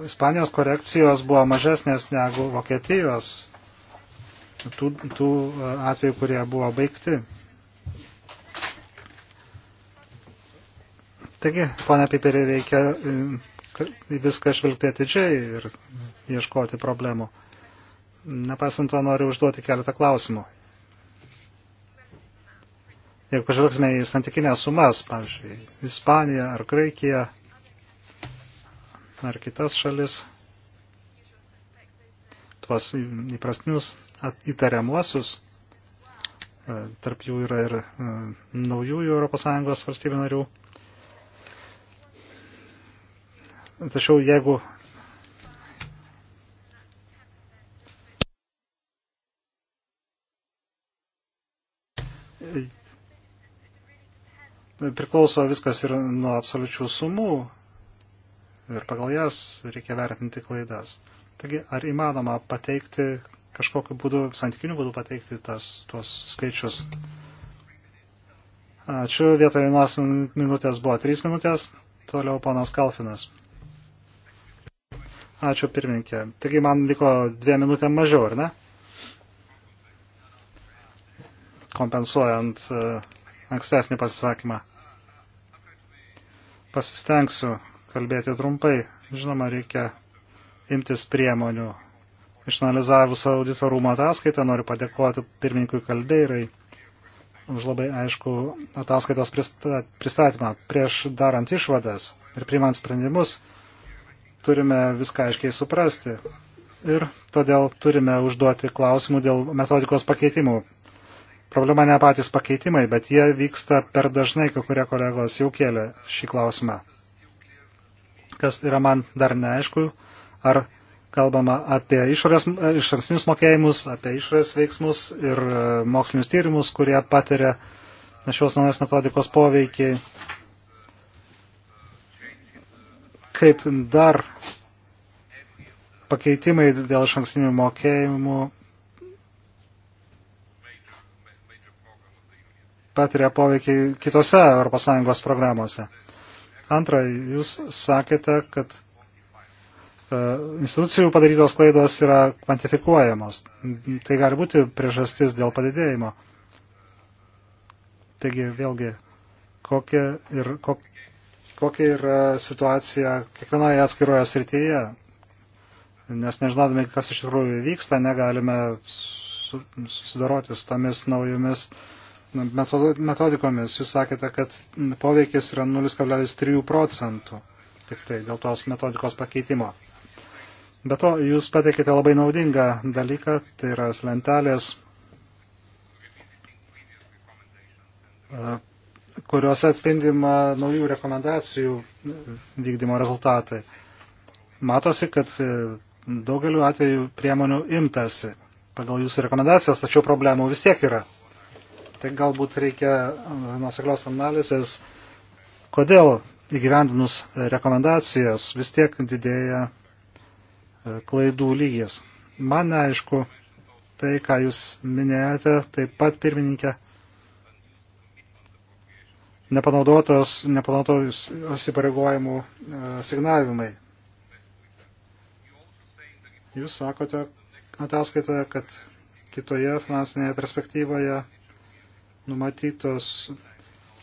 Ispanijos korekcijos buvo mažesnės negu Vokietijos tų, tų e, atvejų, kurie buvo baigti. Taigi, ponia Piperi, reikia e, viską žvelgti atidžiai ir ieškoti problemų. Nepasant to noriu užduoti keletą klausimų. Jeigu pažvelgsime į santykinę sumas, pavyzdžiui, Ispaniją ar Graikiją ar kitas šalis, tuos įprastinius įtariamuosius, e, tarp jų yra ir e, naujųjų ES valstybių narių. Tačiau jeigu priklauso viskas ir nuo absoliučių sumų ir pagal jas reikia vertinti klaidas. Taigi, ar įmanoma pateikti kažkokiu būdu, santykiniu būdu pateikti tas, tuos skaičius? Ačiū, vietoje vienos minutės buvo trys minutės, toliau ponas Kalfinas. Ačiū pirmininkė. Taigi man liko dviem minutėm mažiau, ar ne? Kompensuojant e, ankstesnį pasisakymą pasistengsiu kalbėti trumpai. Žinoma, reikia imtis priemonių. Išanalizavus auditorumo ataskaitą noriu padėkoti pirmininkui Kaldeirai už labai aišku ataskaitos pristatymą. Prieš darant išvadas ir priimant sprendimus turime viską aiškiai suprasti. Ir todėl turime užduoti klausimų dėl metodikos pakeitimų. Problema ne patys pakeitimai, bet jie vyksta per dažnai, kai kurie kolegos jau kėlė šį klausimą. Kas yra man dar neaišku, ar kalbama apie išorės, išransinius mokėjimus, apie išorės veiksmus ir e, mokslinius tyrimus, kurie patiria šios naujos metodikos poveikį. Kaip dar pakeitimai dėl šankstinių mokėjimų patiria poveikį kitose ES programuose. Antra, jūs sakėte, kad e, institucijų padarytos klaidos yra kvantifikuojamos. Tai gali būti priežastis dėl padidėjimo. Taigi, vėlgi, kokia, ir, kok, kokia yra situacija kiekvienoje atskiroje srityje. Nes nežinodami, kas iš tikrųjų vyksta, negalime susidoroti su tomis naujomis uh, metodikomis. Jūs sakėte, kad poveikis yra 0,3 procentų tik tai dėl tos metodikos pakeitimo. Be to, jūs pateikite labai naudingą dalyką, tai yra lentelės, e, kuriuose atspindima naujų rekomendacijų vykdymo rezultatai. Matosi, kad e, daugeliu atveju priemonių imtasi pagal jūsų rekomendacijas, tačiau problemų vis tiek yra. Tai galbūt reikia e, nuoseklios analizės, kodėl įgyvendinus rekomendacijas vis tiek didėja e, klaidų lygis. Man neaišku, tai ką jūs minėjote, taip pat pirmininkė, nepanaudotos, nepanaudotos įsipareigojimų e, signavimai. Jūs sakote ataskaitoje, kad kitoje finansinėje perspektyvoje numatytos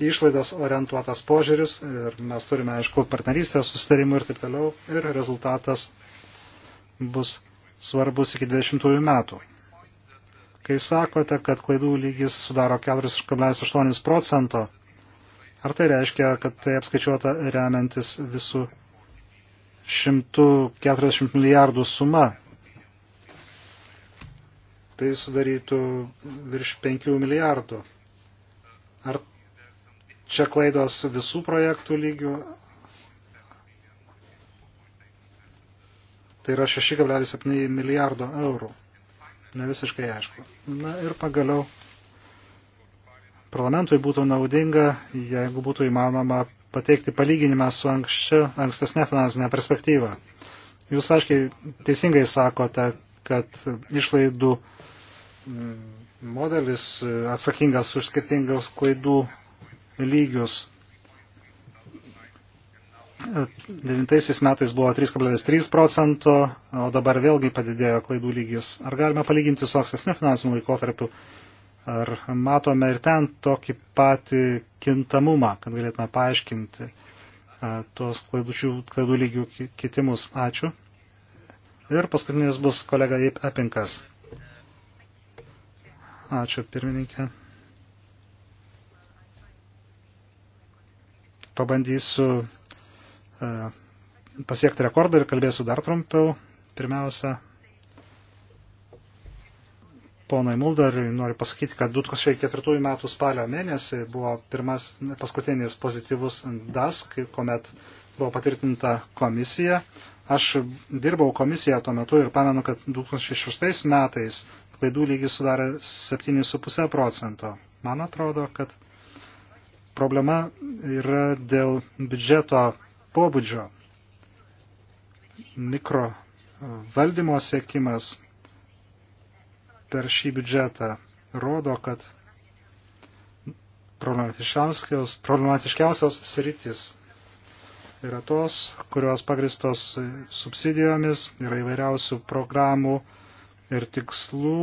išlaidas orientuotas požiūris ir mes turime, aišku, partnerystės susitarimų ir taip toliau ir rezultatas bus svarbus iki 20 metų. Kai sakote, kad klaidų lygis sudaro 4,8 procento, ar tai reiškia, kad tai apskaičiuota remiantis visų 140 milijardų suma? Tai sudarytų virš 5 milijardų. Ar čia klaidos visų projektų lygių? Tai yra 6,7 milijardo eurų. Ne visiškai aišku. Na ir pagaliau parlamentui būtų naudinga, jeigu būtų įmanoma pateikti palyginimą su anksčia, ankstesnė finansinė perspektyva. Jūs aiškiai teisingai sakote, kad išlaidų uh, Mm, modelis e, atsakingas už skirtingus klaidų lygius. 9 metais buvo 3,3 procento, o dabar vėlgi padidėjo klaidų lygis. Ar galime palyginti su ankstesniu finansiniu laikotarpiu? Ar matome ir ten tokį patį kintamumą, kad galėtume paaiškinti e, tuos klaidučių, klaidų lygių kitimus? Ačiū. Ir paskutinis bus kolega Apinkas. Ačiū pirmininkė. Pabandysiu e, pasiekti rekordą ir kalbėsiu dar trumpiau. Pirmiausia, ponai Mulderiui noriu pasakyti, kad 2004 metų spalio mėnesį buvo pirmas, paskutinis pozityvus DAS, kuomet buvo patvirtinta komisija. Aš dirbau komisiją tuo metu ir pamenu, kad 2006 metais klaidų lygis sudarė 7,5 procento. Man atrodo, kad problema yra dėl biudžeto pobūdžio. Mikro e, valdymo sėkimas per šį biudžetą rodo, kad problematiškiausios, problematiškiausios sritis yra tos, kurios pagristos subsidijomis, yra įvairiausių programų, ir tikslų,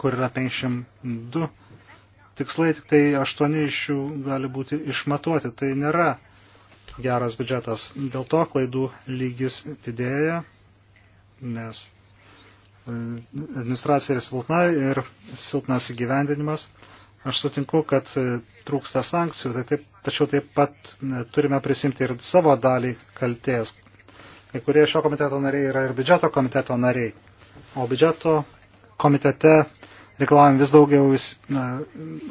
kur yra 52 tikslai, tik tai 8 iš jų gali būti išmatuoti. Tai nėra geras biudžetas. Dėl to klaidų lygis didėja, nes e, administracija yra silpna ir silpnas įgyvendinimas. Aš sutinku, kad e, trūksta sankcijų, tai taip, tačiau taip pat e, turime prisimti ir savo dalį kalties. Kai kurie šio komiteto nariai yra ir biudžeto komiteto nariai. O biudžeto komitete reikalavom vis daugiau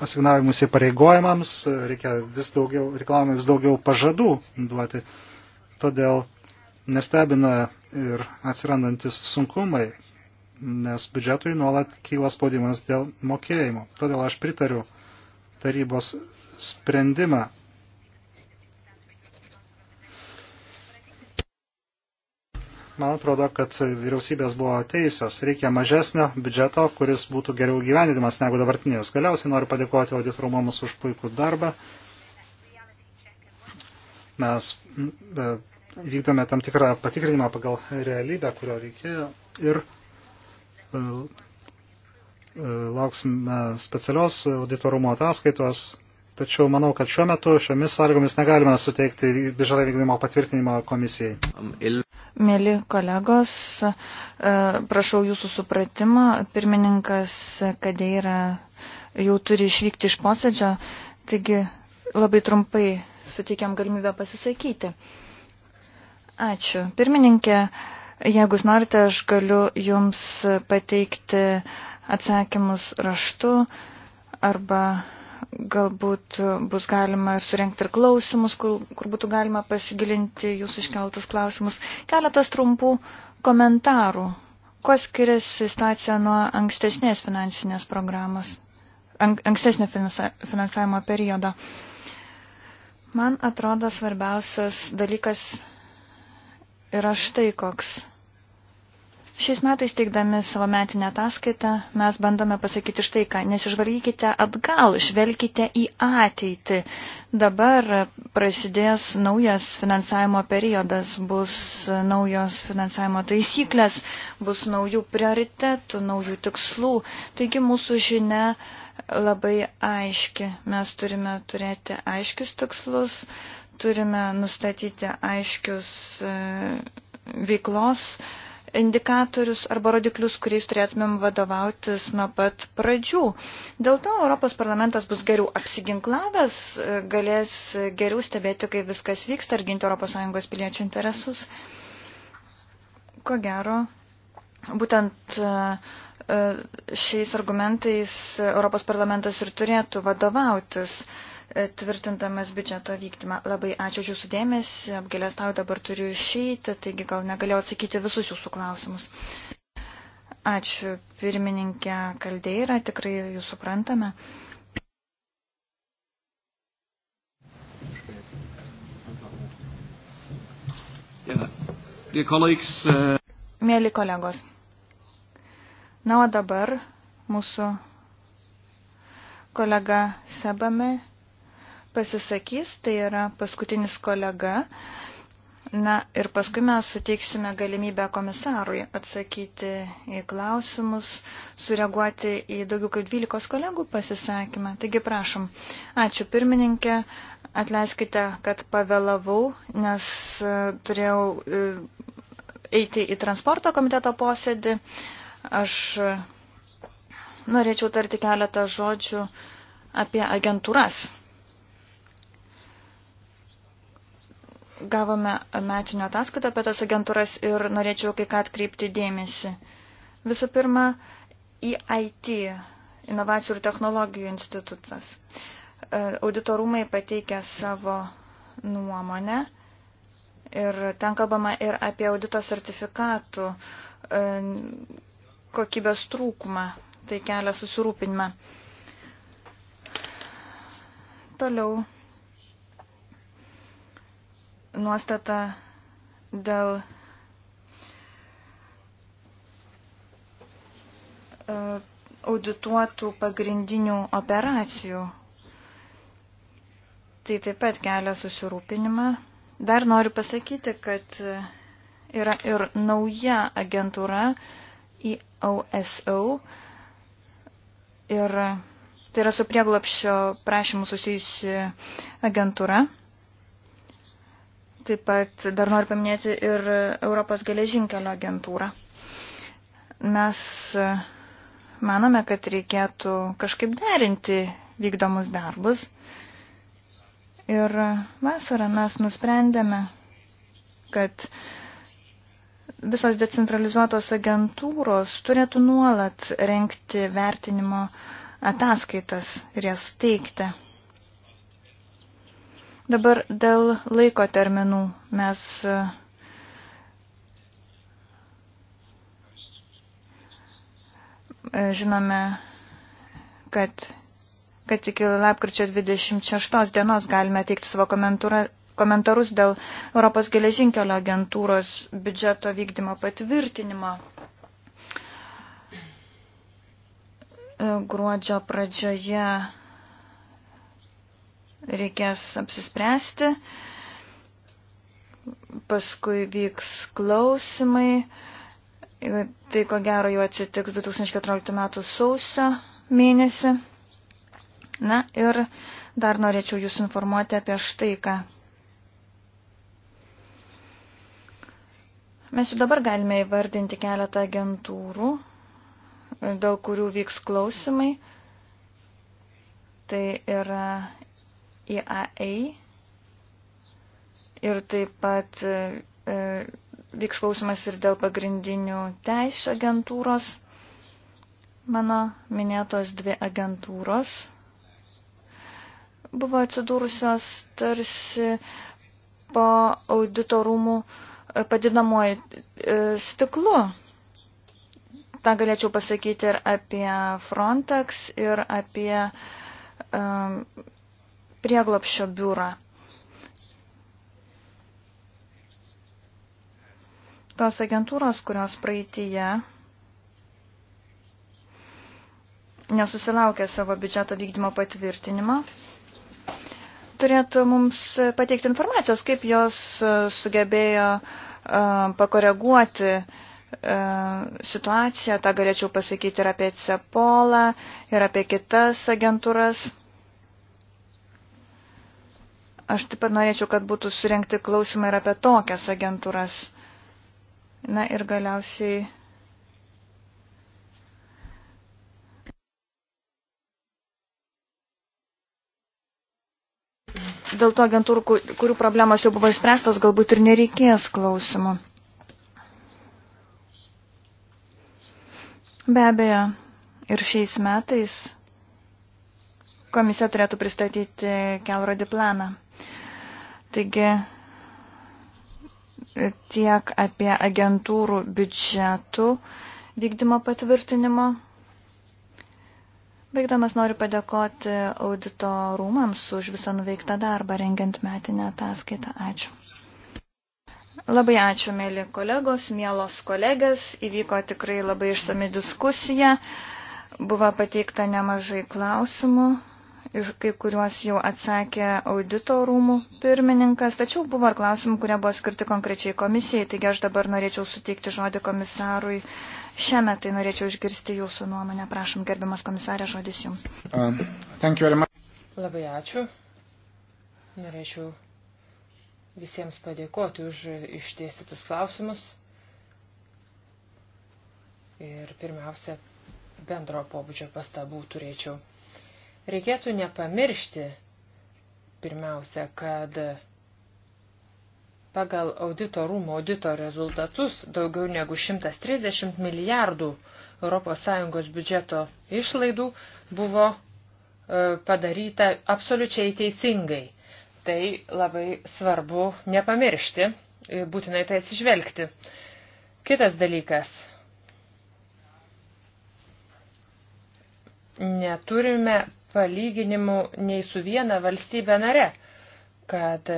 asignavimus įpareigojimams, reikia vis daugiau, reikalavom vis daugiau pažadų duoti. Todėl nestebina ir atsirandantis sunkumai, nes biudžetui nuolat kyla spaudimas dėl mokėjimo. Todėl aš pritariu tarybos sprendimą Man atrodo, kad vyriausybės buvo teisios. Reikia mažesnio biudžeto, kuris būtų geriau gyvenimas negu dabartinės. Galiausiai noriu padėkoti auditorumams už puikų darbą. Mes e, vykdome tam tikrą patikrinimą pagal realybę, kurio reikėjo. Ir e, e, lauksime specialios auditorumo ataskaitos Tačiau manau, kad šiuo metu šiomis sąlygomis negalime suteikti birželio vykdymo patvirtinimo komisijai. Mėly kolegos, e, prašau jūsų supratimo. Pirmininkas Kadeira jau turi išvykti iš posėdžio, taigi labai trumpai suteikiam galimybę pasisakyti. Ačiū. Pirmininkė, jeigu jūs norite, aš galiu jums pateikti atsakymus raštu arba Galbūt e, bus galima surinkti ir klausimus, kur, kur būtų galima pasigilinti jūsų iškeltus klausimus. Keletas trumpų komentarų. Kuo skiriasi situacija nuo ankstesnės finansinės programos, ank, ankstesnio finansavimo periodo? Man atrodo svarbiausias dalykas yra štai koks Šiais metais teikdami savo metinę ataskaitą mes bandome pasakyti štai ką, nesižvalgykite atgal, žvelkite į ateitį. Dabar prasidės naujas finansavimo periodas, bus naujos finansavimo taisyklės, bus naujų prioritetų, naujų tikslų. Taigi mūsų žinia labai aiški. Mes turime turėti aiškius tikslus, turime nustatyti aiškius e, veiklos. E, indikatorius arba rodiklius, kuriais turėtumėm vadovautis nuo pat pradžių. Dėl to Europos parlamentas bus geriau apsiginklavęs, galės geriau stebėti, kaip viskas vyksta ir ginti ES piliečių interesus. Ko gero, būtent e, e, šiais argumentais Europos parlamentas ir turėtų vadovautis tvirtindamas biudžeto vykdymą. Labai ačiū už jūsų dėmesį, apgailestau dabar turiu išeiti, taigi gal negalėjau atsakyti visus jūsų klausimus. Ačiū pirmininkė Kaldeira, tikrai jūs suprantame. Uh, Mėly kolegos. Na, o dabar mūsų kolega Sebami pasisakys, tai yra paskutinis kolega. Na ir paskui mes suteiksime galimybę komisarui atsakyti į klausimus, sureaguoti į daugiau kaip 12 kolegų pasisakymą. Taigi prašom. Ačiū pirmininkė, atleiskite, kad pavėlavau, nes e, turėjau e, eiti į transporto komiteto posėdį. Aš e, norėčiau tarti keletą žodžių apie agentūras. Gavome metinio ataskaitą apie tas agentūras ir norėčiau kai ką atkreipti dėmesį. Visų pirma, EIT, Inovacijų ir technologijų institutas. E, auditorumai pateikė savo nuomonę ir ten kalbama ir apie audito sertifikatų e, kokybės trūkumą. Tai kelia susirūpinimą. Toliau nuostata dėl e, audituotų pagrindinių operacijų. Tai taip pat kelia susirūpinimą. Dar noriu pasakyti, kad yra ir nauja agentūra EOSO ir tai yra su prieglapščio prašymu susijusi agentūra. Taip pat dar noriu paminėti ir Europos geležinkelio agentūrą. Mes e, manome, kad reikėtų kažkaip derinti vykdomus darbus. Ir vasarą mes nusprendėme, kad visos decentralizuotos agentūros turėtų nuolat renkti vertinimo ataskaitas ir jas teikti. Dabar dėl laiko terminų mes e, žinome, kad, kad iki lapkričio 26 dienos galime teikti savo komentarus dėl Europos geležinkelio agentūros biudžeto vykdymo patvirtinimo. E, gruodžio pradžioje reikės apsispręsti. Paskui vyks klausimai. Tai ko gero jau atsitiks 2014 m. sausio mėnesį. Na ir dar norėčiau jūs informuoti apie štai ką. Mes jau dabar galime įvardinti keletą agentūrų, dėl kurių vyks klausimai. Tai yra IAA e ir taip pat e, e, vyks klausimas ir dėl pagrindinių teisų agentūros. Mano minėtos dvi agentūros buvo atsidūrusios tarsi po auditorumų padidinamuoju stiklu. Ta galėčiau pasakyti ir apie Frontex, ir apie um, prieglopščio biurą. Tos agentūros, kurios praeitįje nesusilaukė savo biudžeto vykdymo patvirtinimo, turėtų mums pateikti informacijos, kaip jos e, sugebėjo e, pakoreguoti e, situaciją. Ta galėčiau pasakyti ir apie CEPOLą, ir apie kitas agentūras. Aš taip pat norėčiau, kad būtų surinkti klausimai ir apie tokias agentūras. Na ir galiausiai. Dėl to agentūrų, kurių problemos jau buvo išspręstos, galbūt ir nereikės klausimų. Be abejo, ir šiais metais komisija turėtų pristatyti kelrodį planą. Taigi tiek apie agentūrų biudžetų vykdymo patvirtinimo. Baigdamas noriu padėkoti audito rūmams už visą nuveiktą darbą rengiant metinę ataskaitą. Ačiū. Labai ačiū, mėly kolegos, mielos kolegės. Įvyko tikrai labai išsami diskusija. Buvo pateikta nemažai klausimų iš kai kuriuos jau atsakė audito rūmų pirmininkas, tačiau buvo ir klausimų, kurie buvo skirti konkrečiai komisijai, taigi aš dabar norėčiau suteikti žodį komisarui. Šiame tai norėčiau išgirsti jūsų nuomonę. Prašom, gerbiamas komisarė, žodis jums. Uh, Labai ačiū. Norėčiau visiems padėkoti už išdėstytus klausimus. Ir pirmiausia, bendro pobūdžio pastabų turėčiau. Reikėtų nepamiršti pirmiausia, kad pagal audito rūmų audito rezultatus daugiau negu 130 milijardų ES biudžeto išlaidų buvo e, padaryta absoliučiai teisingai. Tai labai svarbu nepamiršti, e, būtinai tai atsižvelgti. Kitas dalykas. Neturime palyginimų nei su viena valstybė nare, kad e,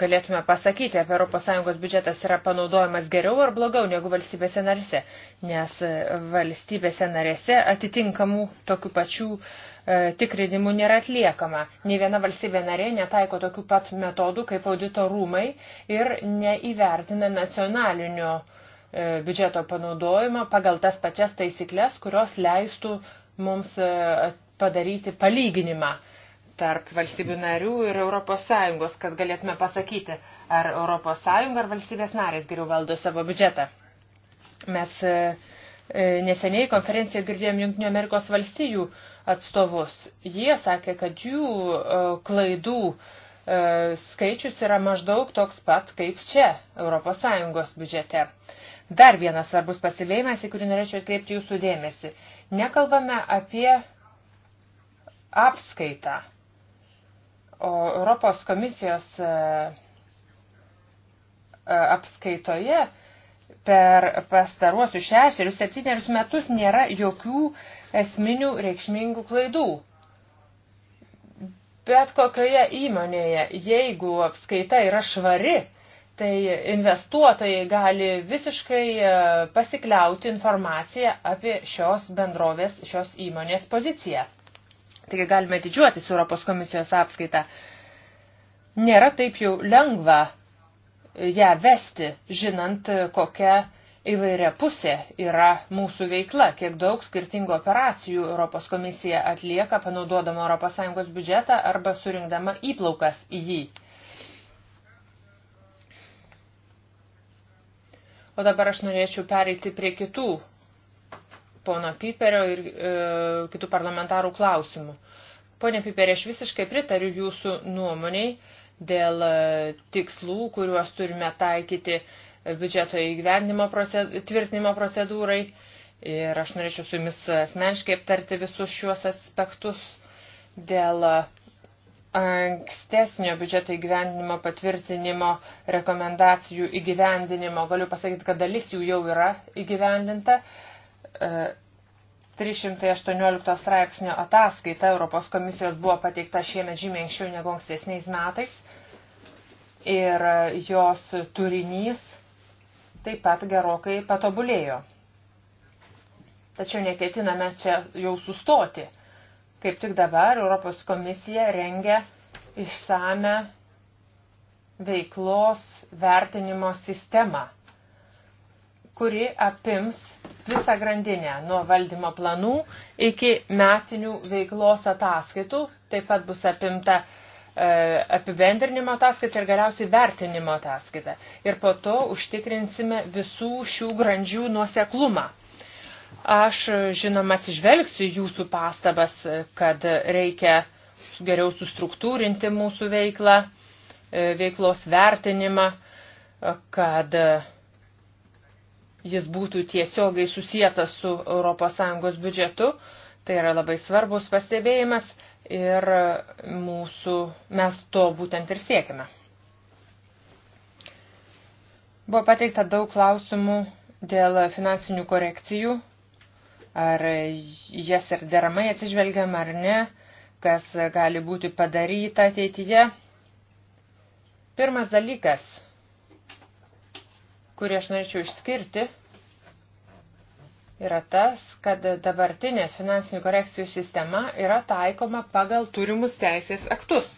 galėtume pasakyti, apie ES biudžetas yra panaudojamas geriau ar blogiau negu valstybėse narėse, nes e, valstybėse narėse atitinkamų tokių pačių e, tikrinimų nėra atliekama. Nė viena valstybė narė netaiko tokių pat metodų kaip audito rūmai ir neįvertina nacionalinio biudžeto panaudojimą pagal tas pačias taisyklės, kurios leistų mums padaryti palyginimą tarp valstybių narių ir ES, kad galėtume pasakyti, ar ES ar valstybės narės geriau valdo savo biudžetą. Mes e, e, neseniai konferencijoje girdėjom Junktinio Amerikos valstijų atstovus. Jie sakė, kad jų e, klaidų skaičius yra maždaug toks pat kaip čia ES biudžete. Dar vienas svarbus pasivėjimas, į kurį norėčiau atkreipti jūsų dėmesį. Nekalbame apie apskaitą. O Europos komisijos e, e, apskaitoje per pastaruosius šešerius, septynerius metus nėra jokių esminių reikšmingų klaidų. Bet kokioje įmonėje, jeigu apskaita yra švari, tai investuotojai gali visiškai e, pasikliauti informaciją apie šios bendrovės, šios įmonės poziciją. Taigi galime didžiuotis Europos komisijos apskaitą. Nėra taip jau lengva ją vesti, žinant, kokia įvairia pusė yra mūsų veikla, kiek daug skirtingų operacijų Europos komisija atlieka, panaudodama ES biudžetą arba surinkdama įplaukas į jį. O dabar aš norėčiau pereiti prie kitų pono Piperio ir e, kitų parlamentarų klausimų. Pone Piperė, aš visiškai pritariu jūsų nuomoniai dėl e, tikslų, kuriuos turime taikyti biudžeto įgyvendinimo procedū, tvirtinimo procedūrai. Ir aš norėčiau su jumis asmeniškai aptarti visus šiuos aspektus dėl e, ankstesnio biudžeto įgyvendinimo patvirtinimo rekomendacijų įgyvendinimo. Galiu pasakyti, kad dalis jų jau yra įgyvendinta. 318 e, straipsnio ataskaita Europos komisijos buvo pateikta šiemet žymiai anksčiau negu ankstesniais metais ir jos turinys taip pat gerokai patobulėjo. Tačiau neketiname čia jau sustoti. Kaip tik dabar Europos komisija rengia išsame veiklos vertinimo sistemą kuri apims visą grandinę nuo valdymo planų iki metinių veiklos ataskaitų. Taip pat bus apimta e, apibendrinimo ataskaita ir galiausiai vertinimo ataskaita. Ir po to užtikrinsime visų šių grandžių nuoseklumą. Aš, žinoma, atsižvelgsiu jūsų pastabas, kad reikia geriau sustruktūrinti mūsų veiklą, e, veiklos vertinimą, kad jis būtų tiesiogiai susijęs su ES biudžetu. Tai yra labai svarbus pastebėjimas ir mūsų, mes to būtent ir siekime. Buvo pateikta daug klausimų dėl finansinių korekcijų, ar jas ir deramai atsižvelgiam ar ne, kas gali būti padaryta ateityje. Pirmas dalykas kurį aš norėčiau išskirti, yra tas, kad dabartinė finansinių korekcijų sistema yra taikoma pagal turimus teisės aktus,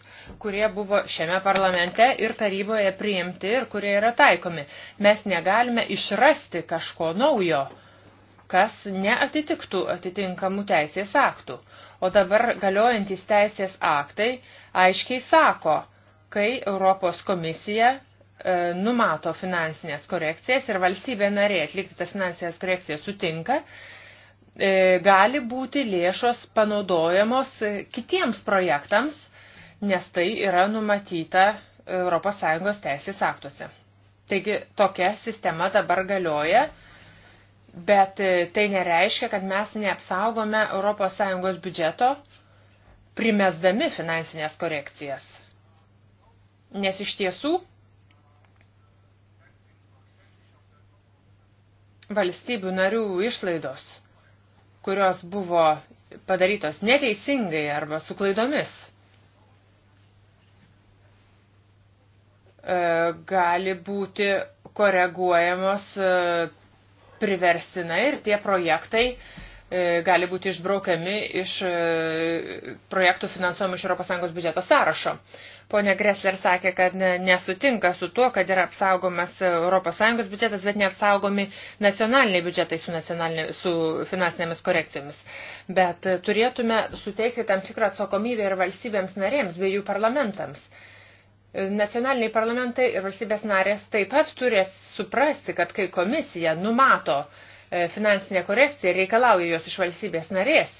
kurie buvo šiame parlamente ir taryboje priimti ir kurie yra taikomi. Mes negalime išrasti kažko naujo, kas neatitiktų atitinkamų teisės aktų. O dabar galiojantis teisės aktai aiškiai sako, kai Europos komisija E, numato finansinės korekcijas ir valstybė narė atlikti tas finansinės korekcijas sutinka, e, gali būti lėšos panaudojamos kitiems projektams, nes tai yra numatyta ES teisės aktuose. Taigi tokia sistema dabar galioja, bet tai nereiškia, kad mes neapsaugome ES biudžeto primesdami finansinės korekcijas. Nes iš tiesų valstybių narių išlaidos, kurios buvo padarytos neteisingai arba su klaidomis, e, gali būti koreguojamos e, priverstinai ir tie projektai e, gali būti išbraukiami iš projektų finansuojamų iš ES biudžeto sąrašo. Pone Gressler sakė, kad nesutinka su tuo, kad yra apsaugomas ES biudžetas, bet neapsaugomi nacionaliniai biudžetai su, nacionalinė, su finansinėmis korekcijomis. Bet turėtume suteikti tam tikrą atsakomybę ir valstybėms narėms bei jų parlamentams. Nacionaliniai parlamentai ir valstybės narės taip pat turi suprasti, kad kai komisija numato e, finansinę korekciją ir reikalauja jos iš valstybės narės,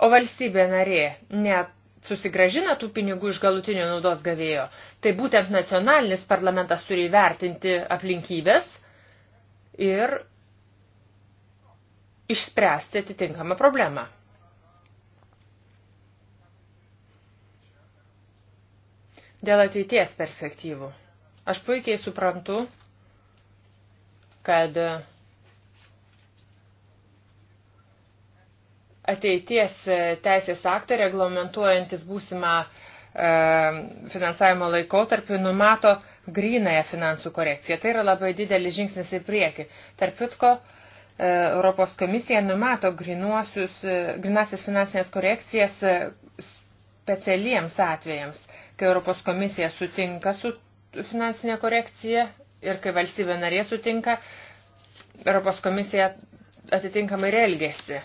o valstybė narė net susigražina tų pinigų iš galutinio naudos gavėjo, tai būtent nacionalinis parlamentas turi vertinti aplinkybės ir išspręsti atitinkamą problemą. Dėl ateities perspektyvų. Aš puikiai suprantu, kad ateities e, teisės aktai reglamentuojantis būsimą e, finansavimo laikotarpį numato grynąją finansų korekciją. Tai yra labai didelis žingsnis į priekį. Tarp kitko, e, Europos komisija numato grinasias finansinės korekcijas specialiems atvejams, kai Europos komisija sutinka su finansinė korekcija ir kai valstybė narė sutinka, Europos komisija atitinkamai elgesi.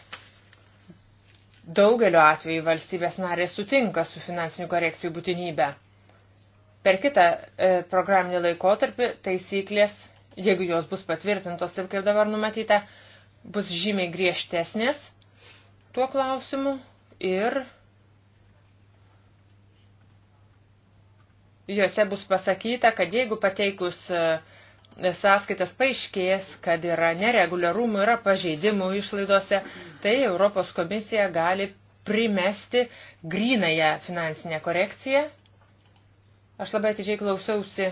Daugelio atveju valstybės narės sutinka su finansinių korekcijų būtinybė. Per kitą e, programinį laikotarpį taisyklės, jeigu jos bus patvirtintos ir kaip dabar numatyta, bus žymiai griežtesnės tuo klausimu ir juose bus pasakyta, kad jeigu pateikus e, sąskaitas paaiškės, kad yra nereguliarumų, yra pažeidimų išlaidose, tai Europos komisija gali primesti grynąją finansinę korekciją. Aš labai atidžiai klausiausi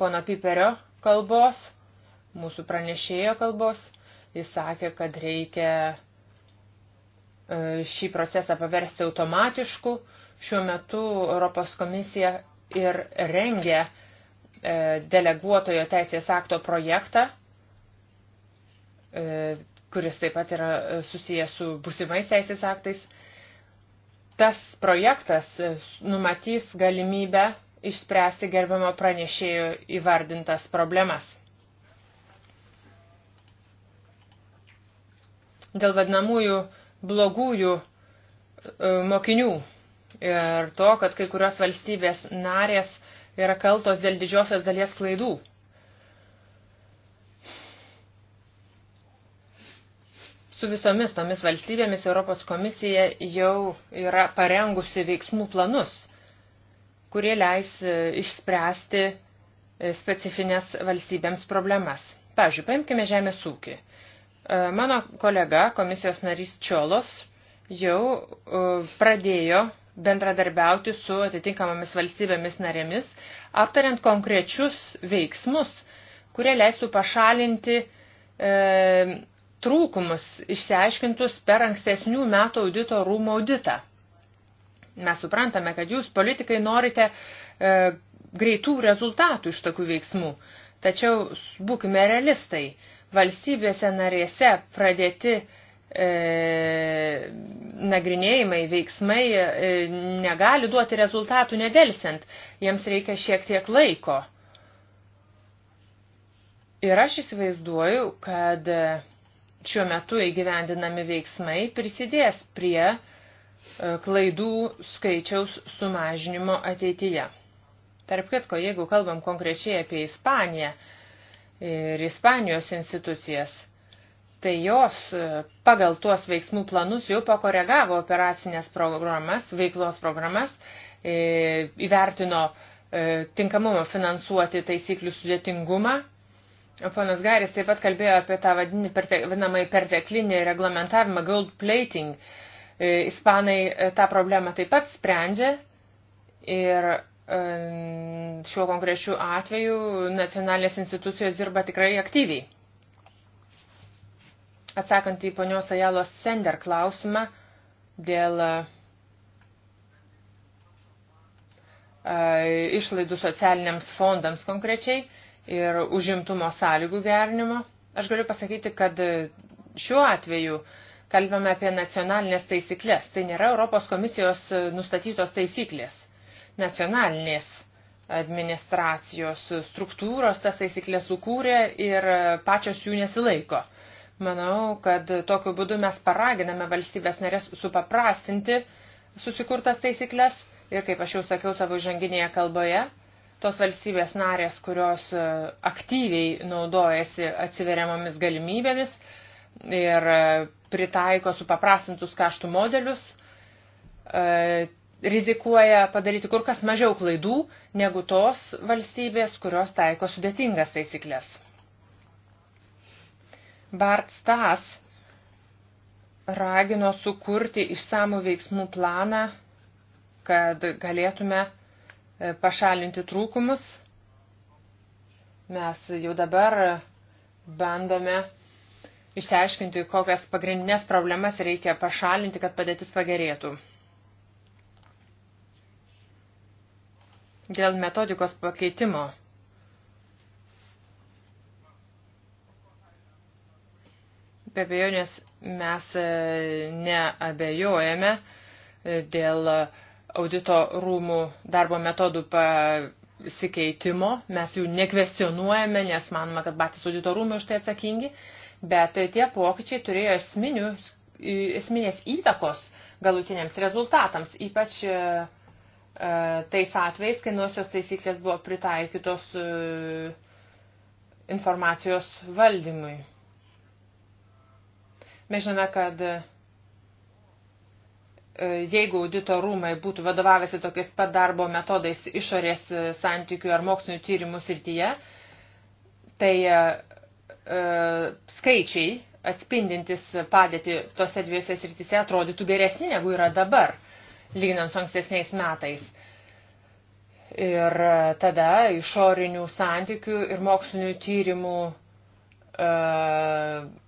pono Piperio kalbos, mūsų pranešėjo kalbos. Jis sakė, kad reikia e, šį procesą paversti automatišku. Šiuo metu Europos komisija ir rengia uh, E, deleguotojo teisės akto projektą, e, kuris taip pat yra e, susijęs su busimais teisės aktais. Tas projektas numatys galimybę išspręsti gerbiamo pranešėjo įvardintas problemas. Dėl vadinamųjų blogųjų mokinių ir to, kad kai kurios valstybės narės yra kaltos dėl didžiosios dalies klaidų. Su visomis tomis valstybėmis Europos komisija jau yra parengusi veiksmų planus, kurie leis e, išspręsti e, specifines valstybėms problemas. Pavyzdžiui, paimkime žemės ūkį. E, mano kolega, komisijos narys Čiolos, jau pradėjo bendradarbiauti su atitinkamomis valstybėmis narėmis, aptariant konkrečius veiksmus, kurie leistų pašalinti e, trūkumus išsiaiškintus per ankstesnių metų audito rūmų auditą. Mes suprantame, kad jūs, politikai, norite e, greitų rezultatų iš tokių veiksmų. Tačiau būkime realistai, valstybėse narėse pradėti E, nagrinėjimai, veiksmai e, negali duoti rezultatų nedelsiant. Jiems reikia šiek tiek laiko. Ir aš įsivaizduoju, kad šiuo metu įgyvendinami veiksmai prisidės prie e, klaidų skaičiaus sumažinimo ateityje. Tarp kitko, jeigu kalbam konkrečiai apie Ispaniją ir Ispanijos institucijas, tai jos e, pagal tuos veiksmų planus jau pakoregavo operacinės programas, veiklos programas, e, įvertino e, tinkamumo finansuoti taisyklių sudėtingumą. Ponas Garis taip pat kalbėjo apie tą vadinamąjį perteklinį reglamentavimą, gold plating. Ispanai tą problemą taip pat sprendžia ir šiuo konkrečiu atveju nacionalinės institucijos dirba tikrai aktyviai. Atsakant į ponios Ajalos Sender klausimą dėl e, išlaidų socialiniams fondams konkrečiai ir užimtumo sąlygų gerinimo. Aš galiu pasakyti, kad šiuo atveju kalbame apie nacionalinės taisyklės. Tai nėra Europos komisijos nustatytos taisyklės. Nacionalinės administracijos struktūros tas taisyklės sukūrė ir pačios jų nesilaiko. Manau, kad tokiu būdu mes paraginame valstybės narės supaprastinti susikurtas taisyklės ir, kaip aš jau sakiau savo žanginėje kalboje, tos valstybės narės, kurios e, aktyviai naudojasi atsiveriamomis galimybėmis ir e, pritaiko supaprastintus kaštų modelius, e, rizikuoja padaryti kur kas mažiau klaidų negu tos valstybės, kurios taiko sudėtingas taisyklės. Bart Stas ragino sukurti išsamų veiksmų planą, kad galėtume e, pašalinti trūkumus. Mes jau dabar bandome išsiaiškinti, kokias pagrindinės problemas reikia pašalinti, kad padėtis pagerėtų. Dėl metodikos pakeitimo Be abejonės mes e, neabejojame e, dėl audito rūmų darbo metodų pasikeitimo. Mes jų nekvestionuojame, nes manome, kad patys audito rūmai už tai atsakingi. Bet tie pokyčiai turėjo esminių, esminės įtakos galutiniams rezultatams, ypač e, tais atvejais, kai nuosios taisyklės buvo pritaikytos informacijos valdymui. Mes žinome, kad e, jeigu audito rūmai būtų vadovavęsi tokiais pat darbo metodais išorės e, santykių ar mokslinių tyrimų srityje, tai e, e skaičiai atspindintis padėti tose dviejose srityse atrodytų geresni negu yra dabar, lyginant su ankstesniais metais. Ir tada išorinių santykių ir mokslinių tyrimų E,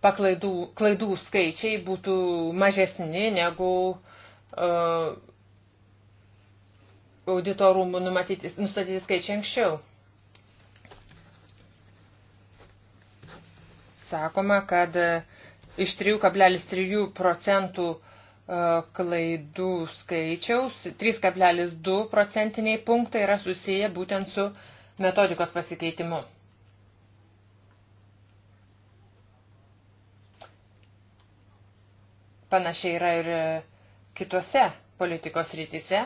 paklaidų klaidų skaičiai būtų mažesni negu uh, auditorumų nustatyti skaičiai anksčiau. Sakoma, kad e, iš 3,3 procentų klaidų skaičiaus 3,2 procentiniai punktai yra susiję būtent su metodikos pasikeitimu. Panašiai yra ir e, kitose politikos rytise.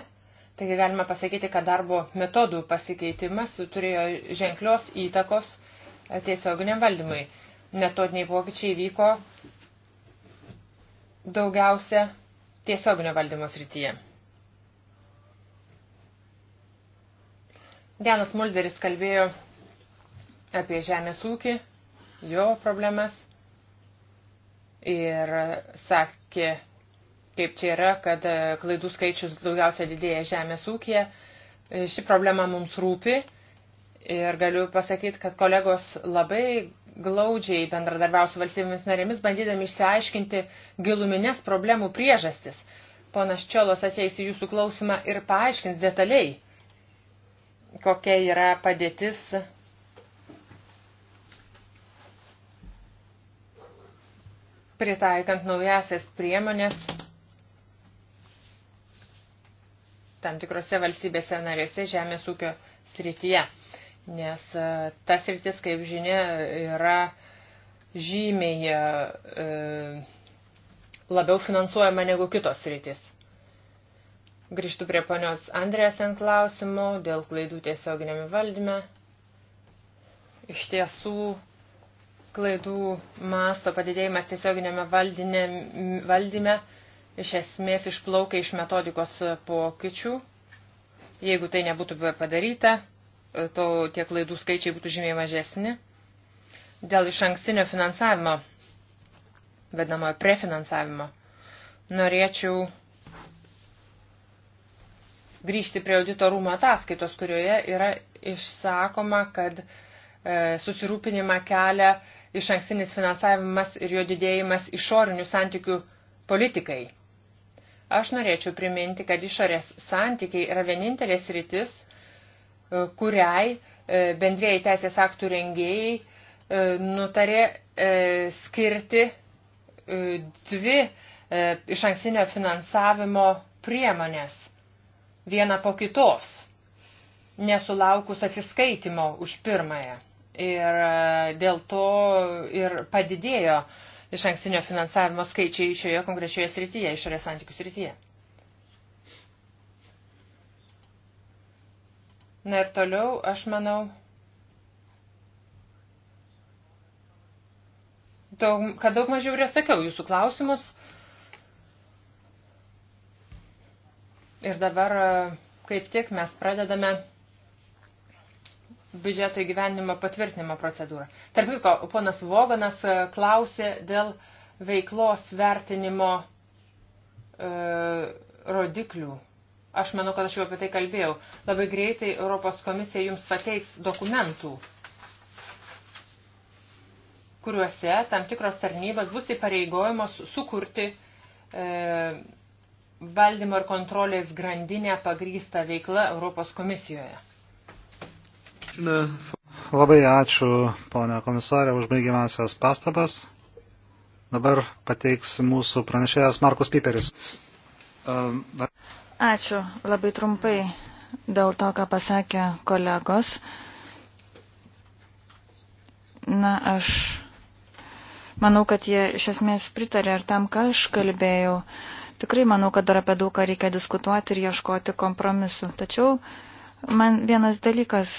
Taigi galima pasakyti, kad darbo metodų pasikeitimas turėjo ženklios įtakos e, tiesioginiam valdymui. Metodiniai pokyčiai vyko daugiausia tiesioginio valdymo srityje. Janas Mulderis kalbėjo apie žemės ūkį, jo problemas – ir sakė, kaip čia yra, kad e, klaidų skaičius daugiausia didėja žemės ūkija. E, ši problema mums rūpi ir galiu pasakyti, kad kolegos labai glaudžiai bendradarbiausių su valstybėmis narėmis, bandydami išsiaiškinti giluminės problemų priežastis. Ponas Čiolos ateis į jūsų klausimą ir paaiškins detaliai, kokia yra padėtis pritaikant naujasias priemonės tam tikrose valstybėse narėse žemės ūkio srityje. Nes e, tas sritis, kaip žinia, yra žymiai e, labiau finansuojama negu kitos sritis. Grįžtu prie ponios Andrėsen klausimų dėl klaidų tiesioginėme valdyme. Iš tiesų, klaidų masto padidėjimas tiesioginėme valdinė, valdyme iš esmės išplaukia iš metodikos pokyčių. Jeigu tai nebūtų buvę padaryta, to tie klaidų skaičiai būtų žymiai mažesni. Dėl iš ankstinio finansavimo, vadinamojo prefinansavimo, norėčiau grįžti prie audito rūmo ataskaitos, kurioje yra išsakoma, kad e, susirūpinimą kelia e, iš ankstinis finansavimas ir jo didėjimas išorinių santykių politikai. Aš norėčiau priminti, kad išorės santykiai yra vienintelės rytis, e, kuriai e, bendrėjai teisės aktų rengėjai e, nutarė skirti dvi iš anksinio finansavimo priemonės, vieną po kitos, nesulaukus atsiskaitimo už pirmąją ir e, dėl to ir padidėjo iš ankstinio finansavimo skaičiai šioje konkrečioje srityje, išorės santykių srityje. Na ir toliau, aš manau, daug, kad daug mažiau ir atsakiau jūsų klausimus. Ir dabar e, kaip tik mes pradedame biudžeto įgyvendinimo patvirtinimo procedūrą. Tarp kitko, ponas Voganas e, klausė dėl veiklos vertinimo e, rodiklių. Aš manau, kad aš jau apie tai kalbėjau. Labai greitai Europos komisija jums pateiks dokumentų, kuriuose tam tikros tarnybos bus įpareigojamos sukurti e, valdymo ir kontrolės grandinę pagrįstą veiklą Europos komisijoje. Labai ačiū, ponia komisarė, už baigiamasias pastabas. Dabar pateiks mūsų pranešėjas Markus Piperis. Ačiū. Labai trumpai dėl to, ką pasakė kolegos. Na, aš manau, kad jie iš esmės pritarė ir tam, ką aš kalbėjau. Tikrai manau, kad dar apie daug ką reikia diskutuoti ir ieškoti kompromisų. Tačiau man vienas dalykas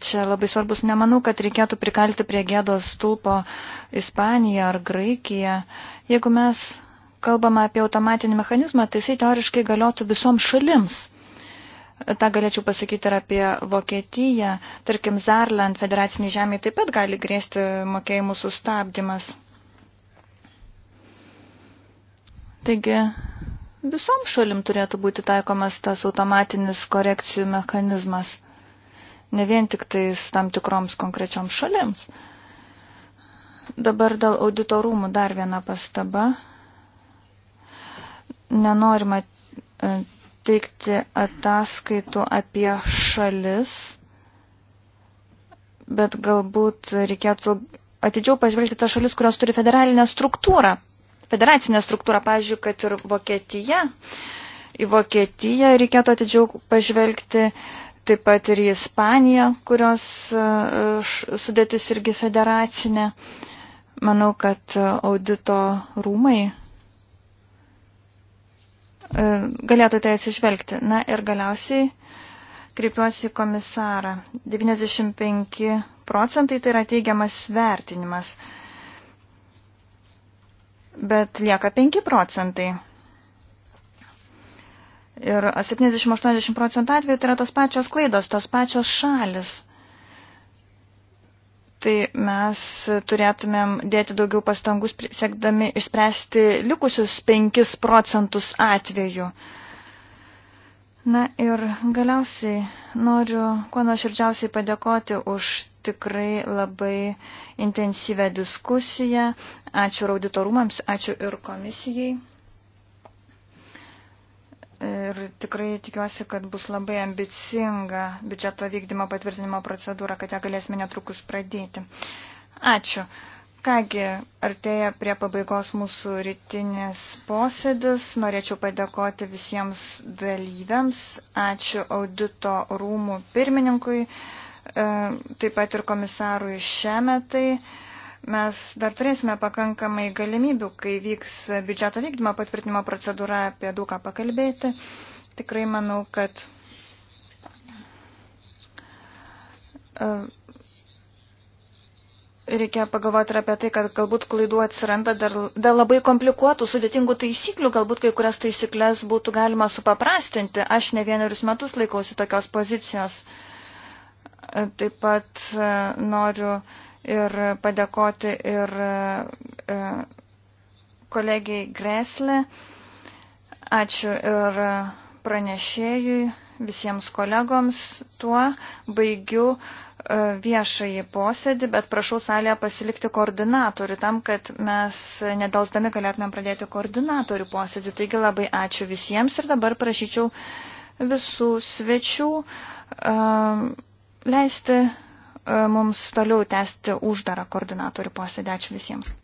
čia labai svarbus. Nemanau, kad reikėtų prikalti prie gėdos stulpo Ispaniją ar Graikiją. Jeigu mes kalbame apie automatinį mechanizmą, tai jisai teoriškai galiotų visoms šalims. Ta galėčiau pasakyti ir apie Vokietiją. Tarkim, Zarland federaciniai žemė taip pat gali grėsti mokėjimų sustabdymas. Taigi, visom šalim turėtų būti taikomas tas automatinis korekcijų mechanizmas ne vien tik tais tam tikroms konkrečioms šalims. Dabar dėl auditorumų dar viena pastaba. Nenorima e, teikti ataskaitų apie šalis, bet galbūt reikėtų atidžiau pažvelgti tą šalis, kurios turi federalinę struktūrą. Federacinę struktūrą, pavyzdžiui, kad ir Vokietija. Į Vokietiją reikėtų atidžiau pažvelgti taip pat ir į Ispaniją, kurios e, sudėtis irgi federacinė. Manau, kad e, audito rūmai e, galėtų tai atsižvelgti. Na ir galiausiai kreipiuosi į komisarą. 95 procentai tai yra teigiamas vertinimas, bet lieka 5 procentai. Ir 70-80 procentų atveju tai yra tos pačios klaidos, tos pačios šalis. Tai mes turėtumėm dėti daugiau pastangų, siekdami išspręsti likusius 5 procentus atvejų. Na ir galiausiai noriu kuo nuoširdžiausiai padėkoti už tikrai labai intensyvę diskusiją. Ačiū auditorumams, ačiū ir komisijai ir tikrai tikiuosi, kad bus labai ambicinga biudžeto vykdymo patvirtinimo procedūra, kad ją galėsime netrukus pradėti. Ačiū. Kągi, artėja prie pabaigos mūsų rytinis posėdis. Norėčiau padėkoti visiems dalyviams. Ačiū audito rūmų pirmininkui, e, taip pat ir komisarui Šemetai. Mes dar turėsime pakankamai galimybių, kai vyks biudžeto vykdymo patvirtinimo procedūra, apie daug ką pakalbėti. Tikrai manau, kad e, reikia pagalvoti ir apie tai, kad galbūt klaidų atsiranda dar, dar labai komplikuotų, sudėtingų taisyklių, galbūt kai kurias taisyklės būtų galima supaprastinti. Aš ne vienerius metus laikausi tokios pozicijos. E, taip pat e, noriu ir padėkoti ir e, kolegijai Greslė. Ačiū ir pranešėjui, visiems kolegoms. Tuo baigiu e, viešąjį posėdį, bet prašau salėje pasilikti koordinatorių tam, kad mes nedalsdami galėtumėm pradėti koordinatorių posėdį. Taigi labai ačiū visiems ir dabar prašyčiau visų svečių um, leisti mums toliau tęsti uždarą koordinatorių posėdį. Ačiū visiems.